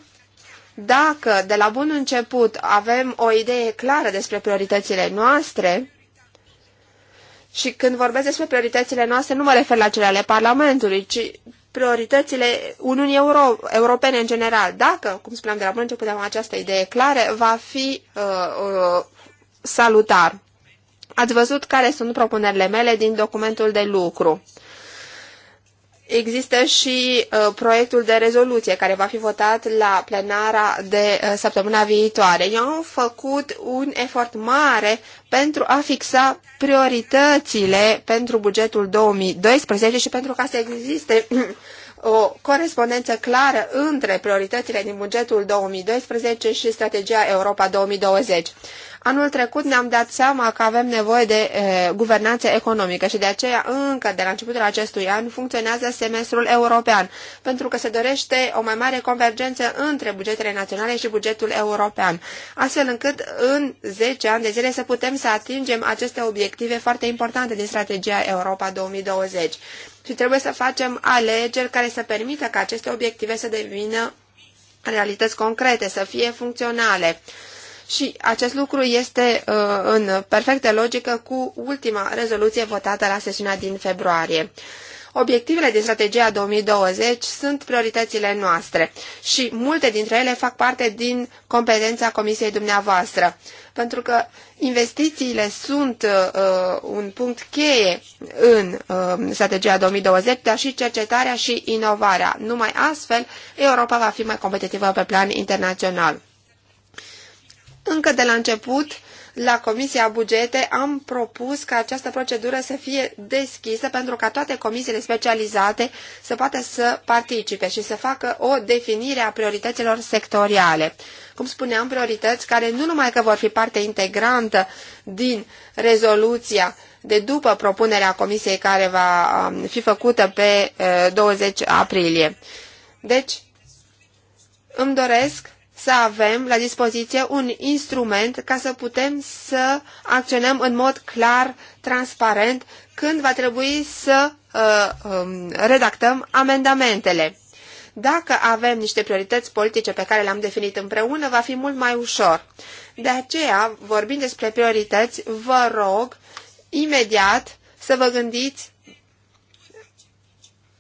dacă de la bun început avem o idee clară despre prioritățile noastre, și când vorbesc despre prioritățile noastre, nu mă refer la cele ale Parlamentului, ci prioritățile Uniunii Euro Europene în general. Dacă, cum spuneam de la bun început, avem această idee clară, va fi uh, uh, salutar. Ați văzut care sunt propunerile mele din documentul de lucru. Există și uh, proiectul de rezoluție care va fi votat la plenara de uh, săptămâna viitoare. Eu am făcut un efort mare pentru a fixa prioritățile pentru bugetul 2012 și pentru ca să existe o corespondență clară între prioritățile din bugetul 2012 și strategia Europa 2020. Anul trecut ne-am dat seama că avem nevoie de e, guvernanță economică și de aceea încă de la începutul acestui an funcționează semestrul european, pentru că se dorește o mai mare convergență între bugetele naționale și bugetul european, astfel încât în 10 ani de zile să putem să atingem aceste obiective foarte importante din strategia Europa 2020. Și trebuie să facem alegeri care să permită ca aceste obiective să devină realități concrete, să fie funcționale și acest lucru este uh, în perfectă logică cu ultima rezoluție votată la sesiunea din februarie. Obiectivele din strategia 2020 sunt prioritățile noastre și multe dintre ele fac parte din competența comisiei dumneavoastră, pentru că investițiile sunt uh, un punct cheie în uh, strategia 2020, dar și cercetarea și inovarea. Numai astfel, Europa va fi mai competitivă pe plan internațional. Încă de la început, la Comisia Bugete, am propus ca această procedură să fie deschisă pentru ca toate comisiile specializate să poată să participe și să facă o definire a priorităților sectoriale. Cum spuneam, priorități care nu numai că vor fi parte integrantă din rezoluția de după propunerea comisiei care va um, fi făcută pe 20 uh, aprilie. Deci, îmi doresc să avem la dispoziție un instrument ca să putem să acționăm în mod clar, transparent, când va trebui să uh, um, redactăm amendamentele. Dacă avem niște priorități politice pe care le-am definit împreună, va fi mult mai ușor. De aceea, vorbind despre priorități, vă rog imediat să vă gândiți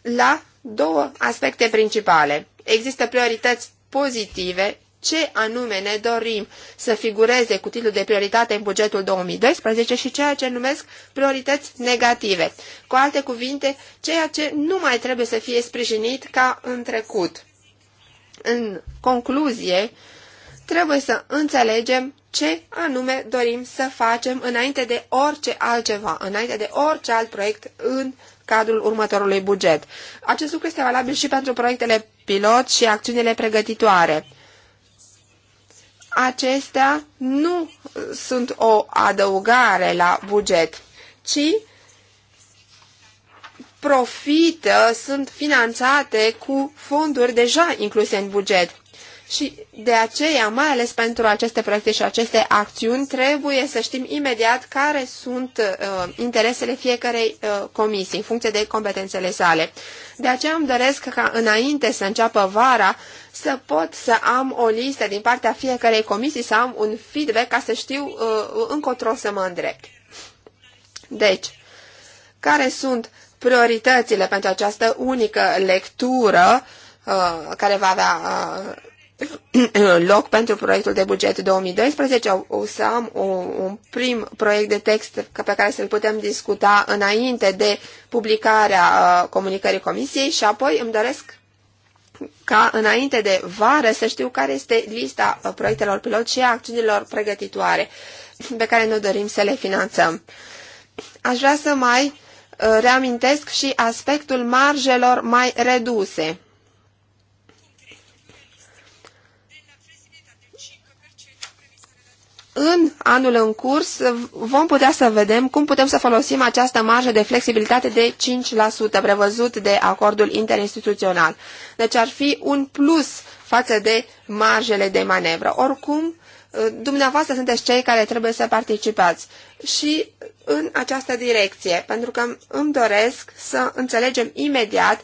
la două aspecte principale. Există priorități pozitive ce anume ne dorim să figureze cu titlul de prioritate în bugetul 2012 și ceea ce numesc priorități negative. Cu alte cuvinte, ceea ce nu mai trebuie să fie sprijinit ca în trecut. În concluzie, trebuie să înțelegem ce anume dorim să facem înainte de orice altceva, înainte de orice alt proiect în cadrul următorului buget. Acest lucru este valabil și pentru proiectele pilot și acțiunile pregătitoare acestea nu sunt o adăugare la buget, ci profită, sunt finanțate cu fonduri deja incluse în buget. Și de aceea, mai ales pentru aceste proiecte și aceste acțiuni, trebuie să știm imediat care sunt uh, interesele fiecarei uh, comisii, în funcție de competențele sale. De aceea îmi doresc ca înainte să înceapă vara să pot să am o listă din partea fiecarei comisii, să am un feedback ca să știu uh, încotro să mă îndrept. Deci, care sunt prioritățile pentru această unică lectură uh, care va avea uh, loc pentru proiectul de buget 2012. O să am un prim proiect de text pe care să-l putem discuta înainte de publicarea uh, comunicării comisiei și apoi îmi doresc ca înainte de vară să știu care este lista uh, proiectelor pilot și a acțiunilor pregătitoare pe care ne dorim să le finanțăm. Aș vrea să mai uh, reamintesc și aspectul marjelor mai reduse. în anul în curs vom putea să vedem cum putem să folosim această marjă de flexibilitate de 5% prevăzut de acordul interinstituțional. Deci ar fi un plus față de marjele de manevră. Oricum, dumneavoastră sunteți cei care trebuie să participați și în această direcție, pentru că îmi doresc să înțelegem imediat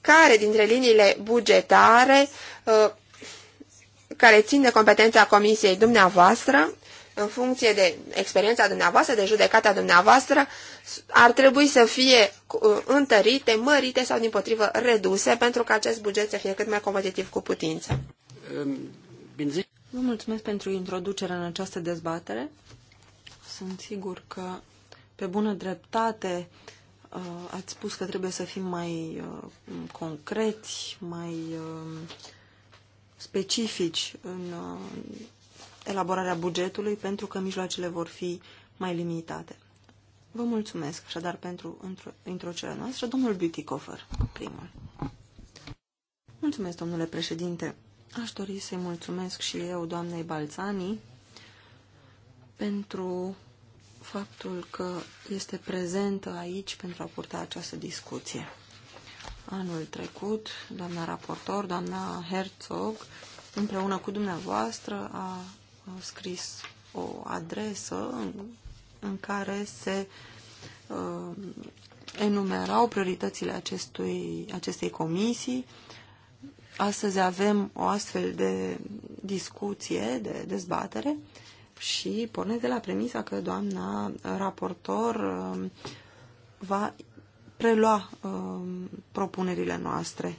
care dintre liniile bugetare uh, care țin de competența comisiei dumneavoastră, în funcție de experiența dumneavoastră, de judecata dumneavoastră, ar trebui să fie uh, întărite, mărite sau, din potrivă, reduse
pentru ca acest buget să fie cât mai competitiv cu putință. Vă mulțumesc pentru introducerea în această dezbatere. Sunt sigur că, pe bună dreptate, uh, ați spus că trebuie să fim mai uh, concreți, mai specifici în uh, elaborarea bugetului pentru că mijloacele vor fi mai limitate. Vă mulțumesc așadar pentru introducerea noastră. Domnul Beautycofer, primul. Mulțumesc, domnule președinte. Aș dori să-i mulțumesc și eu, doamnei Balțani, pentru faptul că este prezentă aici pentru a purta această discuție anul trecut, doamna raportor, doamna Herzog, împreună cu dumneavoastră, a scris o adresă în, în care se uh, enumerau prioritățile acestui, acestei comisii. Astăzi avem o astfel de discuție, de dezbatere și pornesc de la premisa că doamna raportor uh, va prelua um, propunerile noastre.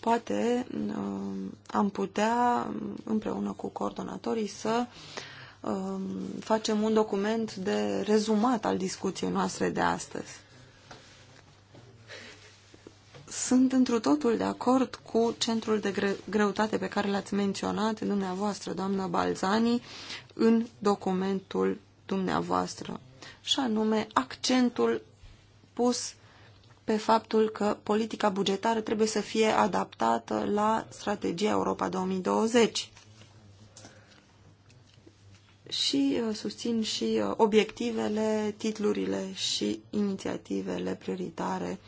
Poate um, am putea, împreună cu coordonatorii, să um, facem un document de rezumat al discuției noastre de astăzi. Sunt întru totul de acord cu centrul de gre greutate pe care l-ați menționat dumneavoastră, doamnă Balzani, în documentul dumneavoastră și anume accentul pus pe faptul că politica bugetară trebuie să fie adaptată la strategia Europa 2020. Și uh, susțin și uh, obiectivele, titlurile și inițiativele prioritare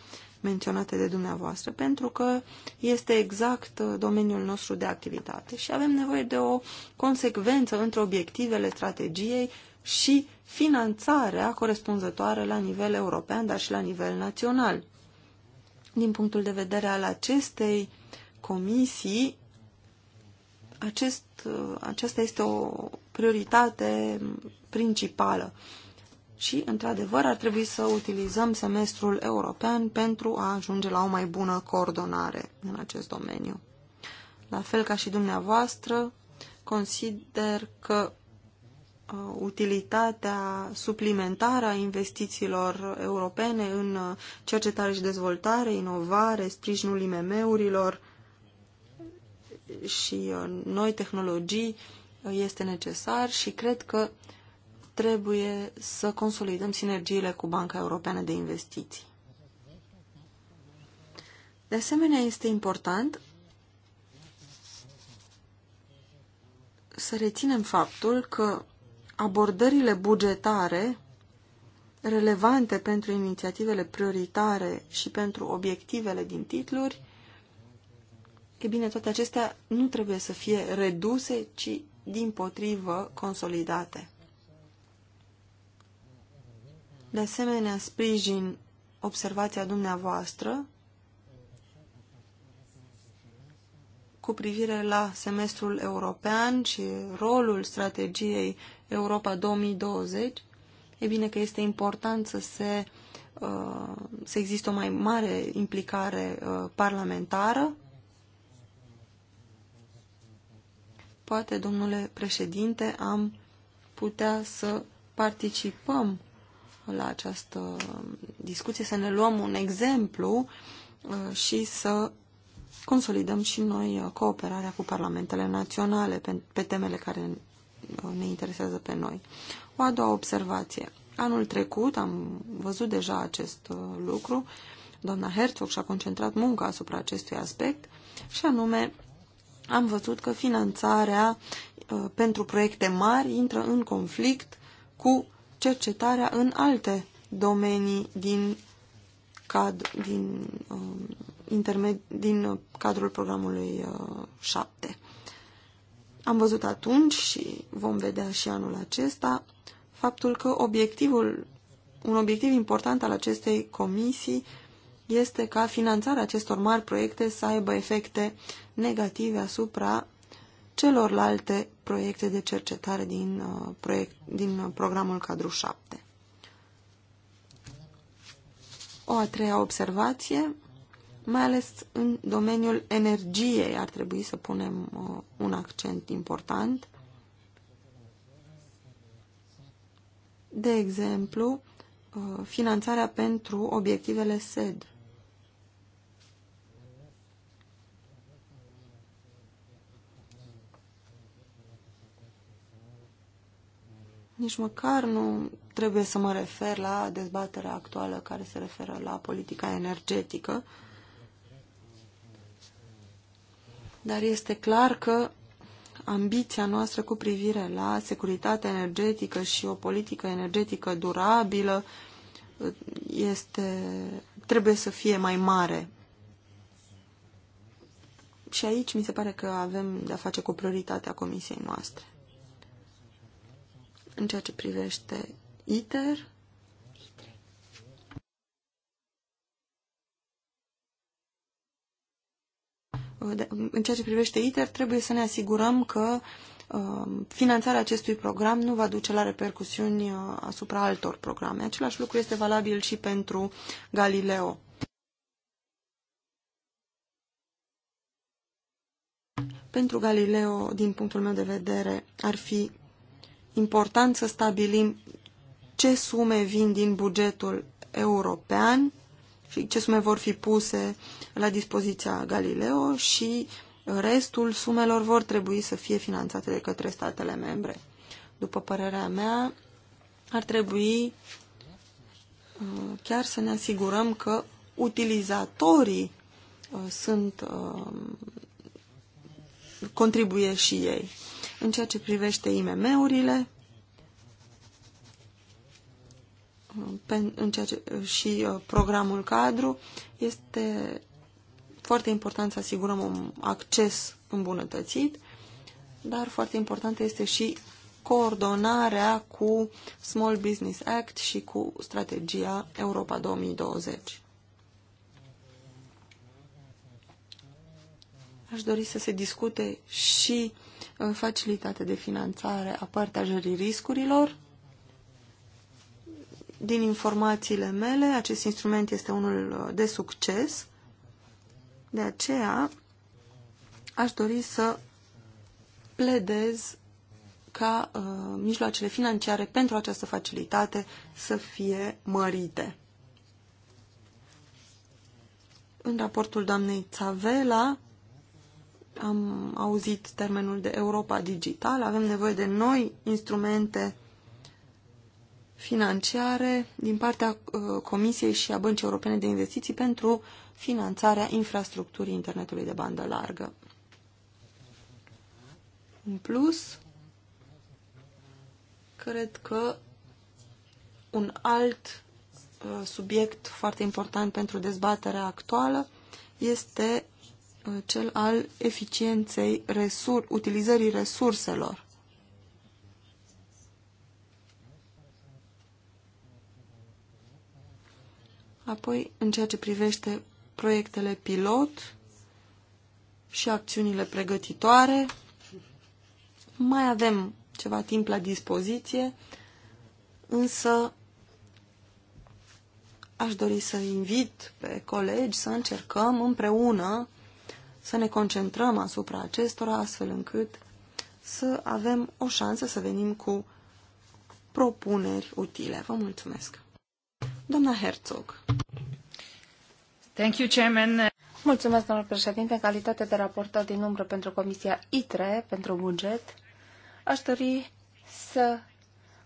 menționate de dumneavoastră, pentru că este exact uh, domeniul nostru de activitate și avem nevoie de o consecvență între obiectivele strategiei și finanțarea corespunzătoare la nivel european, dar și la nivel național. Din punctul de vedere al acestei comisii, acest, aceasta este o prioritate principală. Și, într-adevăr, ar trebui să utilizăm semestrul european pentru a ajunge la o mai bună coordonare în acest domeniu. La fel ca și dumneavoastră, consider că Uh, utilitatea suplimentară a investițiilor europene în uh, cercetare și dezvoltare, inovare, sprijinul IMM-urilor și uh, noi tehnologii este necesar și cred că trebuie să consolidăm sinergiile cu Banca Europeană de Investiții. De asemenea, este important să reținem faptul că abordările bugetare relevante pentru inițiativele prioritare și pentru obiectivele din titluri, e bine, toate acestea nu trebuie să fie reduse, ci din potrivă consolidate. De asemenea, sprijin observația dumneavoastră cu privire la semestrul european și rolul strategiei Europa 2020, e bine că este important să se uh, să există o mai mare implicare uh, parlamentară. Poate, domnule președinte, am putea să participăm la această discuție, să ne luăm un exemplu uh, și să consolidăm și noi cooperarea cu parlamentele naționale pe temele care ne interesează pe noi. O a doua observație. Anul trecut am văzut deja acest uh, lucru. Doamna Herzog și-a concentrat munca asupra acestui aspect și anume am văzut că finanțarea uh, pentru proiecte mari intră în conflict cu cercetarea în alte domenii din, cad, din, uh, intermed, din uh, cadrul programului uh, 7. Am văzut atunci și vom vedea și anul acesta faptul că obiectivul, un obiectiv important al acestei comisii este ca finanțarea acestor mari proiecte să aibă efecte negative asupra celorlalte proiecte de cercetare din, uh, proiect, din uh, programul cadru 7. O a treia observație mai ales în domeniul energiei ar trebui să punem uh, un accent important. De exemplu, uh, finanțarea pentru obiectivele SED. Nici măcar nu trebuie să mă refer la dezbaterea actuală care se referă la politica energetică, dar este clar că ambiția noastră cu privire la securitatea energetică și o politică energetică durabilă uh, este, trebuie să fie mai mare. Și aici mi se pare că avem de-a face cu prioritatea comisiei noastre. În ceea ce privește ITER, Uh, um, în ceea ce privește ITER, trebuie să ne asigurăm că uh, finanțarea acestui program nu va duce la repercusiuni uh, asupra altor programe. Același lucru este valabil și pentru Galileo. Pentru Galileo, din punctul meu de vedere, ar fi important să stabilim ce sume vin din bugetul european și ce sume vor fi puse la dispoziția Galileo și restul sumelor vor trebui să fie finanțate de către statele membre. După părerea mea, ar trebui uh, chiar să ne asigurăm că utilizatorii uh, sunt uh, contribuie și ei. În ceea ce privește IMM-urile, în ceea ce, și uh, programul cadru, este foarte important să asigurăm un acces îmbunătățit, dar foarte importantă este și coordonarea cu Small Business Act și cu strategia Europa 2020. Aș dori să se discute și uh, facilitatea de finanțare a partajării riscurilor din informațiile mele, acest instrument este unul uh, de succes, de aceea aș dori să pledez ca uh, mijloacele financiare pentru această facilitate să fie mărite. În raportul doamnei Țavela am auzit termenul de Europa Digitală, avem nevoie de noi instrumente financiare din partea uh, Comisiei și a Băncii Europene de Investiții pentru finanțarea infrastructurii internetului de bandă largă. În plus, cred că un alt uh, subiect foarte important pentru dezbaterea actuală este uh, cel al eficienței resur utilizării resurselor. Apoi, în ceea ce privește proiectele pilot și acțiunile pregătitoare, mai avem ceva timp la dispoziție, însă aș dori să invit pe colegi să încercăm împreună să ne concentrăm asupra acestora, astfel încât să avem o șansă să venim cu propuneri utile. Vă mulțumesc! Doamna Herzog.
Thank you, Chairman. Mulțumesc, domnul președinte. În calitate de raportor din umbră pentru Comisia ITRE, pentru buget, aș dori să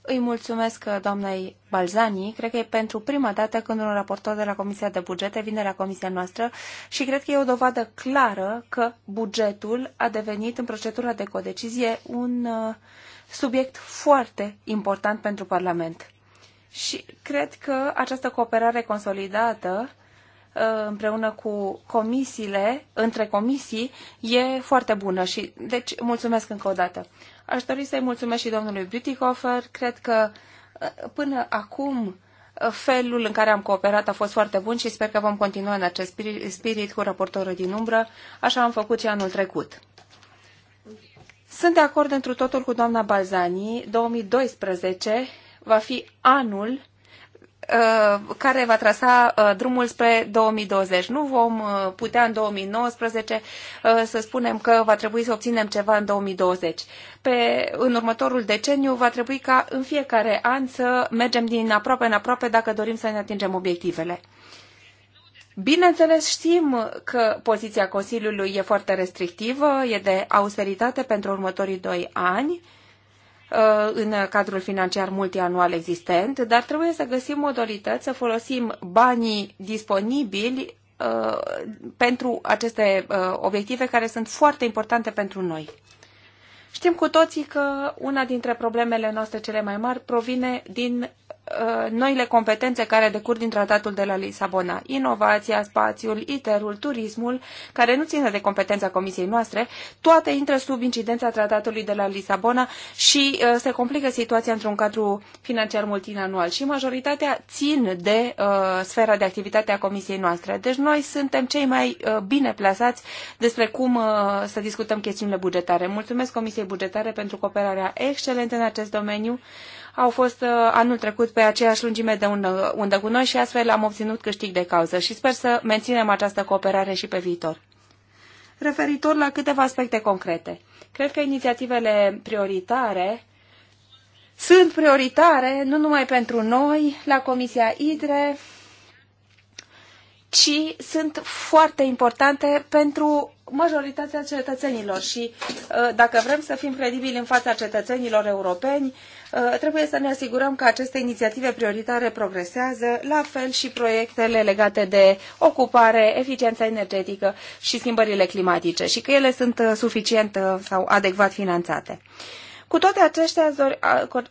îi mulțumesc doamnei Balzani. Cred că e pentru prima dată când un raportor de la Comisia de Bugete vine la Comisia noastră și cred că e o dovadă clară că bugetul a devenit în procedura de codecizie un uh, subiect foarte important pentru Parlament. Și cred că această cooperare consolidată uh, împreună cu comisiile, între comisii, e foarte bună și deci mulțumesc încă o dată. Aș dori să-i mulțumesc și domnului Beautycofer. Cred că uh, până acum uh, felul în care am cooperat a fost foarte bun și sper că vom continua în acest spirit cu raportorul din umbră. Așa am făcut și anul trecut. Sunt de acord întru totul cu doamna Balzani. 2012 va fi anul uh, care va trasa uh, drumul spre 2020. Nu vom uh, putea în 2019 să spunem că va trebui să obținem ceva în 2020. Pe, în următorul deceniu va trebui ca în fiecare an să mergem din aproape în aproape dacă dorim să ne atingem obiectivele. Bineînțeles, știm că poziția Consiliului e foarte restrictivă, e de austeritate pentru următorii doi ani Uh, în cadrul financiar multianual existent, dar trebuie să găsim modalități să folosim banii disponibili uh, pentru aceste uh, obiective care sunt foarte importante pentru noi. Știm cu toții că una dintre problemele noastre cele mai mari provine din Uh, noile competențe care decur din tratatul de la Lisabona, inovația, spațiul, ITER-ul, turismul, care nu ține de competența comisiei noastre, toate intră sub incidența tratatului de la Lisabona și uh, se complică situația într-un cadru financiar multianual și majoritatea țin de uh, sfera de activitate a comisiei noastre. Deci noi suntem cei mai uh, bine plasați despre cum uh, să discutăm chestiunile bugetare. Mulțumesc Comisiei Bugetare pentru cooperarea excelentă în acest domeniu. Uh, au fost uh, anul trecut pe aceeași lungime de undă, undă cu noi și astfel am obținut câștig de cauză și sper să menținem această cooperare și pe viitor. Referitor la câteva aspecte concrete, cred că inițiativele prioritare sunt prioritare nu numai pentru noi la Comisia IDRE, ci sunt foarte importante pentru majoritatea cetățenilor și uh, dacă vrem să fim credibili în fața cetățenilor europeni, Uh, trebuie să ne asigurăm că aceste inițiative prioritare progresează, la fel și proiectele legate de ocupare, eficiența energetică și schimbările climatice și că ele sunt uh, suficient uh, sau adecvat finanțate. Uh, cu toate acestea,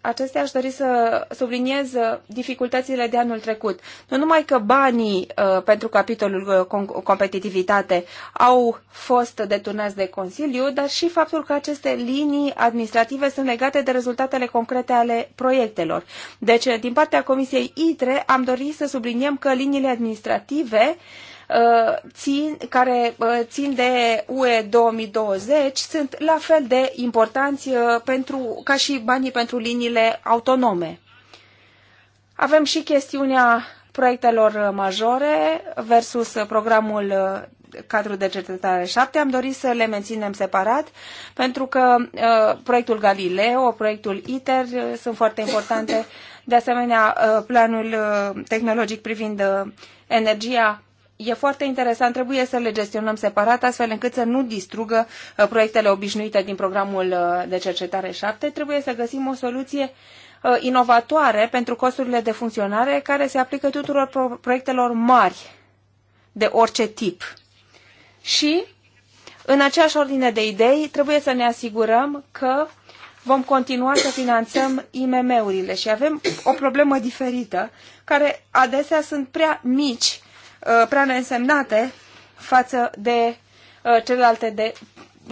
acestea aș dori să subliniez uh, dificultățile de anul trecut. Nu numai că banii uh, pentru capitolul uh, competitivitate au fost deturnați de Consiliu, dar și faptul că aceste linii administrative sunt legate de rezultatele concrete ale proiectelor. Deci, din partea Comisiei ITRE, am dorit să subliniem că liniile administrative Uh, țin, care uh, țin de UE 2020 sunt la fel de importanți uh, pentru, ca și banii pentru liniile autonome. Avem și chestiunea proiectelor majore versus programul cadru de cercetare 7. Am dorit să le menținem separat pentru că uh, proiectul Galileo, proiectul ITER uh, sunt foarte importante. De asemenea, uh, planul tehnologic privind energia e foarte interesant, trebuie să le gestionăm separat, astfel încât să nu distrugă uh, proiectele obișnuite din programul uh, de cercetare 7. Trebuie să găsim o soluție uh, inovatoare pentru costurile de funcționare care se aplică tuturor proiectelor mari de orice tip. Și, în aceeași ordine de idei, trebuie să ne asigurăm că vom continua să finanțăm IMM-urile și avem o problemă diferită, care adesea sunt prea mici Uh, prea neînsemnate față de uh, celelalte, de,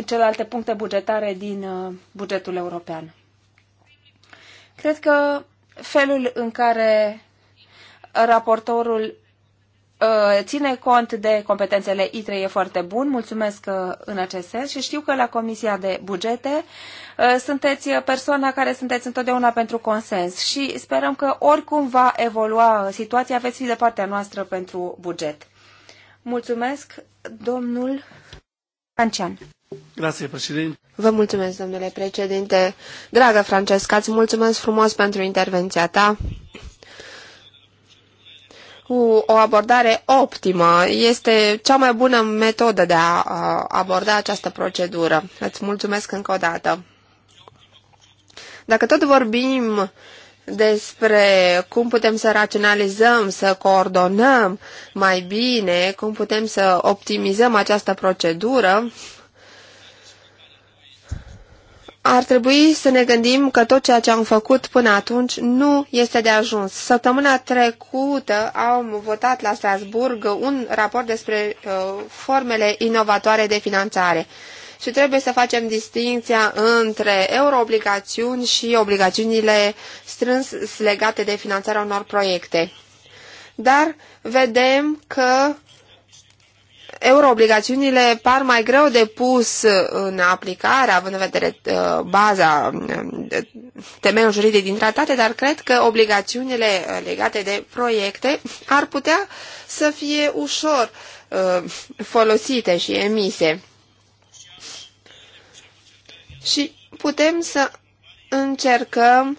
celelalte puncte bugetare din uh, bugetul european. Cred că felul în care raportorul Uh, ține cont de competențele ITRE e foarte bun, mulțumesc uh, în acest sens și știu că la Comisia de Bugete uh, sunteți persoana care sunteți întotdeauna pentru consens și sperăm că oricum va evolua situația, veți fi de partea noastră pentru buget. Mulțumesc, domnul Ancean. Grazie, președinte. Vă
mulțumesc, domnule președinte. Dragă Francesca, îți mulțumesc frumos pentru intervenția ta cu o abordare optimă. Este cea mai bună metodă de a aborda această procedură. Îți mulțumesc încă o dată. Dacă tot vorbim despre cum putem să raționalizăm, să coordonăm mai bine, cum putem să optimizăm această procedură, ar trebui să ne gândim că tot ceea ce am făcut până atunci nu este de ajuns. Săptămâna trecută am votat la Strasburg un raport despre uh, formele inovatoare de finanțare și trebuie să facem distinția între euroobligațiuni și obligațiunile strâns legate de finanțarea unor proiecte. Dar vedem că euroobligațiunile par mai greu de pus în aplicare, având în vedere uh, baza, uh, temeiul juridic din tratate, dar cred că obligațiunile uh, legate de proiecte ar putea să fie ușor uh, folosite și emise. Și putem să încercăm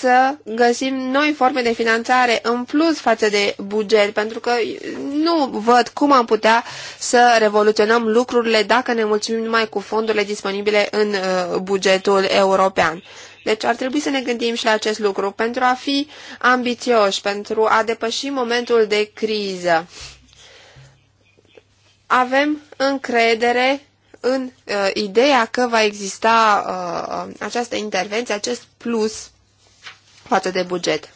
să găsim noi forme de finanțare în plus față de buget, pentru că nu văd cum am putea să revoluționăm lucrurile dacă ne mulțumim numai cu fondurile disponibile în uh, bugetul european. Deci ar trebui să ne gândim și la acest lucru pentru a fi ambițioși, pentru a depăși momentul de criză. Avem încredere în uh, ideea că va exista uh, această intervenție, acest plus față de buget.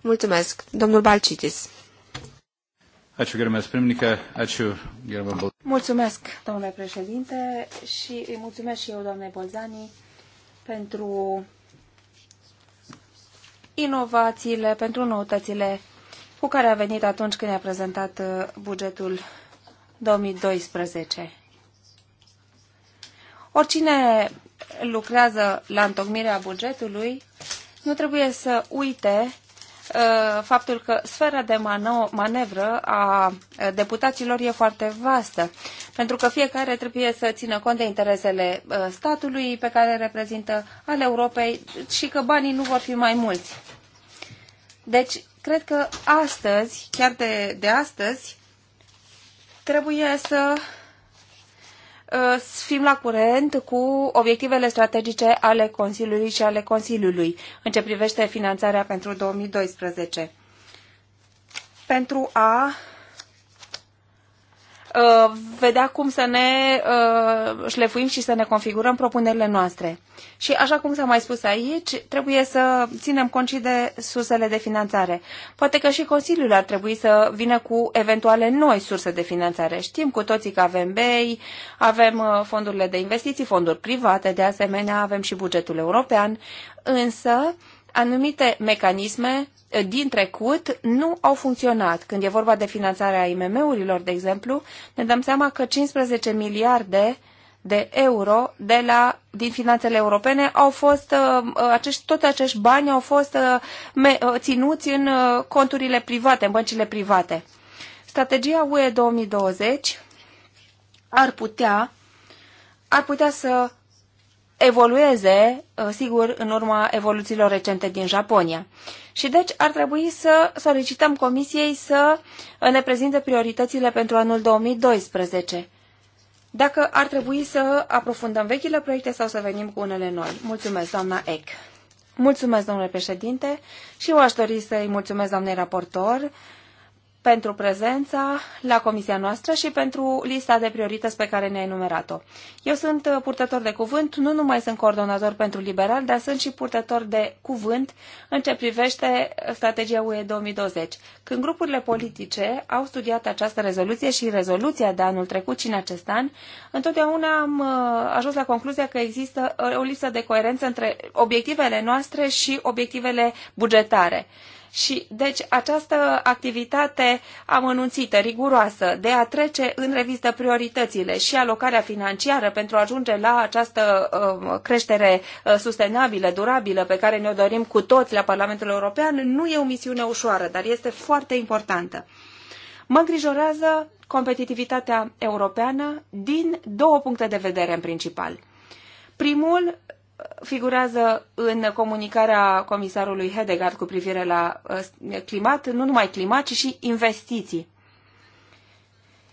Mulțumesc. Domnul Balcitis.
Mulțumesc, domnule președinte, și îi mulțumesc și eu, doamne Bolzani, pentru inovațiile, pentru noutățile cu care a venit atunci când a prezentat uh, bugetul 2012. Oricine lucrează la întocmirea bugetului nu trebuie să uite uh, faptul că sfera de manevră a uh, deputaților e foarte vastă, pentru că fiecare trebuie să țină cont de interesele uh, statului pe care reprezintă, al Europei și că banii nu vor fi mai mulți. Deci, cred că astăzi, chiar de, de astăzi, trebuie să să uh, fim la curent cu obiectivele strategice ale Consiliului și ale Consiliului în ce privește finanțarea pentru 2012 pentru a Uh, vedea cum să ne uh, șlefuim și să ne configurăm propunerile noastre. Și așa cum s-a mai spus aici, trebuie să ținem cont și de sursele de finanțare. Poate că și Consiliul ar trebui să vină cu eventuale noi surse de finanțare. Știm cu toții că avem BEI, avem uh, fondurile de investiții, fonduri private, de asemenea avem și bugetul european, însă anumite mecanisme eh, din trecut nu au funcționat. Când e vorba de finanțarea IMM-urilor, de exemplu, ne dăm seama că 15 miliarde de euro de la, din finanțele europene au fost, eh, eh, acești, toți acești bani au fost me, ținuți în conturile private, în băncile private. Strategia UE 2020 ar putea, ar putea să evolueze, uh, sigur, în urma evoluțiilor recente din Japonia. Și deci ar trebui să solicităm Comisiei să uh, ne prezinte prioritățile pentru anul 2012. Dacă ar trebui să aprofundăm vechile proiecte sau să venim cu unele noi. Mulțumesc, doamna Eck. Mulțumesc, domnule președinte, și eu aș dori să-i mulțumesc, doamnei raportor, pentru prezența la comisia noastră și pentru lista de priorități pe care ne-ai enumerat-o. Eu sunt uh, purtător de cuvânt, nu numai sunt coordonator pentru liberal, dar sunt și purtător de cuvânt în ce privește uh, strategia UE 2020. Când grupurile politice au studiat această rezoluție și rezoluția de anul trecut și în acest an, întotdeauna am uh, ajuns la concluzia că există o lipsă de coerență între obiectivele noastre și obiectivele bugetare. Și, deci, această activitate amănunțită, riguroasă, de a trece în revistă prioritățile și alocarea financiară pentru a ajunge la această uh, creștere uh, sustenabilă, durabilă, pe care ne-o dorim cu toți la Parlamentul European, nu e o misiune ușoară, dar este foarte importantă. Mă îngrijorează competitivitatea europeană din două puncte de vedere în principal. Primul figurează în comunicarea comisarului Hedegaard cu privire la uh, climat, nu numai climat, ci și investiții.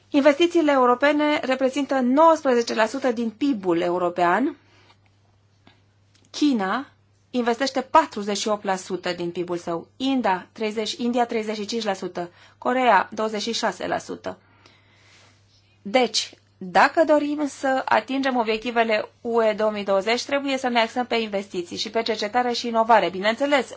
Investițiile europene reprezintă 19% din PIB-ul european. China investește 48% din PIB-ul său, India 30%, India 35%, Corea 26%. Deci, dacă dorim să atingem obiectivele UE 2020, trebuie să ne axăm pe investiții și pe cercetare și inovare. Bineînțeles,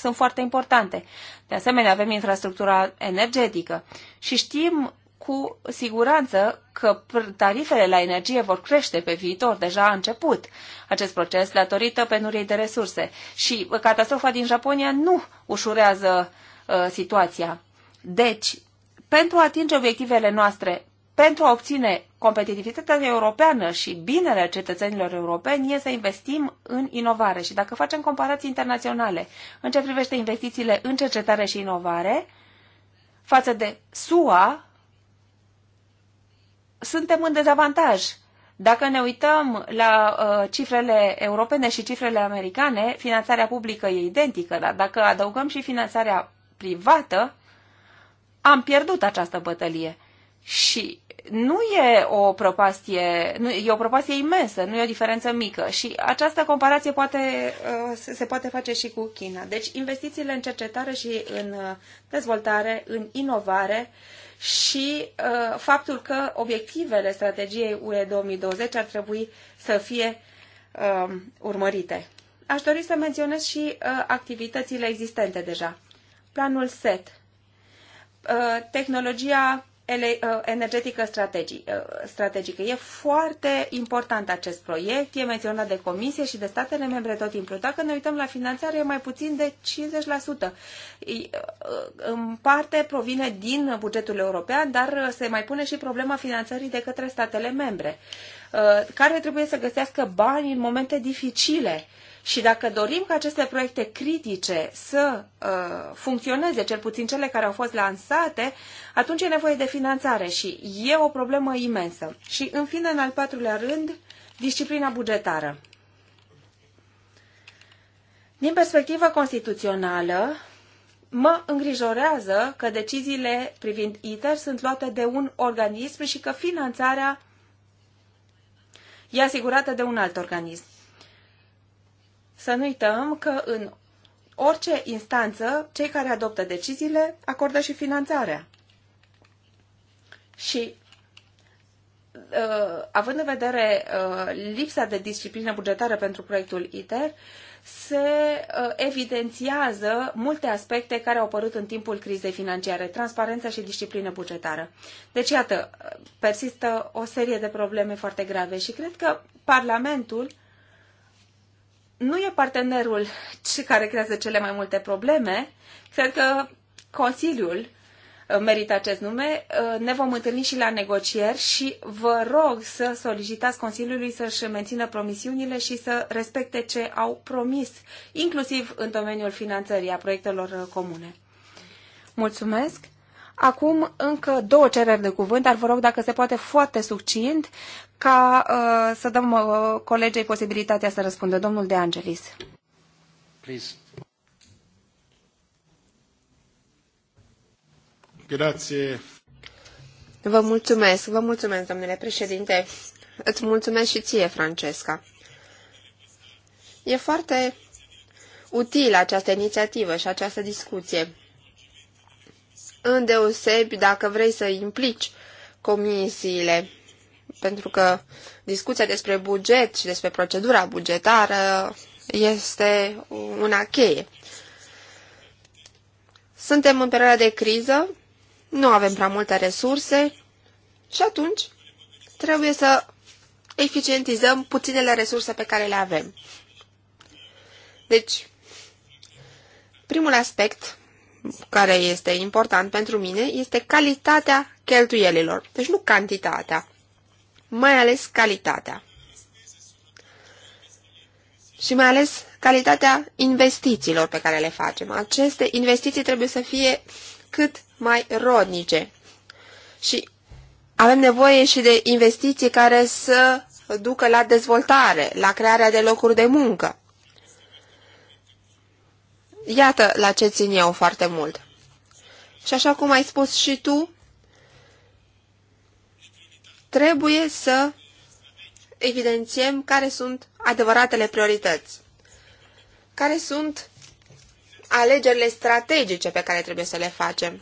sunt foarte importante. De asemenea, avem infrastructura energetică și știm cu siguranță că tarifele la energie vor crește pe viitor. Deja a început acest proces datorită penuriei de resurse și catastrofa din Japonia nu ușurează uh, situația. Deci, pentru a atinge obiectivele noastre pentru a obține competitivitatea europeană și binele cetățenilor europeni e să investim în inovare. Și dacă facem comparații internaționale în ce privește investițiile în cercetare și inovare, față de SUA, suntem în dezavantaj. Dacă ne uităm la uh, cifrele europene și cifrele americane, finanțarea publică e identică, dar dacă adăugăm și finanțarea privată, am pierdut această bătălie. Și nu e o propastie, nu, e o propastie imensă, nu e o diferență mică și această comparație poate, uh, se poate face și cu China. Deci investițiile în cercetare și în uh, dezvoltare, în inovare și uh, faptul că obiectivele strategiei UE 2020 ar trebui să fie um, urmărite. Aș dori să menționez și activitățile existente deja. Planul SET, tehnologia Uh, energetică uh, strategică. E foarte important acest proiect, e menționat de Comisie și de statele membre tot timpul. Dacă ne uităm la finanțare, e mai puțin de 50%. Uh, în parte provine din bugetul european, dar se mai pune și problema finanțării de către statele membre, care trebuie să găsească bani în momente dificile și dacă dorim ca aceste proiecte critice să uh, funcționeze, cel puțin cele care au fost lansate, atunci e nevoie de finanțare și e o problemă imensă. Și, în fine, în al patrulea rând, disciplina bugetară. Din perspectivă constituțională, mă îngrijorează că deciziile privind ITER sunt luate de un organism și că finanțarea e asigurată de un alt organism. Să nu uităm că în orice instanță, cei care adoptă deciziile acordă și finanțarea. Și uh, având în vedere uh, lipsa de disciplină bugetară pentru proiectul ITER, se uh, evidențiază multe aspecte care au apărut în timpul crizei financiare, transparență și disciplină bugetară. Deci, iată, persistă o serie de probleme foarte grave și cred că Parlamentul nu e partenerul care creează cele mai multe probleme. Cred că Consiliul uh, merită acest nume. Uh, ne vom întâlni și la negocieri și vă rog să solicitați Consiliului să-și mențină promisiunile și să respecte ce au promis, inclusiv în domeniul finanțării a proiectelor uh, comune. Mulțumesc! Acum încă două cereri de cuvânt, dar vă rog dacă se poate foarte succint, ca uh, să dăm uh, colegei posibilitatea să răspundă. Domnul De Angelis.
Please. Grație.
Vă
mulțumesc, vă mulțumesc, domnule președinte. Îți mulțumesc și ție, Francesca. E foarte utilă această inițiativă și această discuție. Îndeosebi dacă vrei să implici comisiile pentru că discuția despre buget și despre procedura bugetară este una cheie. Suntem în perioada de criză, nu avem prea multe resurse și atunci trebuie să eficientizăm puținele resurse pe care le avem. Deci, primul aspect care este important pentru mine este calitatea cheltuielilor, deci nu cantitatea mai ales calitatea. Și mai ales calitatea investițiilor pe care le facem. Aceste investiții trebuie să fie cât mai rodnice. Și avem nevoie și de investiții care să ducă la dezvoltare, la crearea de locuri de muncă. Iată la ce țin eu foarte mult. Și așa cum ai spus și tu, Trebuie să evidențiem care sunt adevăratele priorități, care sunt alegerile strategice pe care trebuie să le facem.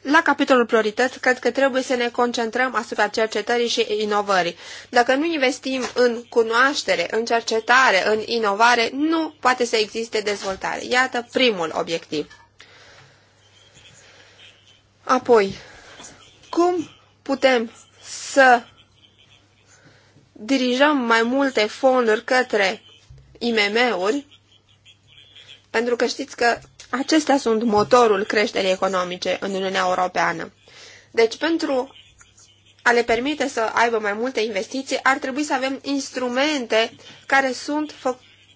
La capitolul priorități, cred că trebuie să ne concentrăm asupra cercetării și inovării. Dacă nu investim în cunoaștere, în cercetare, în inovare, nu poate să existe dezvoltare. Iată primul obiectiv. Apoi, cum putem să dirijăm mai multe fonduri către IMM-uri, pentru că știți că acestea sunt motorul creșterii economice în Uniunea Europeană. Deci, pentru a le permite să aibă mai multe investiții, ar trebui să avem instrumente care sunt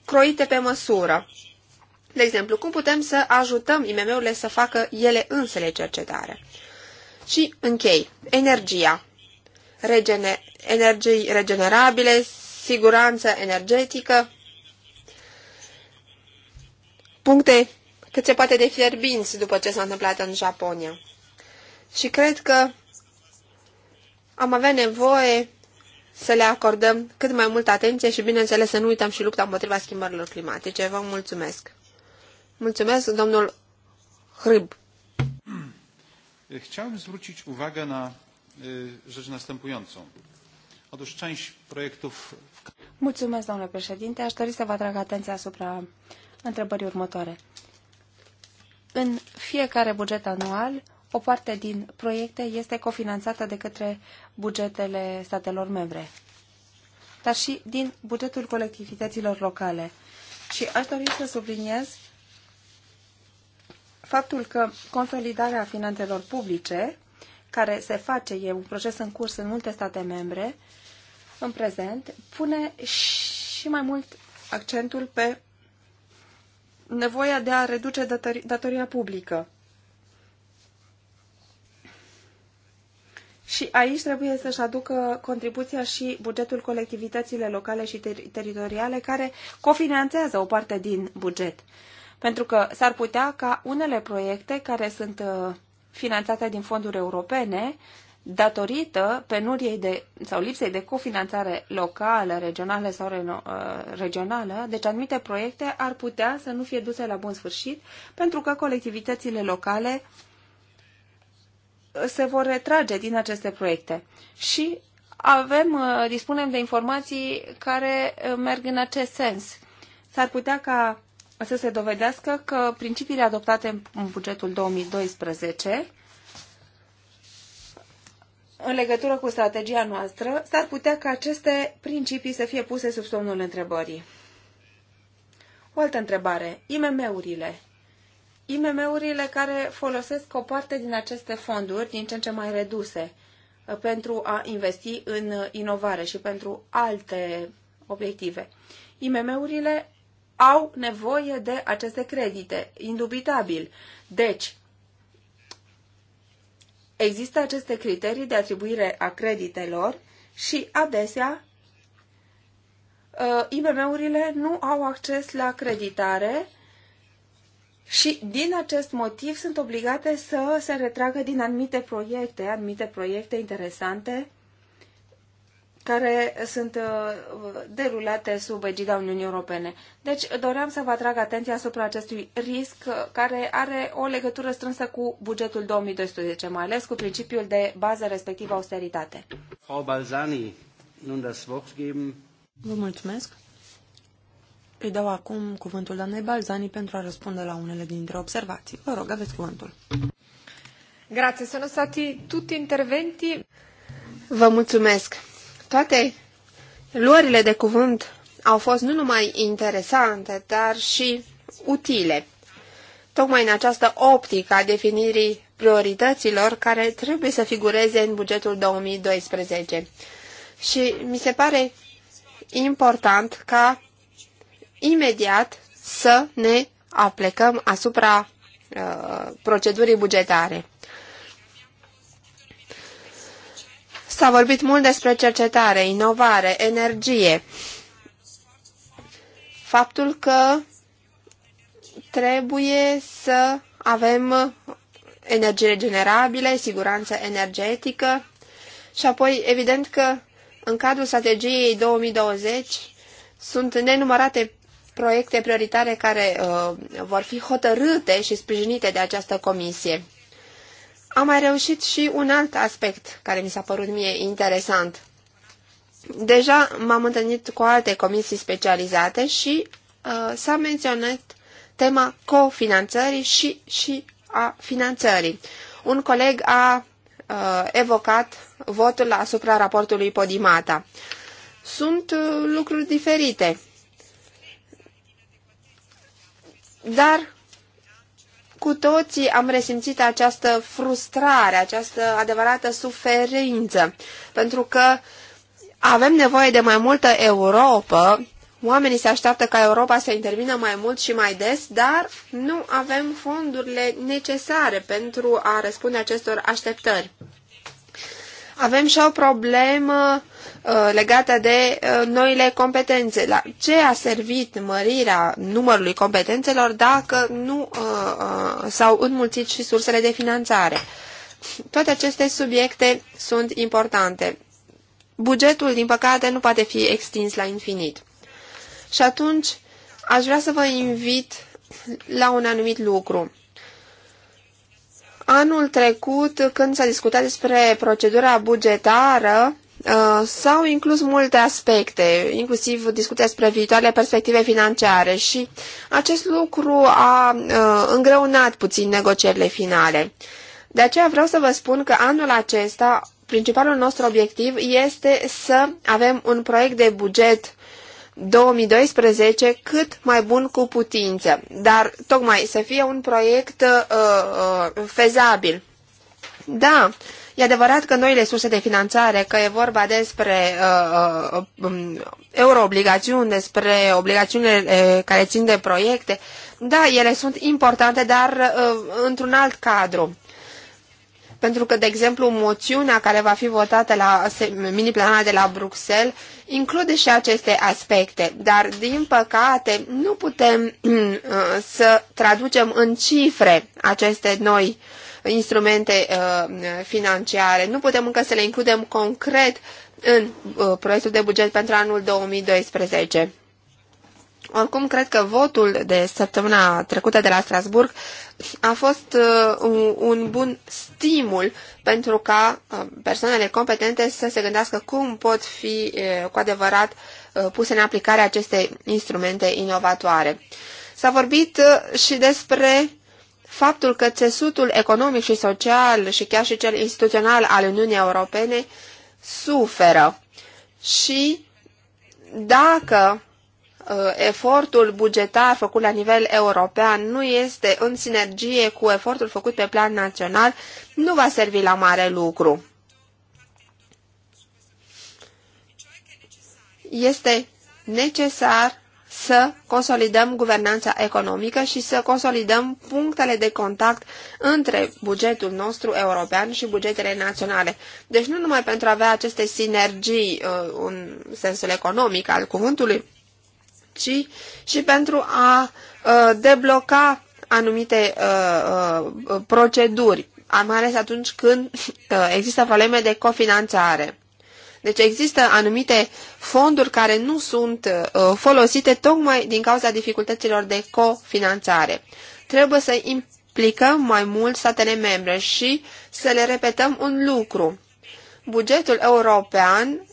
croite pe măsură. De exemplu, cum putem să ajutăm IMM-urile să facă ele însele cercetare? Și închei. Energia. Regene, energii regenerabile, siguranță energetică, puncte cât se poate de fierbinți după ce s-a întâmplat în Japonia. Și cred că am avea nevoie să le acordăm cât mai multă atenție și, bineînțeles, să nu uităm și lupta împotriva schimbărilor climatice. Vă mulțumesc! Mulțumesc, domnul Hrib!
Chciałbym zwrócić uwagę na rzecz następującą. Otóż część projektów...
Mulțumesc, domnule președinte. Aș dori să vă atrag atenția asupra întrebării următoare. În fiecare buget anual, o parte din proiecte este cofinanțată de către bugetele statelor membre, dar și din bugetul colectivităților locale. Și aș dori să subliniez faptul că consolidarea finanțelor publice, care se face, e un proces în curs în multe state membre, în prezent, pune și mai mult accentul pe nevoia de a reduce datoria publică. Și aici trebuie să-și aducă contribuția și bugetul colectivitățile locale și ter teritoriale, care cofinanțează o parte din buget pentru că s-ar putea ca unele proiecte care sunt uh, finanțate din fonduri europene, datorită penuriei de, sau lipsei de cofinanțare locală, regională sau reno, uh, regională, deci anumite proiecte ar putea să nu fie duse la bun sfârșit, pentru că colectivitățile locale uh, se vor retrage din aceste proiecte. Și avem, dispunem de informații care merg în acest sens. S-ar putea ca să se dovedească că principiile adoptate în bugetul 2012 în legătură cu strategia noastră, s-ar putea ca aceste principii să fie puse sub somnul întrebării. O altă întrebare. IMM-urile. IMM-urile care folosesc o parte din aceste fonduri din ce în ce mai reduse pentru a investi în inovare și pentru alte obiective. IMM-urile au nevoie de aceste credite, indubitabil. Deci, există aceste criterii de atribuire a creditelor și adesea uh, IMM-urile nu au acces la creditare și din acest motiv sunt obligate să se retragă din anumite proiecte, anumite proiecte interesante care sunt uh, derulate sub egida Uniunii Europene. Deci doream să vă atrag atenția asupra acestui risc uh, care are o legătură strânsă cu bugetul 2012, mai ales cu principiul de bază
respectiv austeritate.
Frau Balzani, nun das Wort geben.
Vă mulțumesc. Îi dau acum cuvântul doamnei Balzani pentru a răspunde la unele dintre observații. Vă rog, aveți cuvântul. Grazie, sono stati tutti interventi.
Vă mulțumesc. Toate luările de cuvânt au fost nu numai interesante, dar și utile. Tocmai în această optică a definirii priorităților care trebuie să figureze în bugetul 2012. Și mi se pare important ca imediat să ne aplecăm asupra uh, procedurii bugetare. S-a vorbit mult despre cercetare, inovare, energie. Faptul că trebuie să avem energie regenerabile, siguranță energetică și apoi, evident că în cadrul strategiei 2020 sunt nenumărate proiecte prioritare care uh, vor fi hotărâte și sprijinite de această comisie. Am mai reușit și un alt aspect care mi s-a părut mie interesant. Deja m-am întâlnit cu alte comisii specializate și uh, s-a menționat tema cofinanțării și, și a finanțării. Un coleg a uh, evocat votul asupra raportului Podimata. Sunt uh, lucruri diferite. Dar cu toții am resimțit această frustrare, această adevărată suferință, pentru că avem nevoie de mai multă Europa, oamenii se așteaptă ca Europa să intervină mai mult și mai des, dar nu avem fondurile necesare pentru a răspunde acestor așteptări. Avem și o problemă uh, legată de uh, noile competențe. La ce a servit mărirea numărului competențelor dacă nu uh, s-au înmulțit și sursele de finanțare? Toate aceste subiecte sunt importante. Bugetul, din păcate, nu poate fi extins la infinit. Și atunci, aș vrea să vă invit la un anumit lucru. Anul trecut, când s-a discutat despre procedura bugetară, uh, s-au inclus multe aspecte, inclusiv discuția despre viitoarele perspective financiare și acest lucru a uh, îngreunat puțin negocierile finale. De aceea vreau să vă spun că anul acesta, principalul nostru obiectiv este să avem un proiect de buget 2012 cât mai bun cu putință, dar tocmai să fie un proiect uh, uh, fezabil. Da, e adevărat că noile surse de finanțare, că e vorba despre uh, uh, um, euroobligațiuni, despre obligațiunile uh, care țin de proiecte, da, ele sunt importante, dar uh, într-un alt cadru pentru că, de exemplu, moțiunea care va fi votată la mini-plana de la Bruxelles include și aceste aspecte, dar, din păcate, nu putem uh, să traducem în cifre aceste noi instrumente uh, financiare. Nu putem încă să le includem concret în uh, proiectul de buget pentru anul 2012. Oricum, cred că votul de săptămâna trecută de la Strasburg a fost uh, un bun stimul pentru ca uh, persoanele competente să se gândească cum pot fi uh, cu adevărat uh, puse în aplicare aceste instrumente inovatoare. S-a vorbit uh, și despre faptul că țesutul economic și social și chiar și cel instituțional al Uniunii Europene suferă și dacă Uh, efortul bugetar făcut la nivel european nu este în sinergie cu efortul făcut pe plan național, nu va servi la mare lucru. Este necesar să consolidăm guvernanța economică și să consolidăm punctele de contact între bugetul nostru european și bugetele naționale. Deci nu numai pentru a avea aceste sinergii uh, în sensul economic al cuvântului, ci și pentru a uh, debloca anumite uh, uh, proceduri, mai ales atunci când există probleme de cofinanțare. Deci există anumite fonduri care nu sunt folosite tocmai din cauza dificultăților de cofinanțare. Trebuie să implicăm mai mult statele membre și să le repetăm un lucru. Bugetul european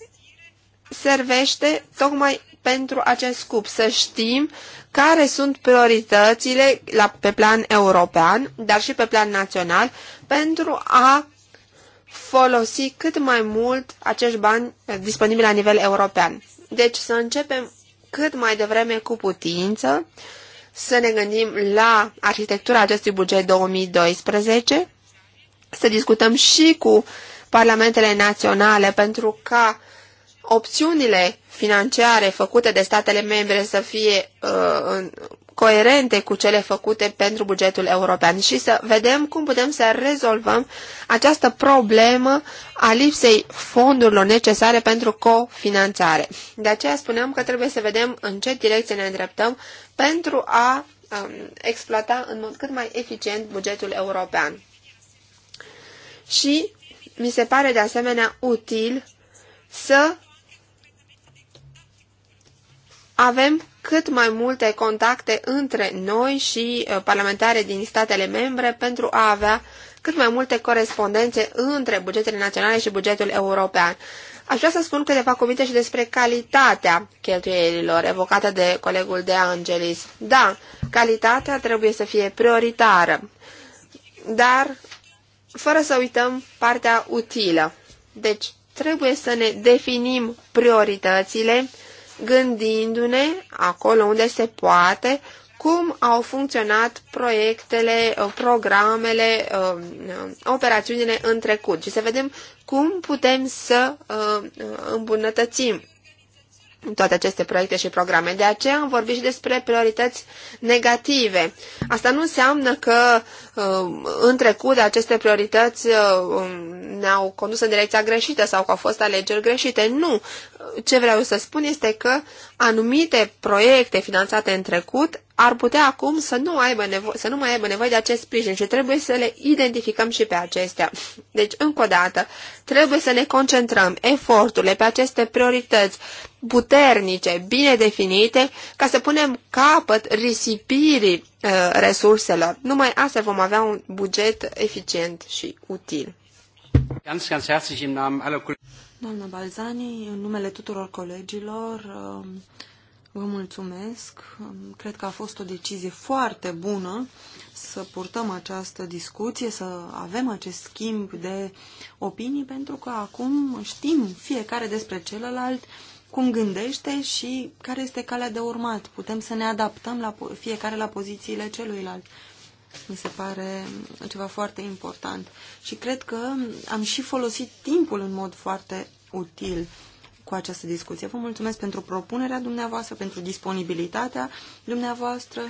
servește tocmai pentru acest scop, să știm care sunt prioritățile la, pe plan european, dar și pe plan național, pentru a folosi cât mai mult acești bani disponibili la nivel european. Deci să începem cât mai devreme cu putință, să ne gândim la arhitectura acestui buget 2012, să discutăm și cu parlamentele naționale pentru ca opțiunile financiare făcute de statele membre să fie uh, coerente cu cele făcute pentru bugetul european și să vedem cum putem să rezolvăm această problemă a lipsei fondurilor necesare pentru cofinanțare. De aceea spuneam că trebuie să vedem în ce direcție ne îndreptăm pentru a um, exploata în mod cât mai eficient bugetul european. Și mi se pare de asemenea util să avem cât mai multe contacte între noi și uh, parlamentare din statele membre pentru a avea cât mai multe corespondențe între bugetele naționale și bugetul european. Aș vrea să spun câteva cuvinte și despre calitatea cheltuielilor evocată de colegul de Angelis. Da, calitatea trebuie să fie prioritară, dar fără să uităm partea utilă. Deci, trebuie să ne definim prioritățile, gândindu-ne, acolo unde se poate, cum au funcționat proiectele, uh, programele, uh, uh, operațiunile în trecut și să vedem cum putem să îmbunătățim toate aceste proiecte și programe. De aceea am vorbit și despre priorități negative. Asta nu înseamnă că uh, în trecut aceste priorități uh, um, ne-au condus în direcția greșită sau că au fost alegeri greșite. Nu. Ce vreau să spun este că anumite proiecte finanțate în trecut ar putea acum să nu, aibă nevo- să nu mai aibă nevoie de acest sprijin și trebuie să le identificăm și pe acestea. Deci, încă o dată, trebuie să ne concentrăm eforturile pe aceste priorități, puternice, bine definite, ca să punem capăt risipirii uh, resurselor. Numai astfel vom avea un buget eficient și util.
Doamna Balzani, în numele tuturor colegilor, um, vă mulțumesc. Um, cred că a fost o decizie foarte bună să purtăm această discuție, să avem acest schimb de opinii, pentru că acum știm fiecare despre celălalt cum gândește și care este calea de urmat. Putem să ne adaptăm la fiecare la pozițiile celuilalt. Mi se pare ceva foarte important. Și cred că am și folosit timpul în mod foarte util cu această discuție. Vă mulțumesc pentru propunerea dumneavoastră, pentru disponibilitatea dumneavoastră.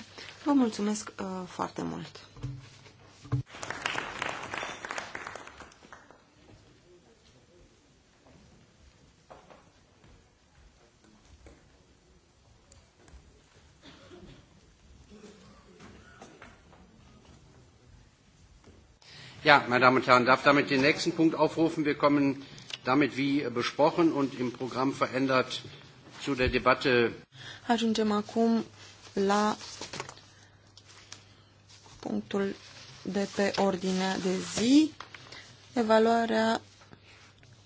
Vă mulțumesc uh, foarte mult!
Ja, meine Damen und Herren, darf damit den nächsten Punkt aufrufen. Wir kommen damit wie besprochen und im Programm verändert zu der Debatte.
Ajungem acum la punctul de pe ordinea de zi, evaluarea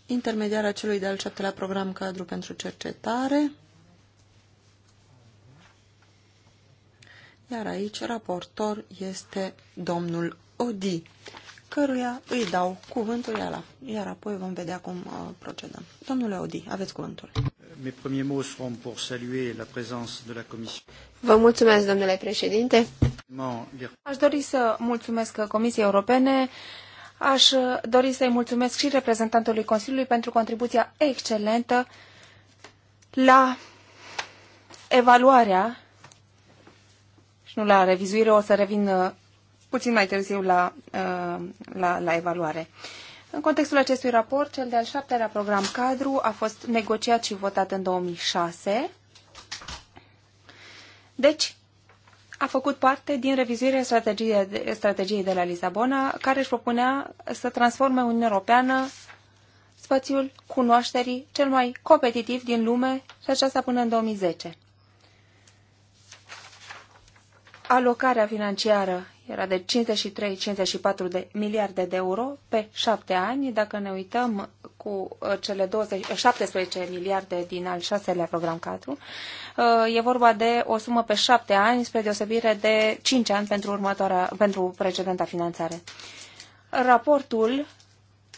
intermediară a celui de-al șaptelea program cadru pentru cercetare. Iar aici raportor este domnul Odi căruia îi dau cuvântul, iar, iar apoi vom vedea cum uh, procedăm. Domnule Audi, aveți cuvântul.
Vă mulțumesc, domnule președinte. Aș dori să mulțumesc Comisiei Europene, aș uh, dori să-i mulțumesc și reprezentantului Consiliului pentru contribuția excelentă la evaluarea și nu la revizuire, o să revin uh, puțin mai târziu la, uh, la, la evaluare. În contextul acestui raport, cel de-al șaptelea program cadru a fost negociat și votat în 2006. Deci, a făcut parte din revizuirea strategiei, strategiei de la Lisabona, care își propunea să transforme Uniunea Europeană spațiul cunoașterii cel mai competitiv din lume și aceasta până în 2010. Alocarea financiară era de 53-54 de miliarde de euro pe șapte ani. Dacă ne uităm cu uh, cele 20, 17 uh, miliarde din al șaselea program 4, uh, e vorba de o sumă pe șapte ani, spre deosebire de 5 ani pentru, următoarea, pentru precedenta finanțare. Raportul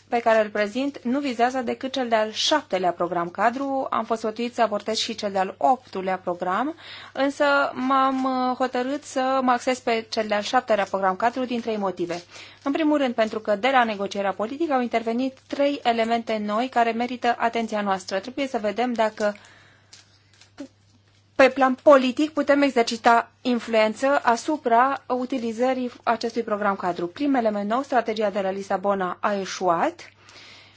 pe care îl prezint nu vizează decât cel de-al șaptelea program cadru. Am fost sfătuit să abordez și cel de-al optulea program, însă m-am uh, hotărât să mă acces pe cel de-al șaptelea program cadru din trei motive. În primul rând, pentru că de la negocierea politică au intervenit trei elemente noi care merită atenția noastră. Trebuie să vedem dacă pe plan politic putem exercita influență asupra utilizării acestui program cadru. Prim element nou, strategia de la Lisabona a eșuat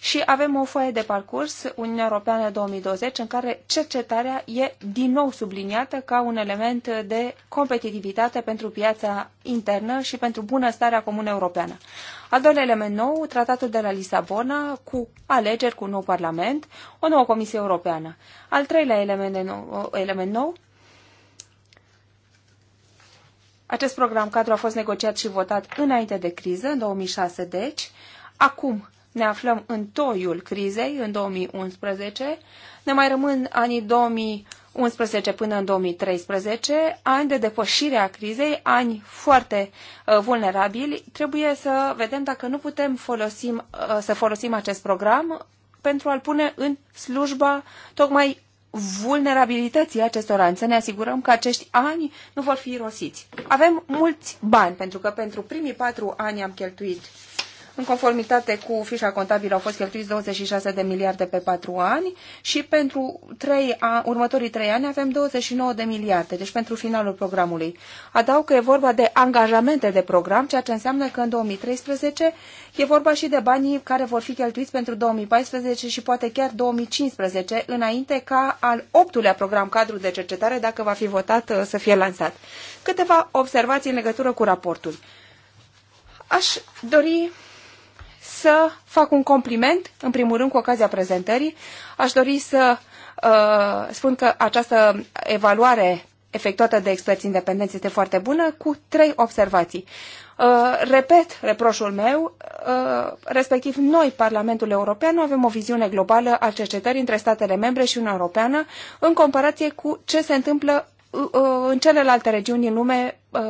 și avem o foaie de parcurs Uniunea Europeană 2020 în care cercetarea e din nou subliniată ca un element de competitivitate pentru piața internă și pentru bunăstarea comună europeană. Al doilea element nou, tratatul de la Lisabona cu alegeri, cu un nou parlament, o nouă Comisie Europeană. Al treilea element nou, element nou acest program cadru a fost negociat și votat înainte de criză, în 2006, deci. Acum ne aflăm în toiul crizei, în 2011. Ne mai rămân anii 2000 2011 până în 2013, ani de depășire a crizei, ani foarte uh, vulnerabili, trebuie să vedem dacă nu putem folosim, uh, să folosim acest program pentru a-l pune în slujba tocmai vulnerabilității acestor ani, să ne asigurăm că acești ani nu vor fi irosiți. Avem mulți bani, pentru că pentru primii patru ani am cheltuit în conformitate cu fișa contabilă au fost cheltuiți 26 de miliarde pe 4 ani și pentru 3 a, următorii 3 ani avem 29 de miliarde, deci pentru finalul programului. Adaug că e vorba de angajamente de program, ceea ce înseamnă că în 2013 e vorba și de banii care vor fi cheltuiți pentru 2014 și poate chiar 2015, înainte ca al optulea program cadru de cercetare, dacă va fi votat, uh, să fie lansat. Câteva observații în legătură cu raportul. Aș dori să fac un compliment, în primul rând, cu ocazia prezentării. Aș dori să uh, spun că această evaluare efectuată de experți independenți este foarte bună, cu trei observații. Uh, repet reproșul meu, uh, respectiv noi, Parlamentul European, nu avem o viziune globală a cercetării între statele membre și Uniunea Europeană în comparație cu ce se întâmplă Uh, în celelalte regiuni din lume uh,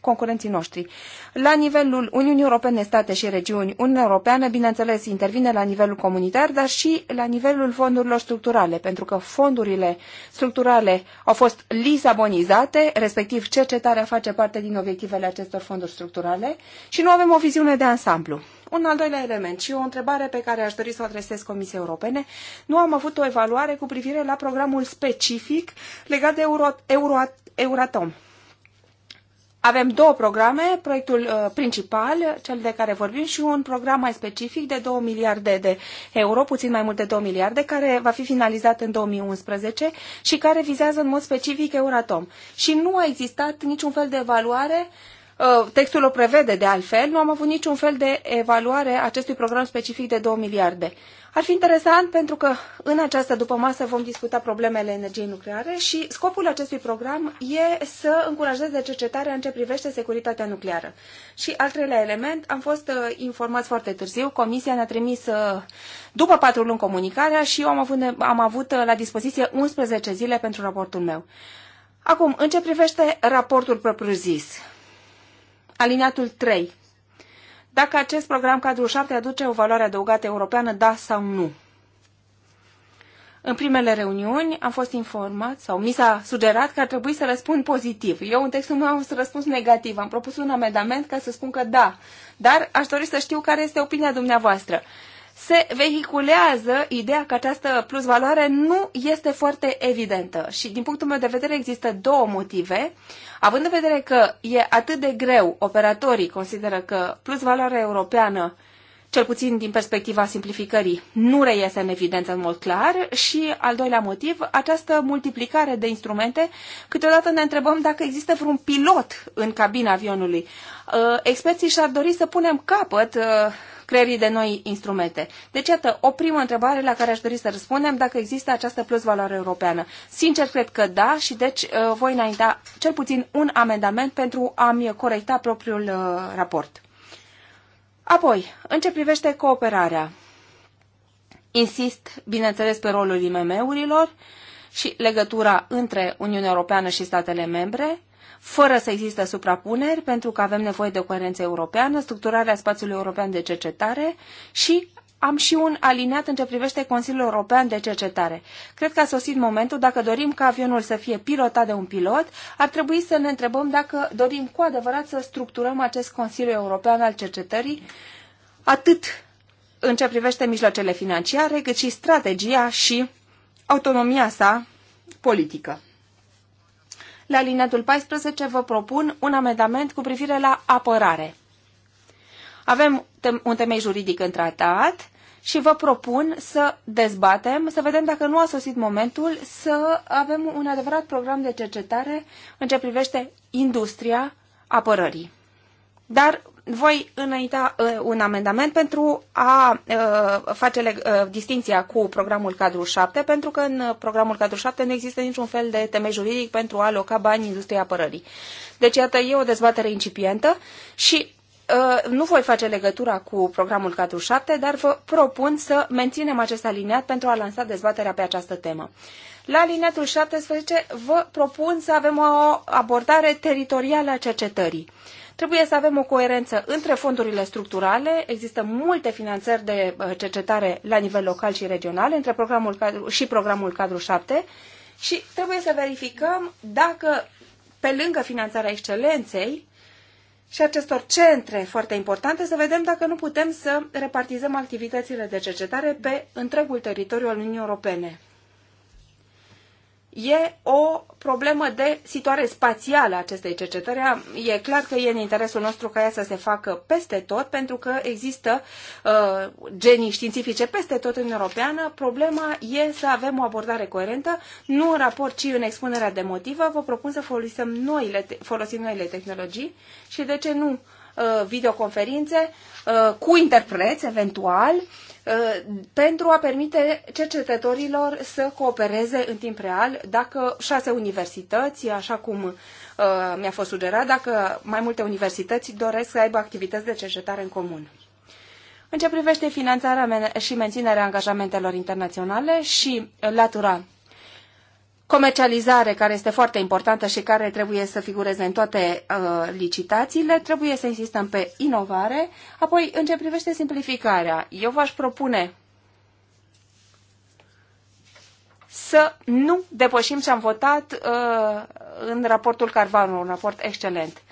concurenții noștri. La nivelul Uniunii Europene, state și regiuni, Uniunea Europeană, bineînțeles, intervine la nivelul comunitar, dar și la nivelul fondurilor structurale, pentru că fondurile structurale au fost lisabonizate, respectiv cercetarea face parte din obiectivele acestor fonduri structurale și nu avem o viziune de ansamblu. Un al doilea element și o întrebare pe care aș dori să o adresez Comisiei Europene. Nu am avut o evaluare cu privire la programul specific legat de Euro, Euro, Euratom. Avem două programe, proiectul uh, principal, cel de care vorbim, și un program mai specific de 2 miliarde de euro, puțin mai mult de 2 miliarde, care va fi finalizat în 2011 și care vizează în mod specific Euratom. Și nu a existat niciun fel de evaluare uh, Uh, textul o prevede de altfel, nu am avut niciun fel de evaluare a acestui program specific de 2 miliarde. Ar fi interesant pentru că în această dupămasă vom discuta problemele energiei nucleare și scopul acestui program e să încurajeze cercetarea în ce privește securitatea nucleară. Și al treilea element, am fost uh, informați foarte târziu, Comisia ne-a trimis uh, după patru luni comunicarea și eu am avut, am avut la dispoziție 11 zile pentru raportul meu. Acum, în ce privește raportul propriu-zis, Aliniatul 3. Dacă acest program cadru 7 aduce o valoare adăugată europeană, da sau nu? În primele reuniuni am fost informat sau mi s-a sugerat că ar trebui să răspund pozitiv. Eu în textul meu am răspuns negativ. Am propus un amendament ca să spun că da, dar aș dori să știu care este opinia dumneavoastră. Uh, se vehiculează ideea că această plusvaloare nu este foarte evidentă. Și din punctul meu de vedere există două motive. Având în vedere că e atât de greu, operatorii consideră că plusvaloarea europeană cel puțin din perspectiva simplificării, nu reiese în evidență în mod clar și, al doilea motiv, această multiplicare de instrumente, câteodată ne întrebăm dacă există vreun pilot în cabina avionului. Uh, experții și-ar dori să punem capăt uh, creierii de noi instrumente. Deci, iată, o primă întrebare la care aș dori să răspundem, dacă există această plus valoare europeană. Sincer, cred că da și deci uh, voi înainta cel puțin un amendament pentru a-mi corecta propriul uh, raport. Apoi, în ce privește cooperarea, insist, bineînțeles, pe rolul IMM-urilor și legătura între Uniunea Europeană și statele membre, fără să existe suprapuneri, pentru că avem nevoie de coerență europeană, structurarea spațiului european de cercetare și am și un aliniat în ce privește Consiliul European de Cercetare. Cred că a sosit momentul, dacă dorim ca avionul să fie pilotat de un pilot, ar trebui să ne întrebăm dacă dorim cu adevărat să structurăm acest Consiliu European al Cercetării, atât în ce privește mijloacele financiare, cât și strategia și autonomia sa politică. La alineatul 14 vă propun un amendament cu privire la apărare. Avem un temei juridic în tratat și vă propun să dezbatem, să vedem dacă nu a sosit momentul să avem un adevărat program de cercetare în ce privește industria apărării. Dar voi înainta uh, un amendament pentru a uh, face uh, distinția cu programul cadru 7, pentru că în programul cadru 7 nu există niciun fel de temei juridic pentru a aloca bani industriei apărării. Deci, iată, e o dezbatere incipientă și uh, nu voi face legătura cu programul cadru 7, dar vă propun să menținem acest aliniat pentru a lansa dezbaterea pe această temă. La alineatul 17 vă propun să avem o abordare teritorială a cercetării. Uh, Trebuie să avem o coerență între fondurile structurale, există multe finanțări de uh, cercetare la nivel local și regional, între programul cadru și programul cadru 7 și trebuie să verificăm dacă pe lângă finanțarea excelenței și acestor centre foarte importante, să vedem dacă nu putem să repartizăm activitățile de cercetare pe întregul teritoriu al Uniunii Europene. E o problemă de situare spațială acestei cercetări. E clar că e în interesul nostru ca ea să se facă peste tot, pentru că există uh, genii științifice peste tot în Europeană. Problema e să avem o abordare coerentă, nu în raport, ci în expunerea de motivă. Vă propun să folosim noile, folosim noile tehnologii și, de ce nu, uh, videoconferințe uh, cu interpreți, eventual, uh, pentru a permite cercetătorilor să coopereze în timp real dacă șase universități, așa cum uh, mi-a fost sugerat, dacă mai multe universități doresc să aibă activități de cercetare în comun. În ce privește finanțarea și menținerea angajamentelor internaționale și latura comercializare care este foarte importantă și care trebuie să figureze în toate uh, licitațiile, trebuie să insistăm pe inovare. Apoi, în ce privește simplificarea, eu v-aș propune să nu depășim ce am votat uh, în raportul Carvanu, un raport excelent.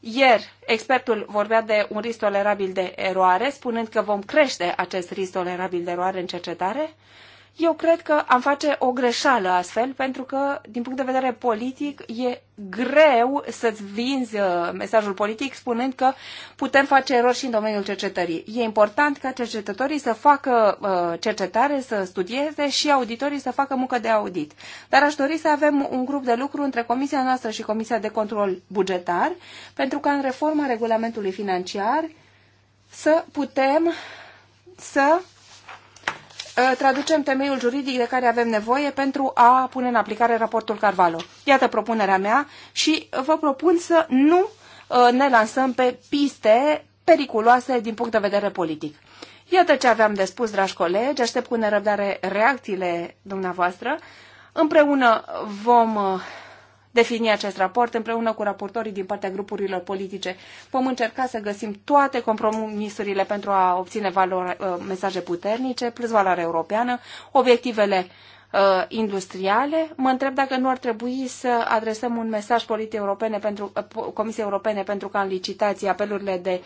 Ieri, expertul vorbea de un risc tolerabil de eroare, spunând că vom crește acest risc tolerabil de eroare în cercetare. Uh, eu cred că am face o greșeală astfel, pentru că, din punct de vedere politic, e greu să-ți vinzi uh, mesajul politic spunând că putem face erori și în domeniul cercetării. E important ca cercetătorii să facă uh, cercetare, să studieze și auditorii să facă muncă de audit. Dar aș dori să avem un grup de lucru între Comisia noastră și Comisia de Control Bugetar, pentru că în reforma regulamentului financiar să putem să Uh, traducem temeiul juridic de care avem nevoie pentru a pune în aplicare raportul Carvalho. Iată propunerea mea și vă propun să nu uh, ne lansăm pe piste periculoase din punct de vedere politic. Iată ce aveam de spus, dragi colegi, aștept cu nerăbdare reacțiile dumneavoastră. Împreună vom uh, defini acest raport împreună cu raportorii din partea grupurilor politice. Vom încerca să găsim toate compromisurile pentru a obține valori, uh, mesaje puternice, plus valoare europeană, obiectivele uh, industriale. Mă întreb dacă nu ar trebui să adresăm un mesaj politic europene pentru, uh, Comisiei Europene pentru ca în licitații apelurile de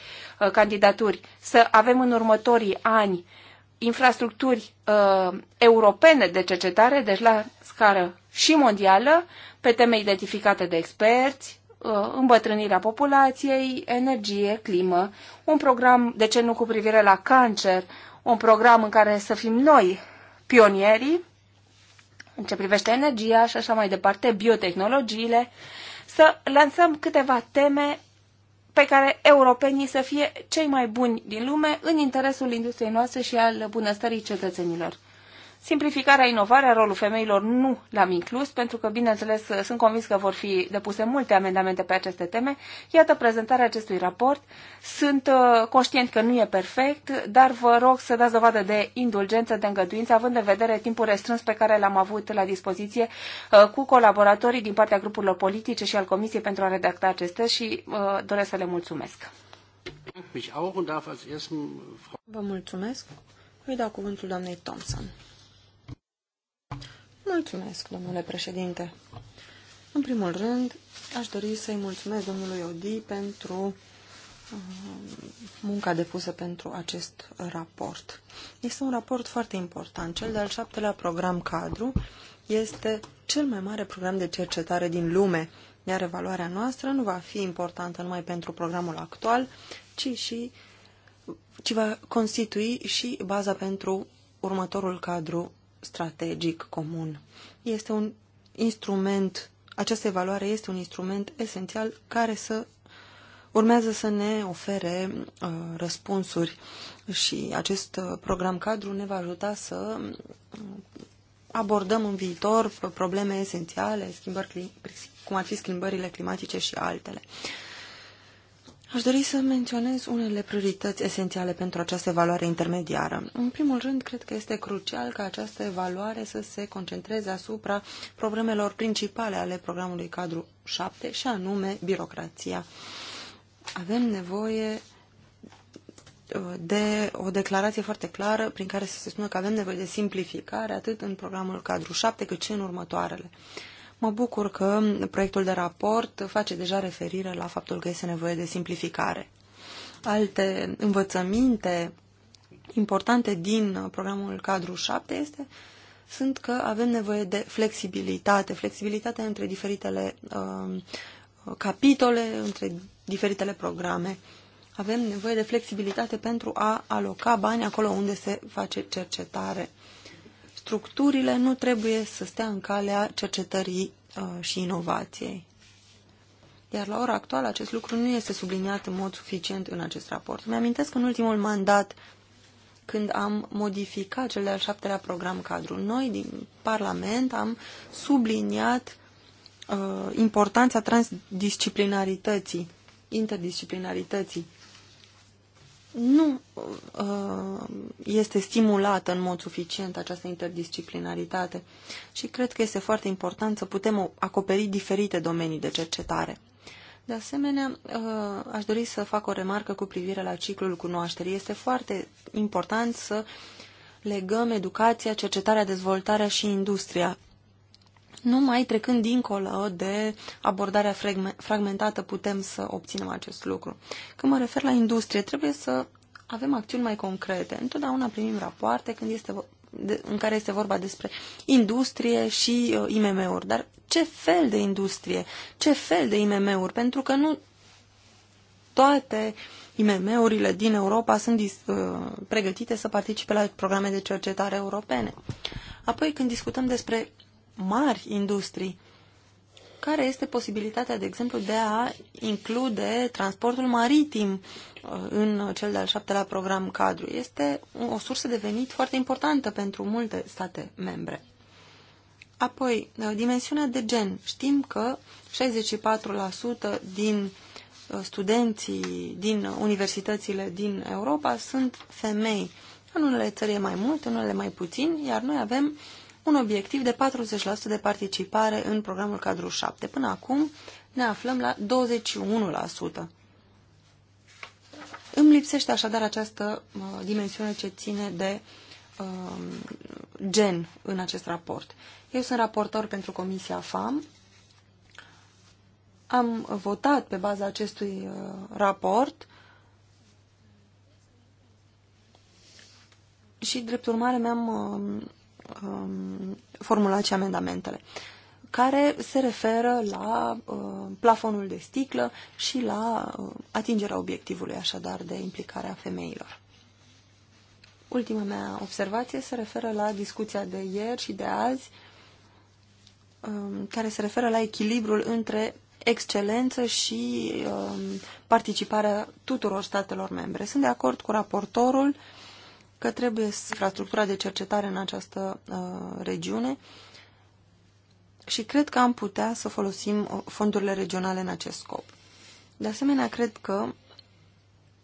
candidaturi să avem în următorii ani uh, infrastructuri uh, europene de cercetare, deci la scară și mondială, pe teme identificate de experți, uh, îmbătrânirea populației, energie, climă, un program, de ce nu cu privire la cancer, un program în care să fim noi pionierii, în ce privește energia și așa mai departe, biotehnologiile, să lansăm câteva teme pe care europenii să fie cei mai buni din lume în interesul industriei noastre și al bunăstării cetățenilor. Simplificarea, inovarea, rolul femeilor nu l-am inclus, pentru că, bineînțeles, sunt convins că vor fi depuse multe amendamente pe aceste teme. Iată prezentarea acestui raport. Sunt uh, conștient că nu e perfect, dar vă rog să dați dovadă de indulgență, de îngăduință, având în vedere timpul restrâns pe care l-am avut la dispoziție uh, cu colaboratorii din partea grupurilor politice și al Comisiei pentru a redacta acestea și uh, doresc să le mulțumesc.
Vă mulțumesc. Îi dau cuvântul doamnei Thompson. Mulțumesc, domnule președinte. În primul rând, aș dori să-i mulțumesc domnului Odi pentru um, munca depusă pentru acest raport. Este un raport foarte important. Cel de-al șaptelea program cadru este cel mai mare program de cercetare din lume, iar evaluarea noastră nu va fi importantă numai pentru programul actual, ci și ci va constitui și baza pentru următorul cadru strategic comun. Este un instrument, această evaluare este un instrument esențial care să urmează să ne ofere uh, răspunsuri și acest uh, program cadru ne va ajuta să uh, abordăm în viitor probleme esențiale, schimbări, cum ar fi schimbările climatice și altele. Uh, Aș dori să menționez unele priorități esențiale pentru această evaluare intermediară. În primul rând, cred că este crucial ca această evaluare să se concentreze asupra problemelor principale ale programului cadru 7 și anume birocrația. Avem nevoie uh, de o declarație foarte clară prin care să se spună că avem nevoie de simplificare atât în programul cadru 7 cât și în următoarele. Mă bucur că proiectul de raport face deja referire la faptul că este nevoie de simplificare. Alte învățăminte importante din programul cadru 7 este, sunt că avem nevoie de flexibilitate, flexibilitate între diferitele uh, capitole, între diferitele programe. Avem nevoie de flexibilitate pentru a aloca bani acolo unde se face cercetare structurile nu trebuie să stea în calea cercetării uh, și inovației. Iar la ora actuală acest lucru nu este subliniat în mod suficient în acest raport. Mi-amintesc în ultimul mandat când am modificat cel de-al șaptelea program cadru. Noi din Parlament am subliniat uh, importanța transdisciplinarității, interdisciplinarității nu uh, este stimulată în mod suficient această interdisciplinaritate și cred că este foarte important să putem acoperi diferite domenii de cercetare. De asemenea, uh, aș dori să fac o remarcă cu privire la ciclul cunoașterii. Este foarte important să legăm educația, cercetarea, dezvoltarea și industria. Numai trecând dincolo de abordarea fragmentată putem să obținem acest lucru. Când mă refer la industrie, trebuie să avem acțiuni mai concrete. Întotdeauna primim rapoarte când este în care este vorba despre industrie și uh, IMM-uri. Dar ce fel de industrie? Ce fel de IMM-uri? Pentru că nu toate IMM-urile din Europa sunt uh, pregătite să participe la programe de cercetare europene. Apoi, când discutăm despre mari industrii. Care este posibilitatea, de exemplu, de a include transportul maritim uh, în cel de-al șaptelea program cadru? Este o sursă de venit foarte importantă pentru multe state membre. Apoi, uh, dimensiunea de gen. Știm că 64% din uh, studenții din universitățile din Europa sunt femei. În unele țări e mai mult, în unele mai puțin, iar noi avem un obiectiv de 40% de participare în programul cadru 7. Până acum ne aflăm la 21%. Îmi lipsește așadar această uh, dimensiune ce ține de uh, gen în acest raport. Eu sunt raportor pentru Comisia FAM. Am votat pe baza acestui uh, raport și, drept urmare, mi-am um, um, formulat și amendamentele, care se referă la uh, plafonul de sticlă și la uh, atingerea obiectivului, așadar, de implicarea femeilor. Ultima mea observație se referă la discuția de ieri și de azi, um, care se referă la echilibrul între excelență și um, participarea tuturor statelor membre. Sunt de acord cu raportorul uh, că trebuie să infrastructura de cercetare în această uh, regiune și cred că am putea să folosim uh, fondurile regionale în acest scop. De asemenea, cred că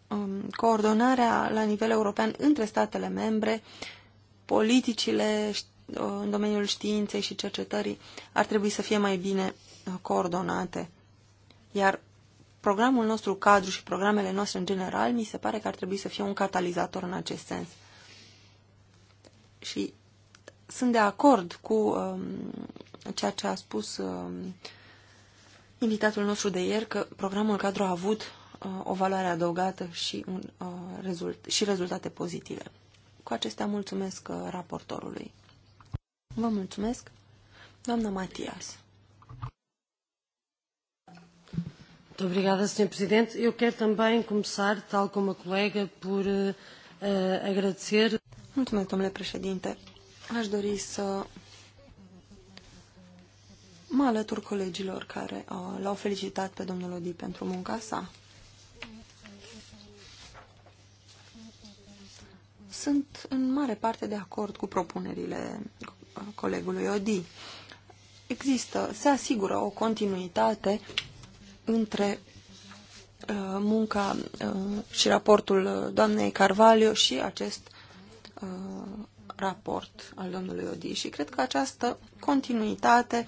um, coordonarea la nivel european între statele membre, politicile uh, în domeniul științei și cercetării ar trebui să fie mai bine uh, coordonate. Iar programul nostru cadru și programele noastre în general, mi se pare că ar trebui să fie un catalizator în acest sens și sunt de acord cu um, ceea ce a spus um, invitatul nostru de ieri, că programul cadru a avut uh, o valoare adăugată și, un, uh, rezult, și rezultate pozitive. Cu acestea mulțumesc uh, raportorului. Vă mulțumesc, doamna Matias. Muito obrigada, Sr. Presidente. Eu quero também começar, tal como a colega, por uh, agradecer. Mulțumesc, domnule președinte. Aș dori să mă alătur colegilor care uh, l-au felicitat pe domnul Odi pentru munca sa. Sunt în mare parte de acord cu propunerile uh, colegului Odi. Există, se asigură o continuitate între uh, munca și raportul doamnei Carvalho și acest Uh, raport al domnului Odi și cred că această continuitate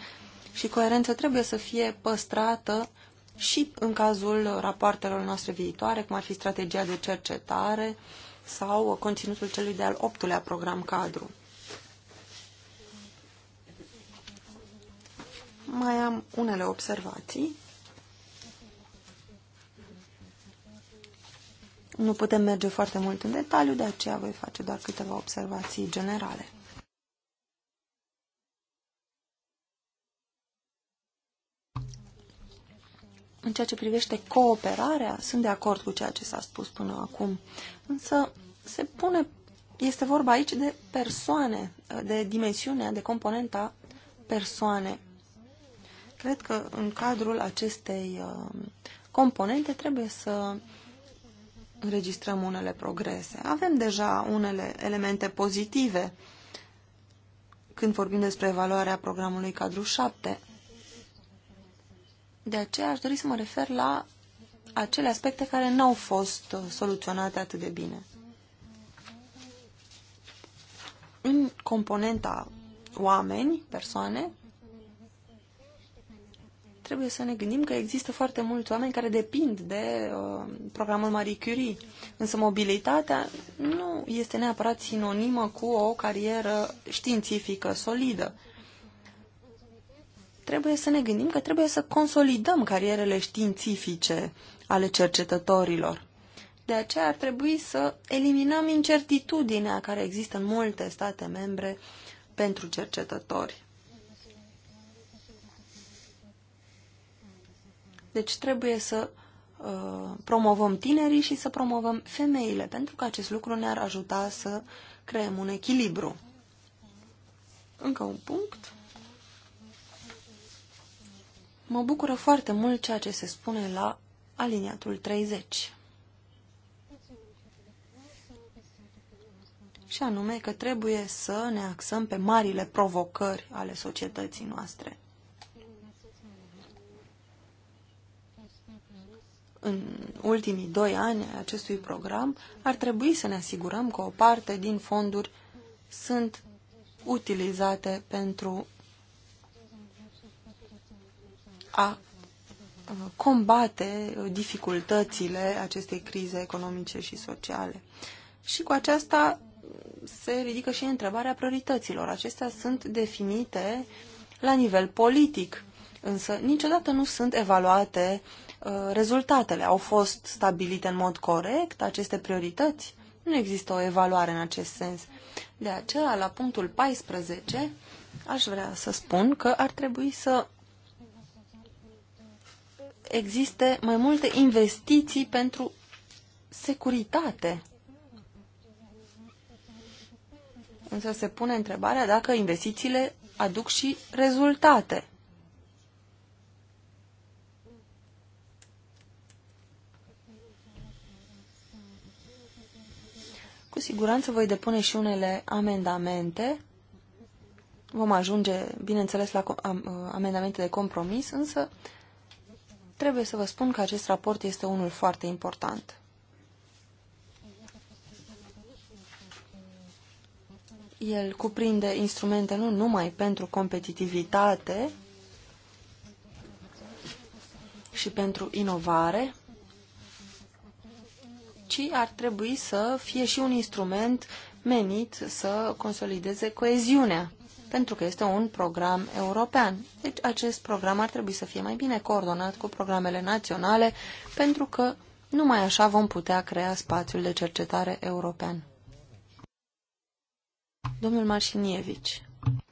și coerență trebuie să fie păstrată și în cazul rapoartelor noastre viitoare, cum ar fi strategia de cercetare sau conținutul celui de-al optulea program cadru. Mai am unele observații. Nu putem merge foarte mult în detaliu, de aceea voi face doar câteva observații generale. În ceea ce privește cooperarea, sunt de acord cu ceea ce s-a spus până acum, însă se pune, este vorba aici de persoane, de dimensiunea, de componenta persoane. Cred că în cadrul acestei uh, componente trebuie să înregistrăm unele progrese. Avem deja unele elemente pozitive când vorbim despre evaluarea programului cadru 7. De aceea aș dori să mă refer la acele aspecte care nu au fost uh, soluționate atât de bine. În componenta oameni, persoane, trebuie să ne gândim că există foarte mulți oameni care depind de uh, programul Marie Curie, însă mobilitatea nu este neapărat sinonimă cu o carieră științifică solidă. Trebuie să ne gândim că trebuie să consolidăm carierele științifice ale cercetătorilor. De aceea ar trebui să eliminăm incertitudinea care există în multe state membre pentru cercetători. Deci trebuie să uh, promovăm tinerii și să promovăm femeile, pentru că acest lucru ne-ar ajuta să creăm un echilibru. Încă un punct. Mă bucură foarte mult ceea ce se spune la aliniatul 30. Și anume că trebuie să ne axăm pe marile provocări ale societății noastre. în ultimii doi ani ai acestui program, ar trebui să ne asigurăm că o parte din fonduri sunt utilizate pentru a uh, combate uh, dificultățile acestei crize economice și sociale. Și cu aceasta se ridică și întrebarea priorităților. Acestea sunt definite la nivel politic, însă niciodată nu sunt evaluate uh, Uh, rezultatele. Au fost stabilite în mod corect aceste priorități? Nu există o evaluare în acest sens. De aceea, la punctul 14, aș vrea să spun că ar trebui să existe mai multe investiții pentru securitate. Însă se pune întrebarea dacă investițiile aduc și rezultate. Cu siguranță voi depune și unele amendamente. Vom ajunge, bineînțeles, la uh, amendamente de compromis, însă trebuie să vă spun că acest raport este unul foarte important. El cuprinde instrumente nu numai pentru competitivitate și pentru inovare, ci ar trebui să fie și un instrument menit să consolideze coeziunea, pentru că este un program european. Deci acest program ar trebui să fie mai bine coordonat cu programele naționale, pentru că numai așa vom putea crea spațiul de cercetare european. Domnul Marcinievici.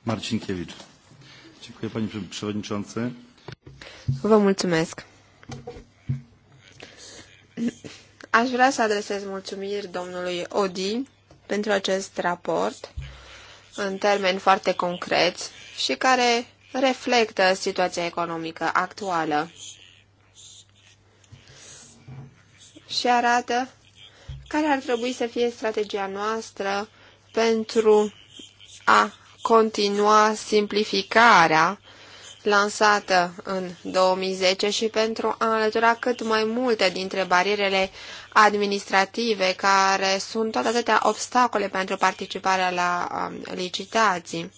Marcinkiewicz. Dziękuję Przewodniczący.
Vă mulțumesc. Aș vrea să adresez mulțumiri domnului Odi pentru acest raport în termeni foarte concreți și care reflectă situația economică actuală și arată care ar trebui să fie strategia noastră pentru a continua simplificarea lansată în 2010 și pentru a înlătura cât mai multe dintre barierele administrative care sunt toate atâtea obstacole pentru participarea la um, licitații.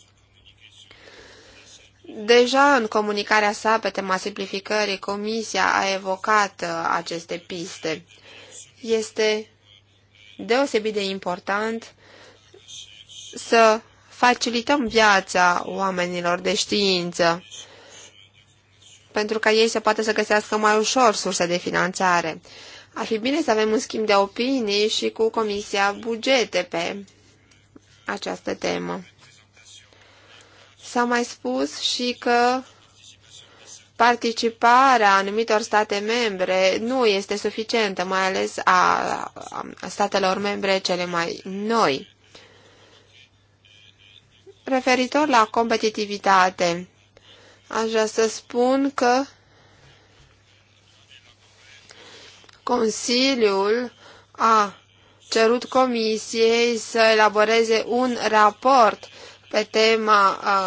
Deja în comunicarea sa pe tema simplificării, Comisia a evocat uh, aceste piste. Este deosebit de important să facilităm viața oamenilor de știință, pentru ca ei să poată să găsească mai ușor surse de finanțare. Ar fi bine să avem un schimb de opinii și cu Comisia Bugete pe această temă. S-a mai spus și că participarea anumitor state membre nu este suficientă, mai ales a statelor membre cele mai noi. Referitor la competitivitate, aș vrea să spun că Consiliul a cerut Comisiei să elaboreze un raport pe tema a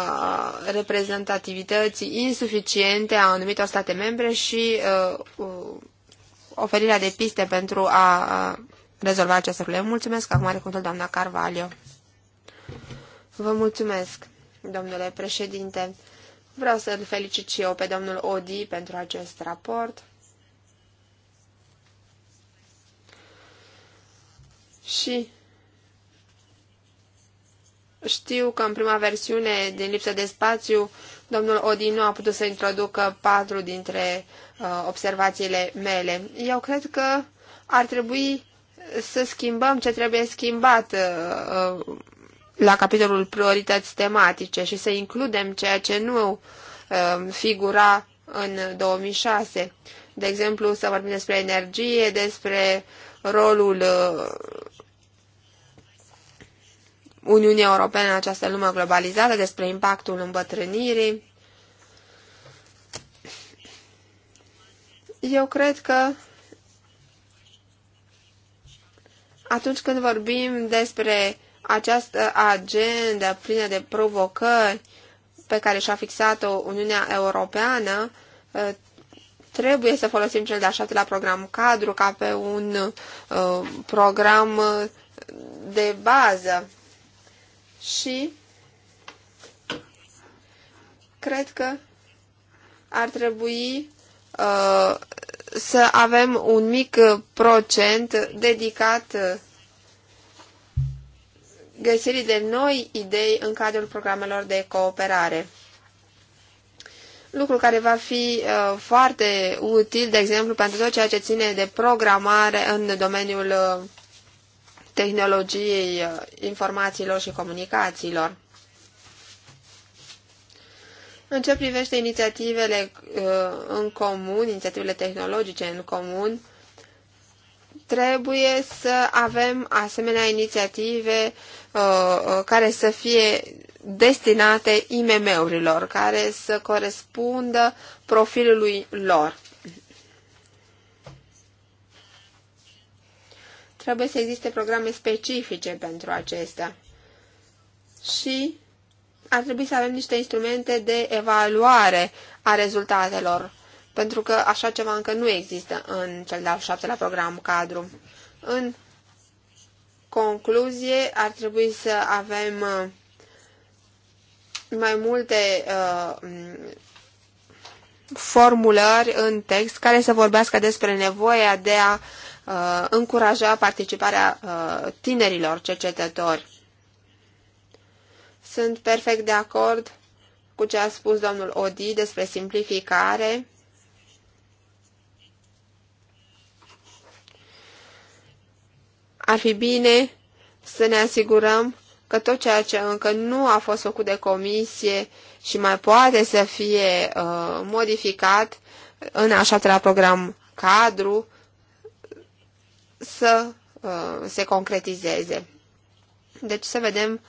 reprezentativității insuficiente a anumitor state membre și a, oferirea de piste pentru a rezolva această problemă. Mulțumesc acum are cuvântul doamna Carvalho. Vă mulțumesc, domnule președinte. Vreau să-l felicit și eu pe domnul Odi pentru acest raport. Și știu că în prima versiune, din lipsă de spațiu, domnul Odin nu a putut să introducă patru dintre uh, observațiile mele. Eu cred că ar trebui să schimbăm ce trebuie schimbat uh, uh la capitolul priorități tematice și să includem ceea ce nu uh, figura în 2006. De exemplu, să vorbim despre energie, despre rolul uh, Uniunea Europeană în această lume globalizată, despre impactul îmbătrânirii. Eu cred că atunci când vorbim despre această agendă plină de provocări pe care și-a fixat-o Uniunea Europeană, ă, trebuie să folosim cel de-a la program cadru ca pe un ă, program de bază și cred că ar trebui uh, să avem un mic procent dedicat uh, găsirii de noi idei în cadrul programelor de cooperare. Lucru care va fi uh, foarte util, de exemplu, pentru tot ceea ce ține de programare în domeniul uh, tehnologiei uh, informațiilor și comunicațiilor. În ce privește inițiativele uh, în comun, inițiativele tehnologice în comun, trebuie să avem asemenea inițiative uh, care să fie destinate IMM-urilor, care să corespundă profilului lor. Trebuie să existe programe specifice pentru acestea. Și ar trebui să avem niște instrumente de evaluare a rezultatelor, pentru că așa ceva încă nu există în cel de-al șaptelea program cadru. În concluzie, ar trebui să avem uh, mai multe uh, formulări în text care să vorbească despre nevoia de a uh, încuraja participarea uh, tinerilor cercetători. Sunt perfect de acord cu ce a spus domnul Odi despre simplificare. Ar fi bine să ne asigurăm că tot ceea ce încă nu a fost făcut de comisie și mai poate să fie uh, modificat în așa la program cadru să uh, se concretizeze. Deci să vedem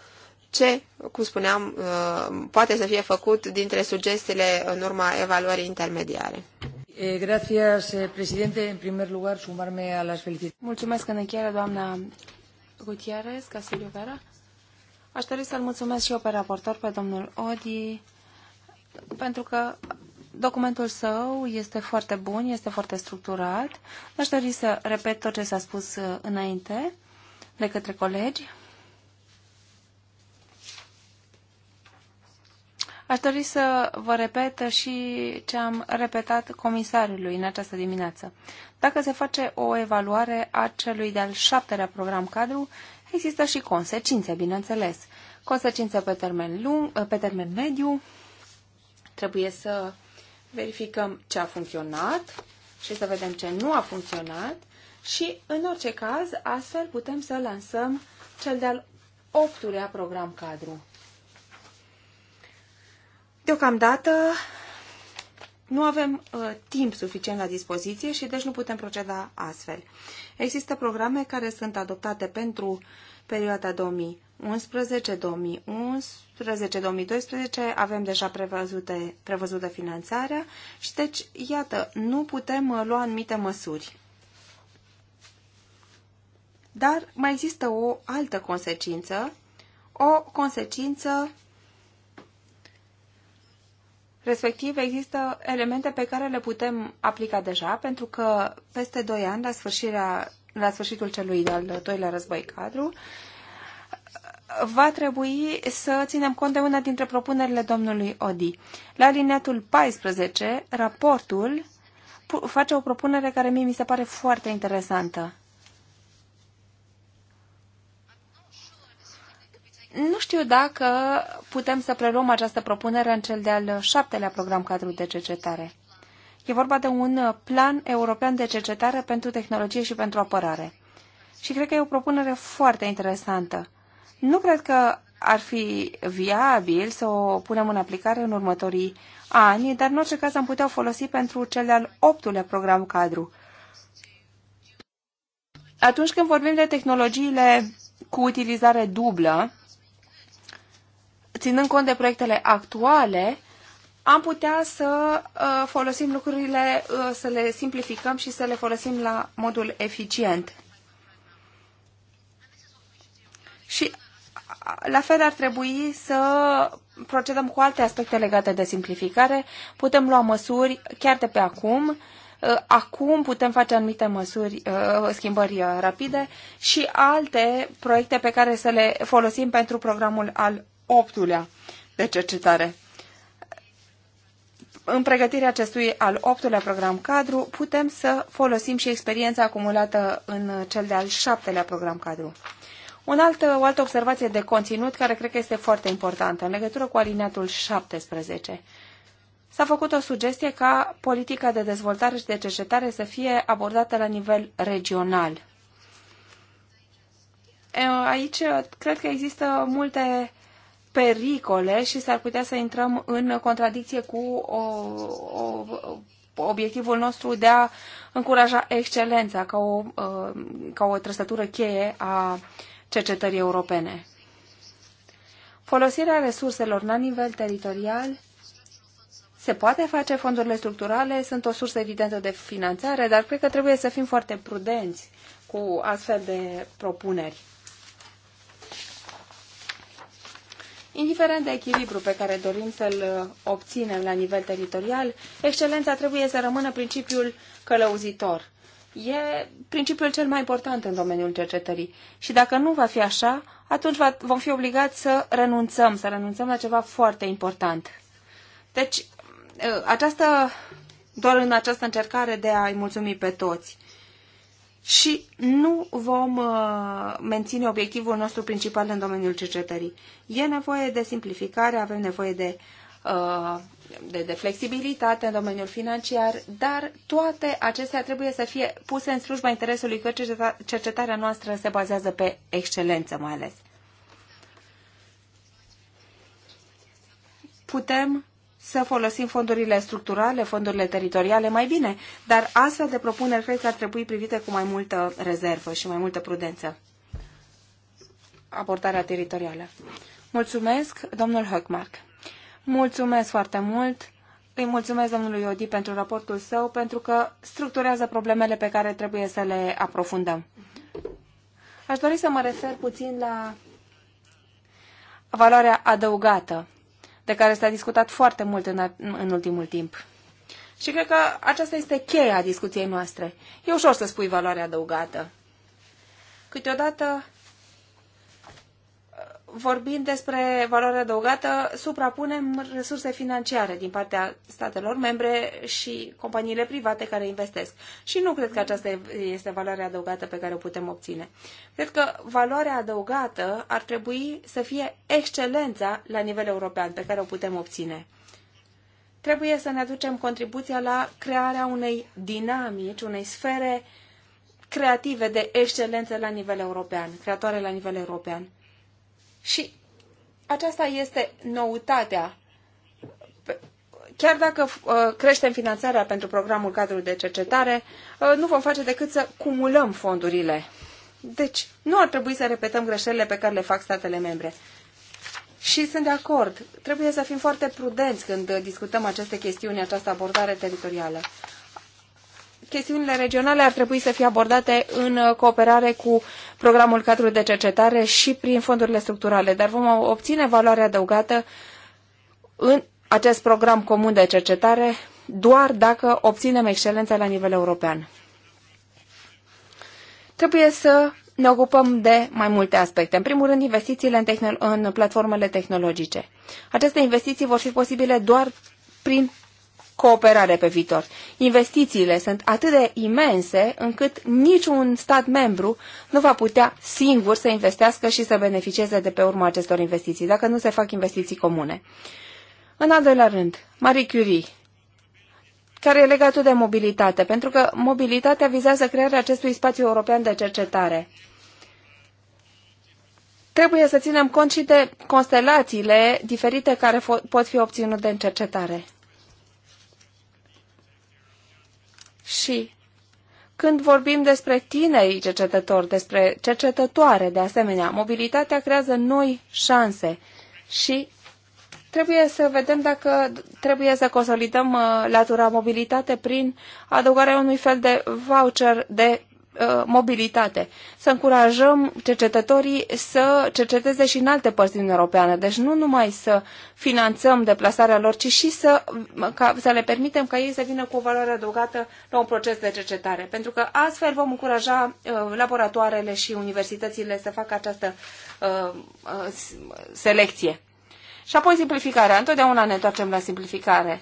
ce, cum spuneam, uh, poate să fie făcut dintre sugestiile în urma evaluării intermediare.
Eh, gracias, eh, președinte, în primul lugar, sumarme a las felicitări. Mulțumesc în încheiere, doamna Gutierrez, Casilio Vera. Aș dori să-l mulțumesc și eu pe raportor, pe domnul Odi, pentru că Documentul său este foarte bun, este foarte structurat. Aș dori să repet tot ce s-a spus uh, înainte de către colegi. Aș dori să vă repet și ce am repetat comisarului în această dimineață. Dacă se face o evaluare a celui de-al șaptelea program cadru, există și consecințe, bineînțeles. Consecințe pe termen, lung, pe termen mediu, trebuie să verificăm ce a funcționat și să vedem ce nu a funcționat și, în orice caz, astfel putem să lansăm cel de-al optulea program cadru. Deocamdată nu avem uh, timp suficient la dispoziție și deci nu putem proceda astfel. Există programe care sunt adoptate pentru perioada 2000 2011, 2012 avem deja prevăzute, prevăzută finanțarea și deci, iată, nu putem lua anumite măsuri. Dar mai există o altă consecință, o consecință Respectiv, există elemente pe care le putem aplica deja, pentru că peste 2 ani, la, sfârșirea, la sfârșitul celui de-al doilea război cadru, va trebui să ținem cont de una dintre propunerile domnului Odi. La alineatul 14, raportul face o propunere care mie mi se pare foarte interesantă. Nu știu dacă putem să preluăm această propunere în cel de-al șaptelea program cadru de cercetare. E vorba de un plan european de cercetare pentru tehnologie și pentru apărare. Și cred că e o propunere foarte interesantă. Nu cred că ar fi viabil să o punem în aplicare în următorii ani, dar în orice caz am putea o folosi pentru cel de-al optulea program cadru. Atunci când vorbim de tehnologiile cu utilizare dublă, ținând cont de proiectele actuale, am putea să uh, folosim lucrurile, uh, să le simplificăm și să le folosim la modul eficient. Și la fel ar trebui să procedăm cu alte aspecte legate de simplificare. Putem lua măsuri chiar de pe acum. Uh, acum putem face anumite măsuri, uh, schimbări uh, rapide și alte proiecte pe care să le folosim pentru programul al optulea de cercetare. În pregătirea acestui al optulea program cadru, putem să folosim și experiența acumulată în cel de-al șaptelea program cadru. Un alt, o altă observație de conținut care cred că este foarte importantă în legătură cu alineatul 17. S-a făcut o sugestie ca politica de dezvoltare și de cercetare să fie abordată la nivel regional. Aici uh, cred că există multe pericole și s-ar putea să intrăm în contradicție cu o, o, obiectivul nostru de a încuraja excelența ca o, uh, ca o trăsătură cheie a uh, cercetării europene. Folosirea resurselor la nivel teritorial se poate face, fondurile structurale sunt o sursă evidentă de finanțare, dar cred că trebuie să fim foarte prudenți cu astfel de propuneri. Indiferent de echilibru pe care dorim să-l obținem la nivel teritorial, excelența trebuie să rămână principiul călăuzitor. E principiul cel mai important în domeniul cercetării. Și dacă nu va fi așa, atunci va, vom fi obligați să renunțăm, să renunțăm la ceva foarte important. Deci, ă, această, doar în această încercare de a-i mulțumi pe toți. Și nu vom uh, menține obiectivul nostru principal în domeniul cercetării. E nevoie de simplificare, avem nevoie de uh, de, de flexibilitate în domeniul financiar, dar toate acestea trebuie să fie puse în slujba interesului că cercetarea noastră se bazează pe excelență mai ales. Putem să folosim fondurile structurale, fondurile teritoriale mai bine, dar astfel de propuneri cred că ar trebui privite cu mai multă rezervă și mai multă prudență. Abordarea teritorială. Mulțumesc, domnul Höckmark. Mulțumesc foarte mult! Îi mulțumesc domnului Odi pentru raportul său, pentru că structurează problemele pe care trebuie să le aprofundăm. Aș dori să mă refer puțin la valoarea adăugată, de care s-a discutat foarte mult în, în ultimul timp. Și cred că aceasta este cheia discuției noastre. E ușor să spui valoarea adăugată. Câteodată vorbind despre valoare adăugată, suprapunem resurse financiare din partea statelor membre și companiile private care investesc. Și nu cred că aceasta este valoarea adăugată pe care o putem obține. Cred că valoarea adăugată ar trebui să fie excelența la nivel european pe care o putem obține. Trebuie să ne aducem contribuția la crearea unei dinamici, unei sfere creative de excelență la nivel european, creatoare la nivel european. Și aceasta este noutatea. Chiar dacă uh, creștem finanțarea pentru programul cadru de cercetare, uh, nu vom face decât să cumulăm fondurile. Deci, nu ar trebui să repetăm greșelile pe care le fac statele membre. Și sunt de acord. Trebuie să fim foarte prudenți când discutăm aceste chestiuni, această abordare teritorială chestiunile regionale ar trebui să fie abordate în uh, cooperare cu programul cadru de cercetare și prin fondurile structurale, dar vom obține valoare adăugată în acest program comun de cercetare doar dacă obținem excelența la nivel european. Trebuie să ne ocupăm de mai multe aspecte. În primul rând, investițiile în, tehn- în platformele tehnologice. Aceste investiții vor fi posibile doar prin cooperare pe viitor. Investițiile sunt atât de imense încât niciun stat membru nu va putea singur să investească și să beneficieze de pe urma acestor investiții, dacă nu se fac investiții comune. În al doilea rând, Marie Curie, care e legată de mobilitate, pentru că mobilitatea vizează crearea acestui spațiu european de cercetare. Trebuie să ținem cont și de constelațiile diferite care pot fi obținute în cercetare. Și când vorbim despre tinerii cercetători, despre cercetătoare, de asemenea, mobilitatea creează noi șanse și trebuie să vedem dacă trebuie să consolidăm uh, latura mobilitate prin adăugarea unui fel de voucher de Uh, mobilitate, să încurajăm cercetătorii să cerceteze și în alte părți din Europeană. Deci nu numai să finanțăm deplasarea lor, ci și să, ca, să le permitem ca ei să vină cu o valoare adăugată la un proces de cercetare. Pentru că astfel vom încuraja uh, laboratoarele și universitățile să facă această uh, uh, selecție. Și apoi simplificarea. Întotdeauna ne întoarcem la simplificare.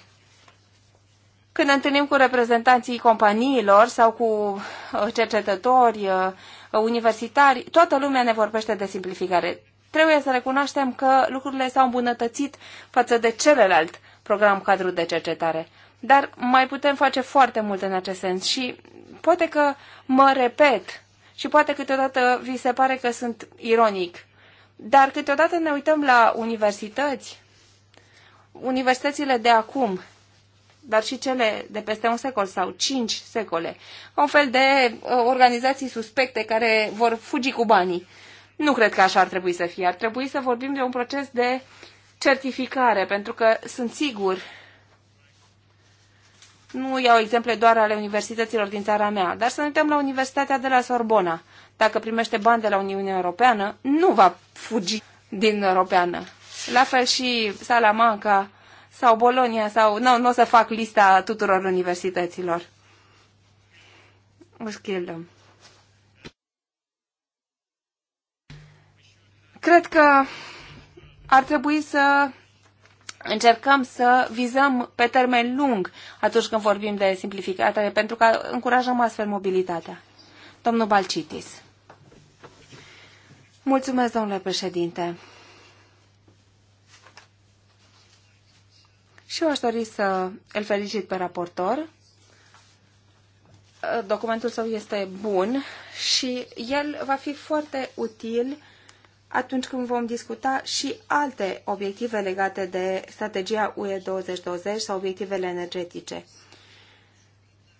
Când ne întâlnim cu reprezentanții companiilor sau cu uh, cercetători uh, universitari, toată lumea ne vorbește de simplificare. Trebuie să recunoaștem că lucrurile s-au îmbunătățit față de celălalt program cadru de cercetare. Dar mai putem face foarte mult în acest sens și poate că mă repet și poate câteodată vi se pare că sunt ironic, dar câteodată ne uităm la universități, universitățile de acum, dar și cele de peste un secol sau cinci secole, un fel de uh, organizații suspecte care vor fugi cu banii. Nu cred că așa ar trebui să fie. Ar trebui să vorbim de un proces de certificare, pentru că sunt sigur, nu iau exemple doar ale universităților din țara mea, dar să ne uităm la Universitatea de la Sorbona. Dacă primește bani de la Uniunea Europeană, nu va fugi din Europeană. La fel și Salamanca, sau Bolonia sau... Nu, nu o să fac lista tuturor universităților. Uschildă. Cred că ar trebui să încercăm să vizăm pe termen lung atunci când vorbim de simplificare, pentru că încurajăm astfel mobilitatea. Domnul Balcitis. Mulțumesc, domnule președinte. Și eu aș dori să îl felicit pe raportor. Documentul său este bun și el va fi foarte util atunci când vom discuta și alte obiective legate de strategia UE 2020 sau obiectivele energetice.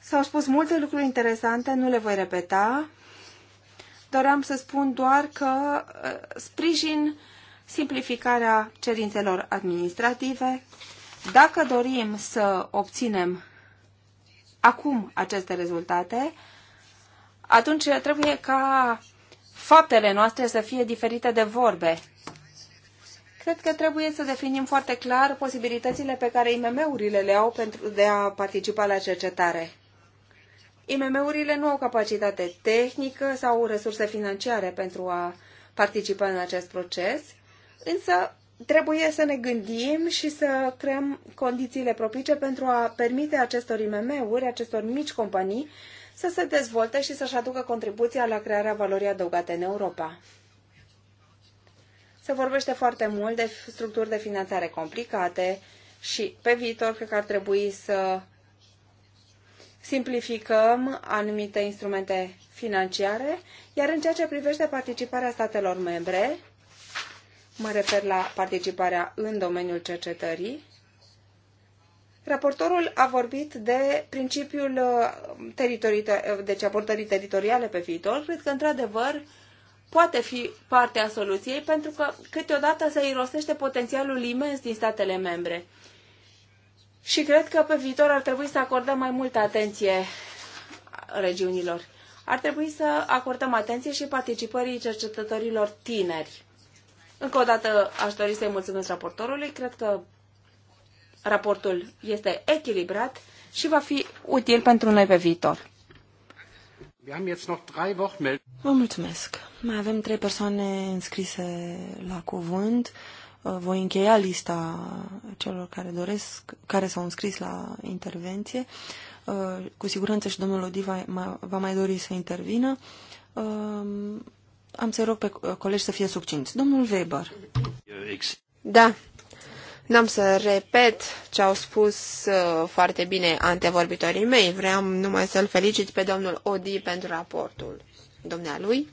S-au spus multe lucruri interesante, nu le voi repeta. Doream să spun doar că uh, sprijin simplificarea cerințelor administrative, dacă dorim să obținem acum aceste rezultate, atunci trebuie ca faptele noastre să fie diferite de vorbe. Cred că trebuie să definim foarte clar posibilitățile pe care IMM-urile le au pentru de a participa la cercetare. IMM-urile nu au capacitate tehnică sau resurse financiare pentru a participa în acest proces, însă trebuie să ne gândim și să creăm condițiile propice pentru a permite acestor IMM-uri, acestor mici companii, să se dezvolte și să-și aducă contribuția la crearea valorii adăugate în Europa. Se vorbește foarte mult de structuri de finanțare complicate și pe viitor cred că ar trebui să simplificăm anumite instrumente financiare, iar în ceea ce privește participarea statelor membre, Mă refer la participarea în domeniul cercetării. Raportorul a vorbit de principiul uh, teritorii, uh, deci abordării teritoriale pe viitor. Cred că, într-adevăr, poate fi parte a soluției, pentru că câteodată se irosește potențialul imens din statele membre. Și cred că pe viitor ar trebui să acordăm mai multă atenție regiunilor. Ar trebui să acordăm atenție și participării cercetătorilor tineri. Încă o dată aș dori să-i mulțumesc raportorului. Cred că raportul este echilibrat și va fi util pentru
noi pe viitor. Vă mulțumesc. Mai avem trei persoane înscrise la cuvânt. Uh, voi încheia lista celor care doresc, care s-au înscris la intervenție. Uh, cu siguranță și domnul Odiva va mai dori să intervină. Uh, am să rog pe colegi să fie succinți. Domnul Weber. Da.
N-am să repet ce au spus uh, foarte bine antevorbitorii mei. Vreau numai să-l felicit pe domnul Odi pentru raportul dumnealui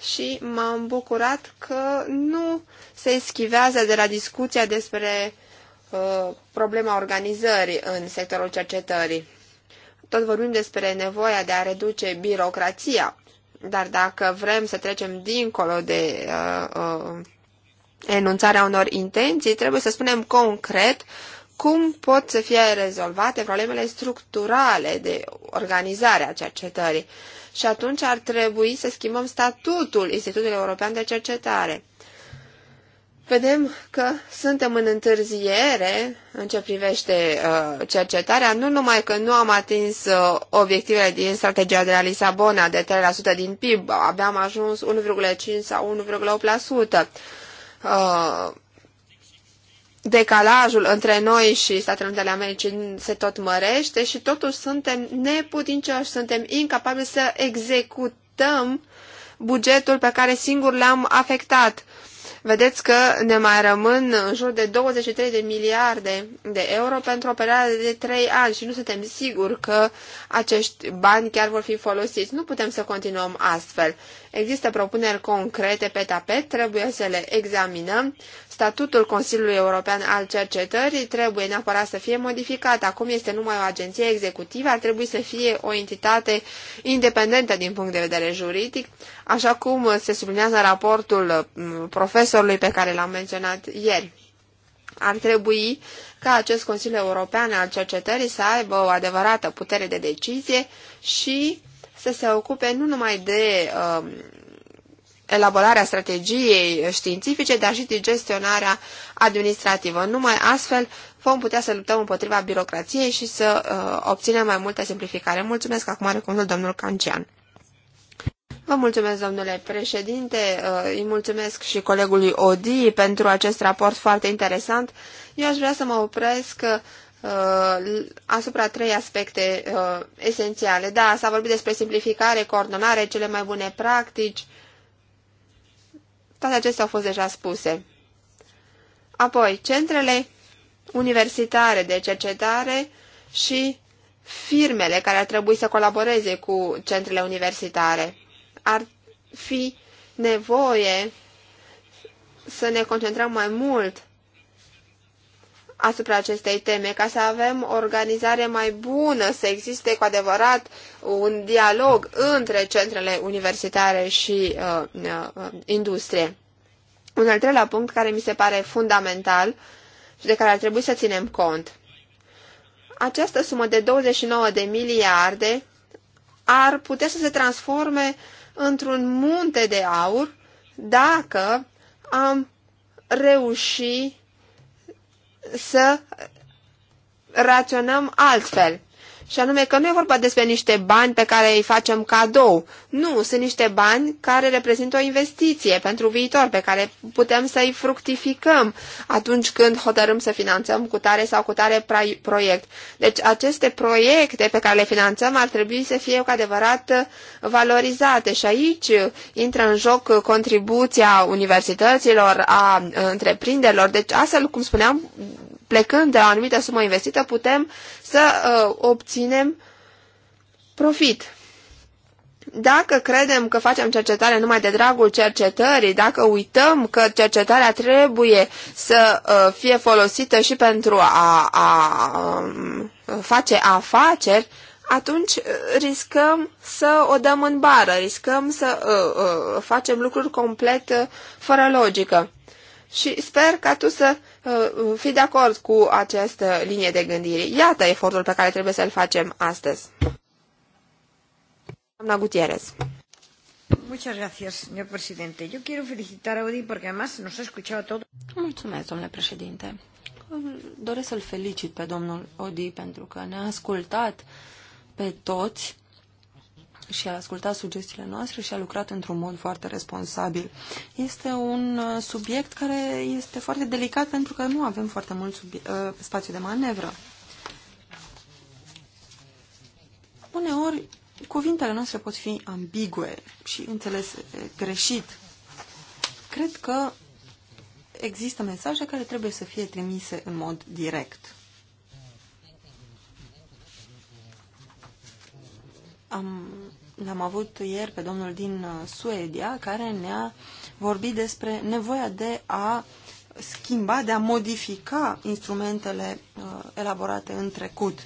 și m-am bucurat că nu se schivează de la discuția despre uh, problema organizării în sectorul cercetării. Tot vorbim despre nevoia de a reduce birocrația dar dacă vrem să trecem dincolo de uh, uh, enunțarea unor intenții, trebuie să spunem concret cum pot să fie rezolvate problemele structurale de organizare a cercetării. Și atunci ar trebui să schimbăm statutul Institutului European de Cercetare vedem că suntem în întârziere în ce privește uh, cercetarea, nu numai că nu am atins uh, obiectivele din strategia de la Lisabona de 3% din PIB, abia am ajuns 1,5 sau 1,8%. Uh, decalajul între noi și Statele Unite ale Americii se tot mărește și totuși suntem neputincioși, suntem incapabili să executăm bugetul pe care singur l-am afectat vedeți că ne mai rămân în jur de 23 de miliarde de euro pentru o perioadă de 3 ani și nu suntem siguri că acești bani chiar vor fi folosiți. Nu putem să continuăm astfel. Există propuneri concrete pe tapet, trebuie să le examinăm statutul Consiliului European al Cercetării trebuie neapărat să fie modificat. Acum este numai o agenție executivă, ar trebui să fie o entitate independentă din punct de vedere juridic, așa cum se sublinează raportul mm, profesorului pe care l-am menționat ieri. Ar trebui ca acest Consiliu European al Cercetării să aibă o adevărată putere de decizie și să se ocupe nu numai de uh, elaborarea strategiei științifice, dar și de gestionarea administrativă. Numai astfel vom putea să luptăm împotriva birocrației și să uh, obținem mai multă simplificare. Mulțumesc acum are cuvântul domnul Cancian. Vă mulțumesc, domnule președinte, uh, îi mulțumesc și colegului Odi pentru acest raport foarte interesant. Eu aș vrea să mă opresc uh, asupra trei aspecte uh, esențiale. Da, s-a vorbit despre simplificare, coordonare, cele mai bune practici, toate acestea au fost deja spuse. Apoi, centrele universitare de cercetare și firmele care ar trebui să colaboreze cu centrele universitare. Ar fi nevoie să ne concentrăm mai mult asupra acestei teme, ca să avem o organizare mai bună, să existe cu adevărat un dialog între centrele universitare și uh, uh, industrie. Un al treilea punct care mi se pare fundamental și de care ar trebui să ținem cont. Această sumă de 29 de miliarde ar putea să se transforme într-un munte de aur dacă am reușit să raționăm altfel. Și anume că nu e vorba despre niște bani pe care îi facem cadou. Nu, sunt niște bani care reprezintă o investiție pentru viitor, pe care putem să-i fructificăm atunci când hotărâm să finanțăm cu tare sau cu tare proiect. Deci aceste proiecte pe care le finanțăm ar trebui să fie cu adevărat valorizate și aici intră în joc contribuția universităților, a întreprinderilor. Deci astfel, cum spuneam, plecând de la o anumită sumă investită, putem să uh, obținem profit. Dacă credem că facem cercetare numai de dragul cercetării, dacă uităm că cercetarea trebuie să uh, fie folosită și pentru a, a um, face afaceri, atunci uh, riscăm să o dăm în bară, riscăm să uh, uh, facem lucruri complet uh, fără logică. Și sper ca tu să Uh, fi de acord cu această linie de gândire. Iată efortul pe care trebuie să-l facem astăzi. Doamna Gutierrez.
Muchas gracias, señor presidente. Yo quiero felicitar a Odi porque además nos ha escuchado todo. Mulțumesc, domnule președinte. Doresc să-l felicit pe domnul Odi pentru că ne-a ascultat pe toți și a ascultat sugestiile noastre și a lucrat într-un mod foarte responsabil. Este un uh, subiect care este foarte delicat pentru că nu avem foarte mult uh, spațiu de manevră. Uneori, cuvintele noastre pot fi ambigue și înțeles uh, greșit. Cred că există mesaje care trebuie să fie trimise în mod direct. Am L-am avut ieri pe domnul din uh, Suedia, care ne-a vorbit despre nevoia de a schimba, de a modifica instrumentele uh, elaborate în trecut.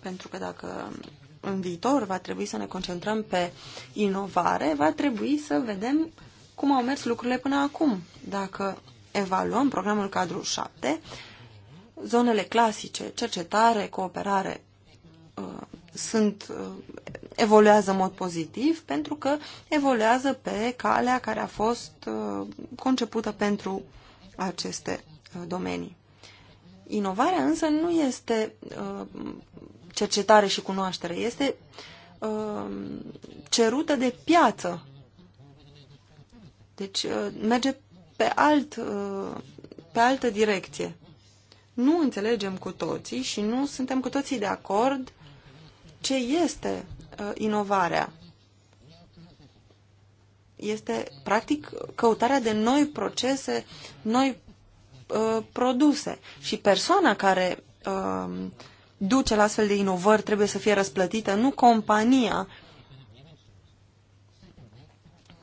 Pentru că dacă um, în viitor va trebui să ne concentrăm pe inovare, va trebui să vedem cum au mers lucrurile până acum. Dacă evaluăm programul cadru 7, zonele clasice, cercetare, cooperare, uh, sunt evoluează în mod pozitiv pentru că evoluează pe calea care a fost uh, concepută pentru aceste uh, domenii. Inovarea însă nu este uh, cercetare și cunoaștere, este cerută de piață. Deci merge pe, alt, pe altă direcție. Nu înțelegem cu toții și nu suntem cu toții de acord ce este Uh, inovarea. Este, practic, căutarea de noi procese, noi uh, produse. Și persoana care uh, duce la astfel de inovări trebuie să fie răsplătită, nu compania.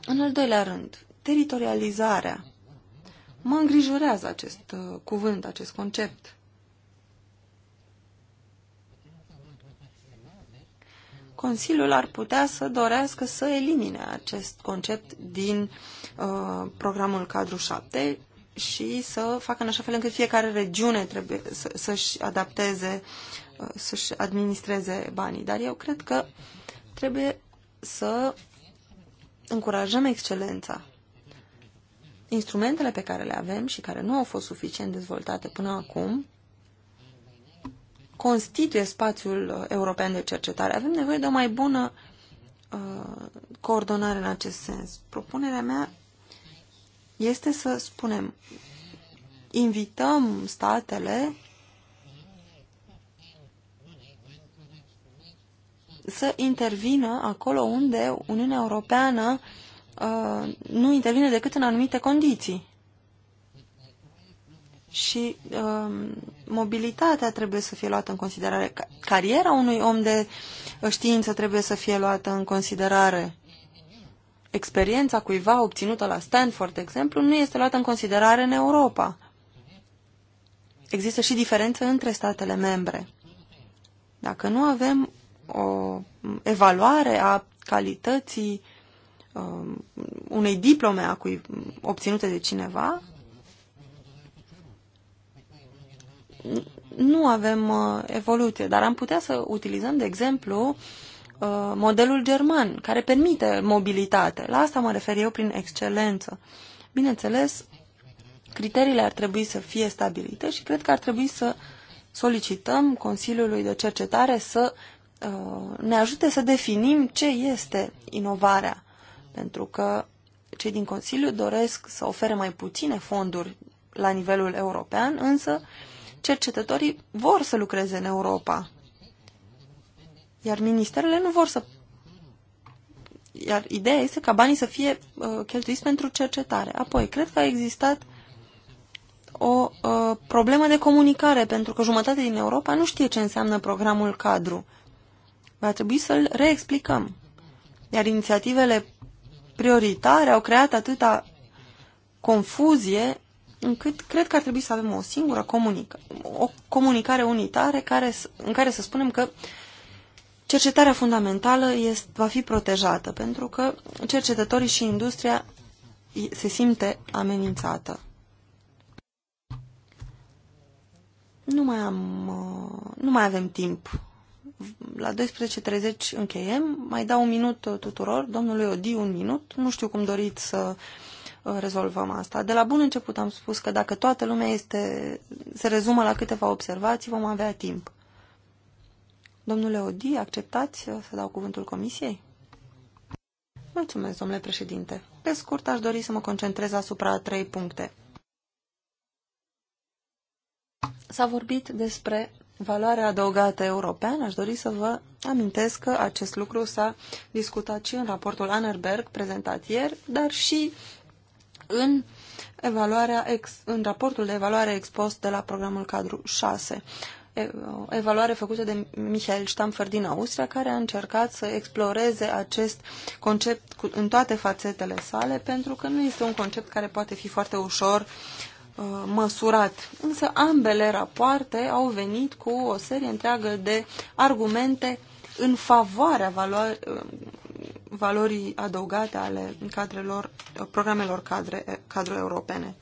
În al doilea rând, teritorializarea. Mă îngrijorează acest uh, cuvânt, acest concept. Consiliul ar putea să dorească să elimine acest concept din uh, programul cadru 7 și să facă în așa fel încât fiecare regiune trebuie să, să-și adapteze, uh, să-și administreze banii. Dar eu cred că trebuie să încurajăm excelența. Instrumentele pe care le avem și care nu au fost suficient dezvoltate până acum constituie spațiul uh, european de cercetare. Avem nevoie de o mai bună uh, coordonare în acest sens. Propunerea mea este să spunem, invităm statele să intervină acolo unde Uniunea Europeană uh, nu intervine decât în anumite condiții și um, mobilitatea trebuie să fie luată în considerare. Cariera unui om de uh, știință trebuie să fie luată în considerare. Experiența cuiva obținută la Stanford, de exemplu, nu este luată în considerare în Europa. Există și diferențe între statele membre. Dacă nu avem o um, evaluare a calității um, unei diplome a cui, obținute de cineva, nu avem uh, evoluție, dar am putea să utilizăm, de exemplu, uh, modelul german, care permite mobilitate. La asta mă refer eu prin excelență. Bineînțeles, criteriile ar trebui să fie stabilite și cred că ar trebui să solicităm Consiliului de Cercetare să uh, ne ajute să definim ce este inovarea. Pentru că cei din Consiliu doresc să ofere mai puține fonduri la nivelul european, însă uh, cercetătorii vor să lucreze în Europa. Iar ministerele nu vor să... Iar ideea este ca banii să fie uh, cheltuiți pentru cercetare. Apoi, cred că a existat o uh, problemă de comunicare, pentru că jumătate din Europa nu știe ce înseamnă programul cadru. Va trebui să-l reexplicăm. Iar inițiativele prioritare au creat atâta confuzie încât cred că ar trebui să avem o singură comunica, o comunicare unitare care, în care să spunem că cercetarea fundamentală este, va fi protejată, pentru că cercetătorii și industria se simte amenințată. Nu mai, am, uh, nu mai avem timp. La 12.30 încheiem. Mai dau un minut tuturor. Domnului Odi, un minut. Nu știu cum doriți să uh, rezolvăm asta. De la bun început am spus că dacă toată lumea este, se rezumă la câteva observații, vom avea timp. Domnule Odi, acceptați să dau cuvântul comisiei? Mulțumesc, domnule președinte. Pe scurt, aș dori să mă concentrez asupra a trei puncte. S-a vorbit despre valoarea adăugată europeană. Aș dori să vă amintesc că acest lucru s-a discutat și în raportul Annerberg prezentat ieri, dar și în, evaluarea ex, în raportul de evaluare expost de la programul cadru 6 evaluare făcută de Michael Stamfer din Austria, care a încercat să exploreze acest concept în toate fațetele sale, pentru că nu este un concept care poate fi foarte ușor uh, măsurat. Însă ambele rapoarte au venit cu o serie întreagă de argumente în favoarea uh, valorii adăugate ale cadrelor, programelor cadre, cadru europene.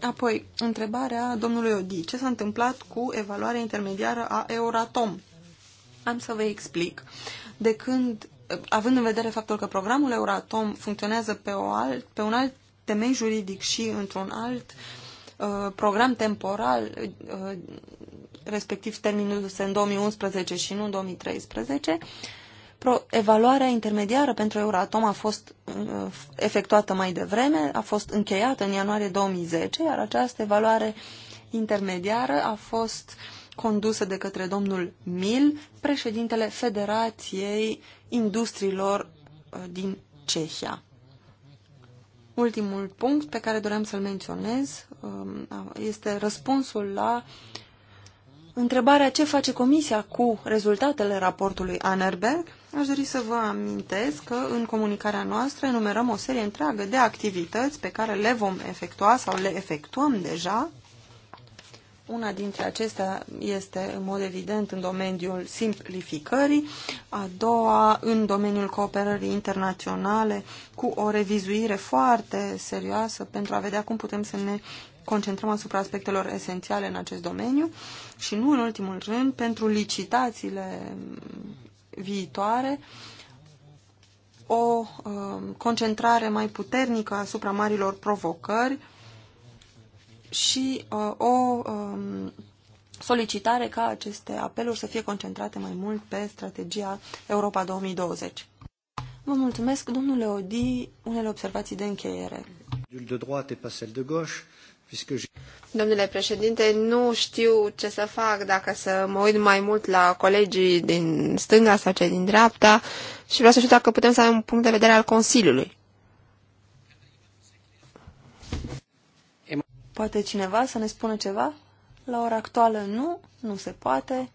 Apoi, întrebarea domnului Odi. Ce s-a întâmplat cu evaluarea intermediară a Euratom? Am să vă explic. De când, având în vedere faptul că programul Euratom funcționează pe, o alt, pe un alt temei juridic și într-un alt uh, program temporal, uh, respectiv terminul în 2011 și nu în 2013, evaluarea intermediară pentru Euratom a fost uh, efectuată mai devreme, a fost încheiată în ianuarie 2010, iar această evaluare intermediară a fost condusă de către domnul Mil, președintele Federației Industriilor uh, din Cehia. Ultimul punct pe care doream să-l menționez um, este răspunsul la întrebarea ce face Comisia cu rezultatele raportului Anerberg Aș dori să vă amintesc că în comunicarea noastră enumerăm o serie întreagă de activități pe care le vom efectua sau le efectuăm deja. Una dintre acestea este, în mod evident, în domeniul simplificării, a doua în domeniul cooperării internaționale cu o revizuire foarte serioasă pentru a vedea cum putem să ne concentrăm asupra aspectelor esențiale în acest domeniu și nu în ultimul rând pentru licitațiile viitoare o um, concentrare mai puternică asupra marilor provocări și uh, o um, solicitare ca aceste apeluri să fie concentrate mai mult pe strategia Europa 2020. Vă mulțumesc, domnule Odi, unele observații de încheiere. De droite pas celle de gauche. Domnule președinte,
nu știu ce să fac dacă să mă uit mai mult la colegii din stânga sau cei din dreapta și vreau să știu dacă putem să avem un punct de vedere al Consiliului.
Poate cineva să ne spună ceva? La ora actuală nu, nu se poate.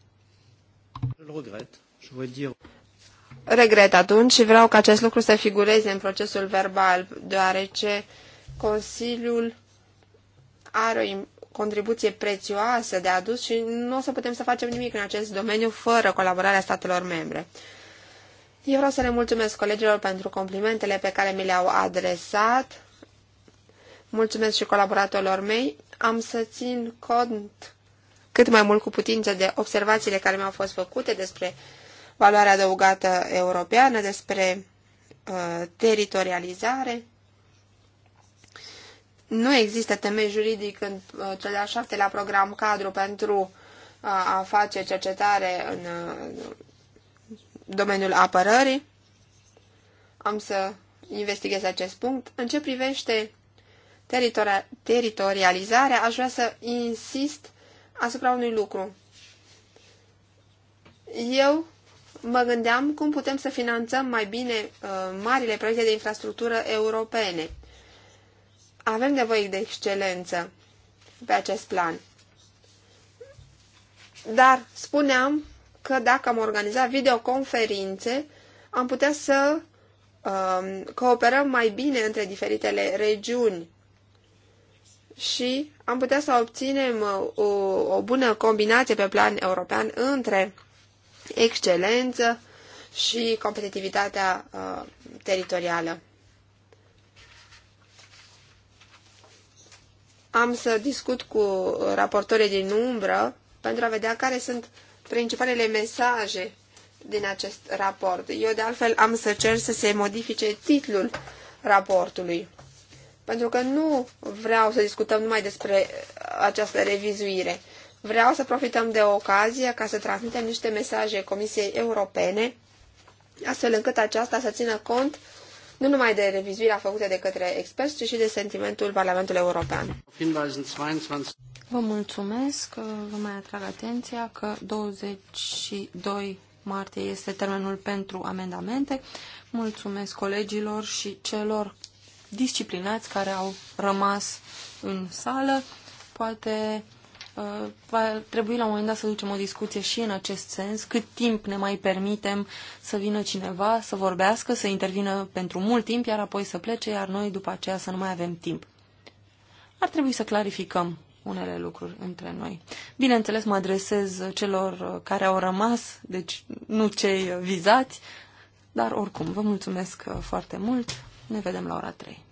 Regret atunci și vreau ca acest lucru să figureze în procesul verbal, deoarece Consiliul are o contribuție prețioasă de adus și nu o să putem să facem nimic în acest domeniu fără colaborarea statelor membre. Eu vreau să le mulțumesc colegilor pentru complimentele pe care mi le-au adresat. Mulțumesc și colaboratorilor mei. Am să țin cont cât mai mult cu putință de observațiile care mi-au fost făcute despre valoarea adăugată europeană, despre uh, teritorializare nu există temei juridic în uh, cele a șapte la program cadru pentru uh, a face cercetare în uh, domeniul apărării. Am să investighez acest punct. În ce privește teritori teritorializarea, aș vrea să insist asupra unui lucru. Eu mă gândeam cum putem să finanțăm mai bine uh, marile proiecte de infrastructură europene. Avem nevoie de excelență pe acest plan. Dar spuneam că dacă am organizat videoconferințe, am putea să um, cooperăm mai bine între diferitele regiuni și am putea să obținem uh, o, o bună combinație pe plan european între excelență și competitivitatea uh, teritorială. am să discut cu raportorii din umbră pentru a vedea care sunt principalele mesaje din acest raport. Eu, de altfel, am să cer să se modifice titlul raportului, pentru că nu vreau să discutăm numai despre această revizuire. Vreau să profităm de ocazie ca să transmitem niște mesaje Comisiei Europene, astfel încât aceasta să țină cont nu numai de revizuirea făcută de către experți, ci și de sentimentul Parlamentului European.
Vă mulțumesc, vă mai atrag atenția că 22 martie este termenul pentru amendamente. Mulțumesc colegilor și celor disciplinați care au rămas în sală. Poate Uh, va trebui la un moment dat să ducem o discuție și în acest sens, cât timp ne mai permitem să vină cineva, să vorbească, să intervină pentru mult timp, iar apoi să plece, iar noi după aceea să nu mai avem timp. Ar trebui să clarificăm unele lucruri între noi. Bineînțeles, mă adresez celor care au rămas, deci nu cei vizați, dar oricum, vă mulțumesc foarte mult. Ne vedem la ora 3.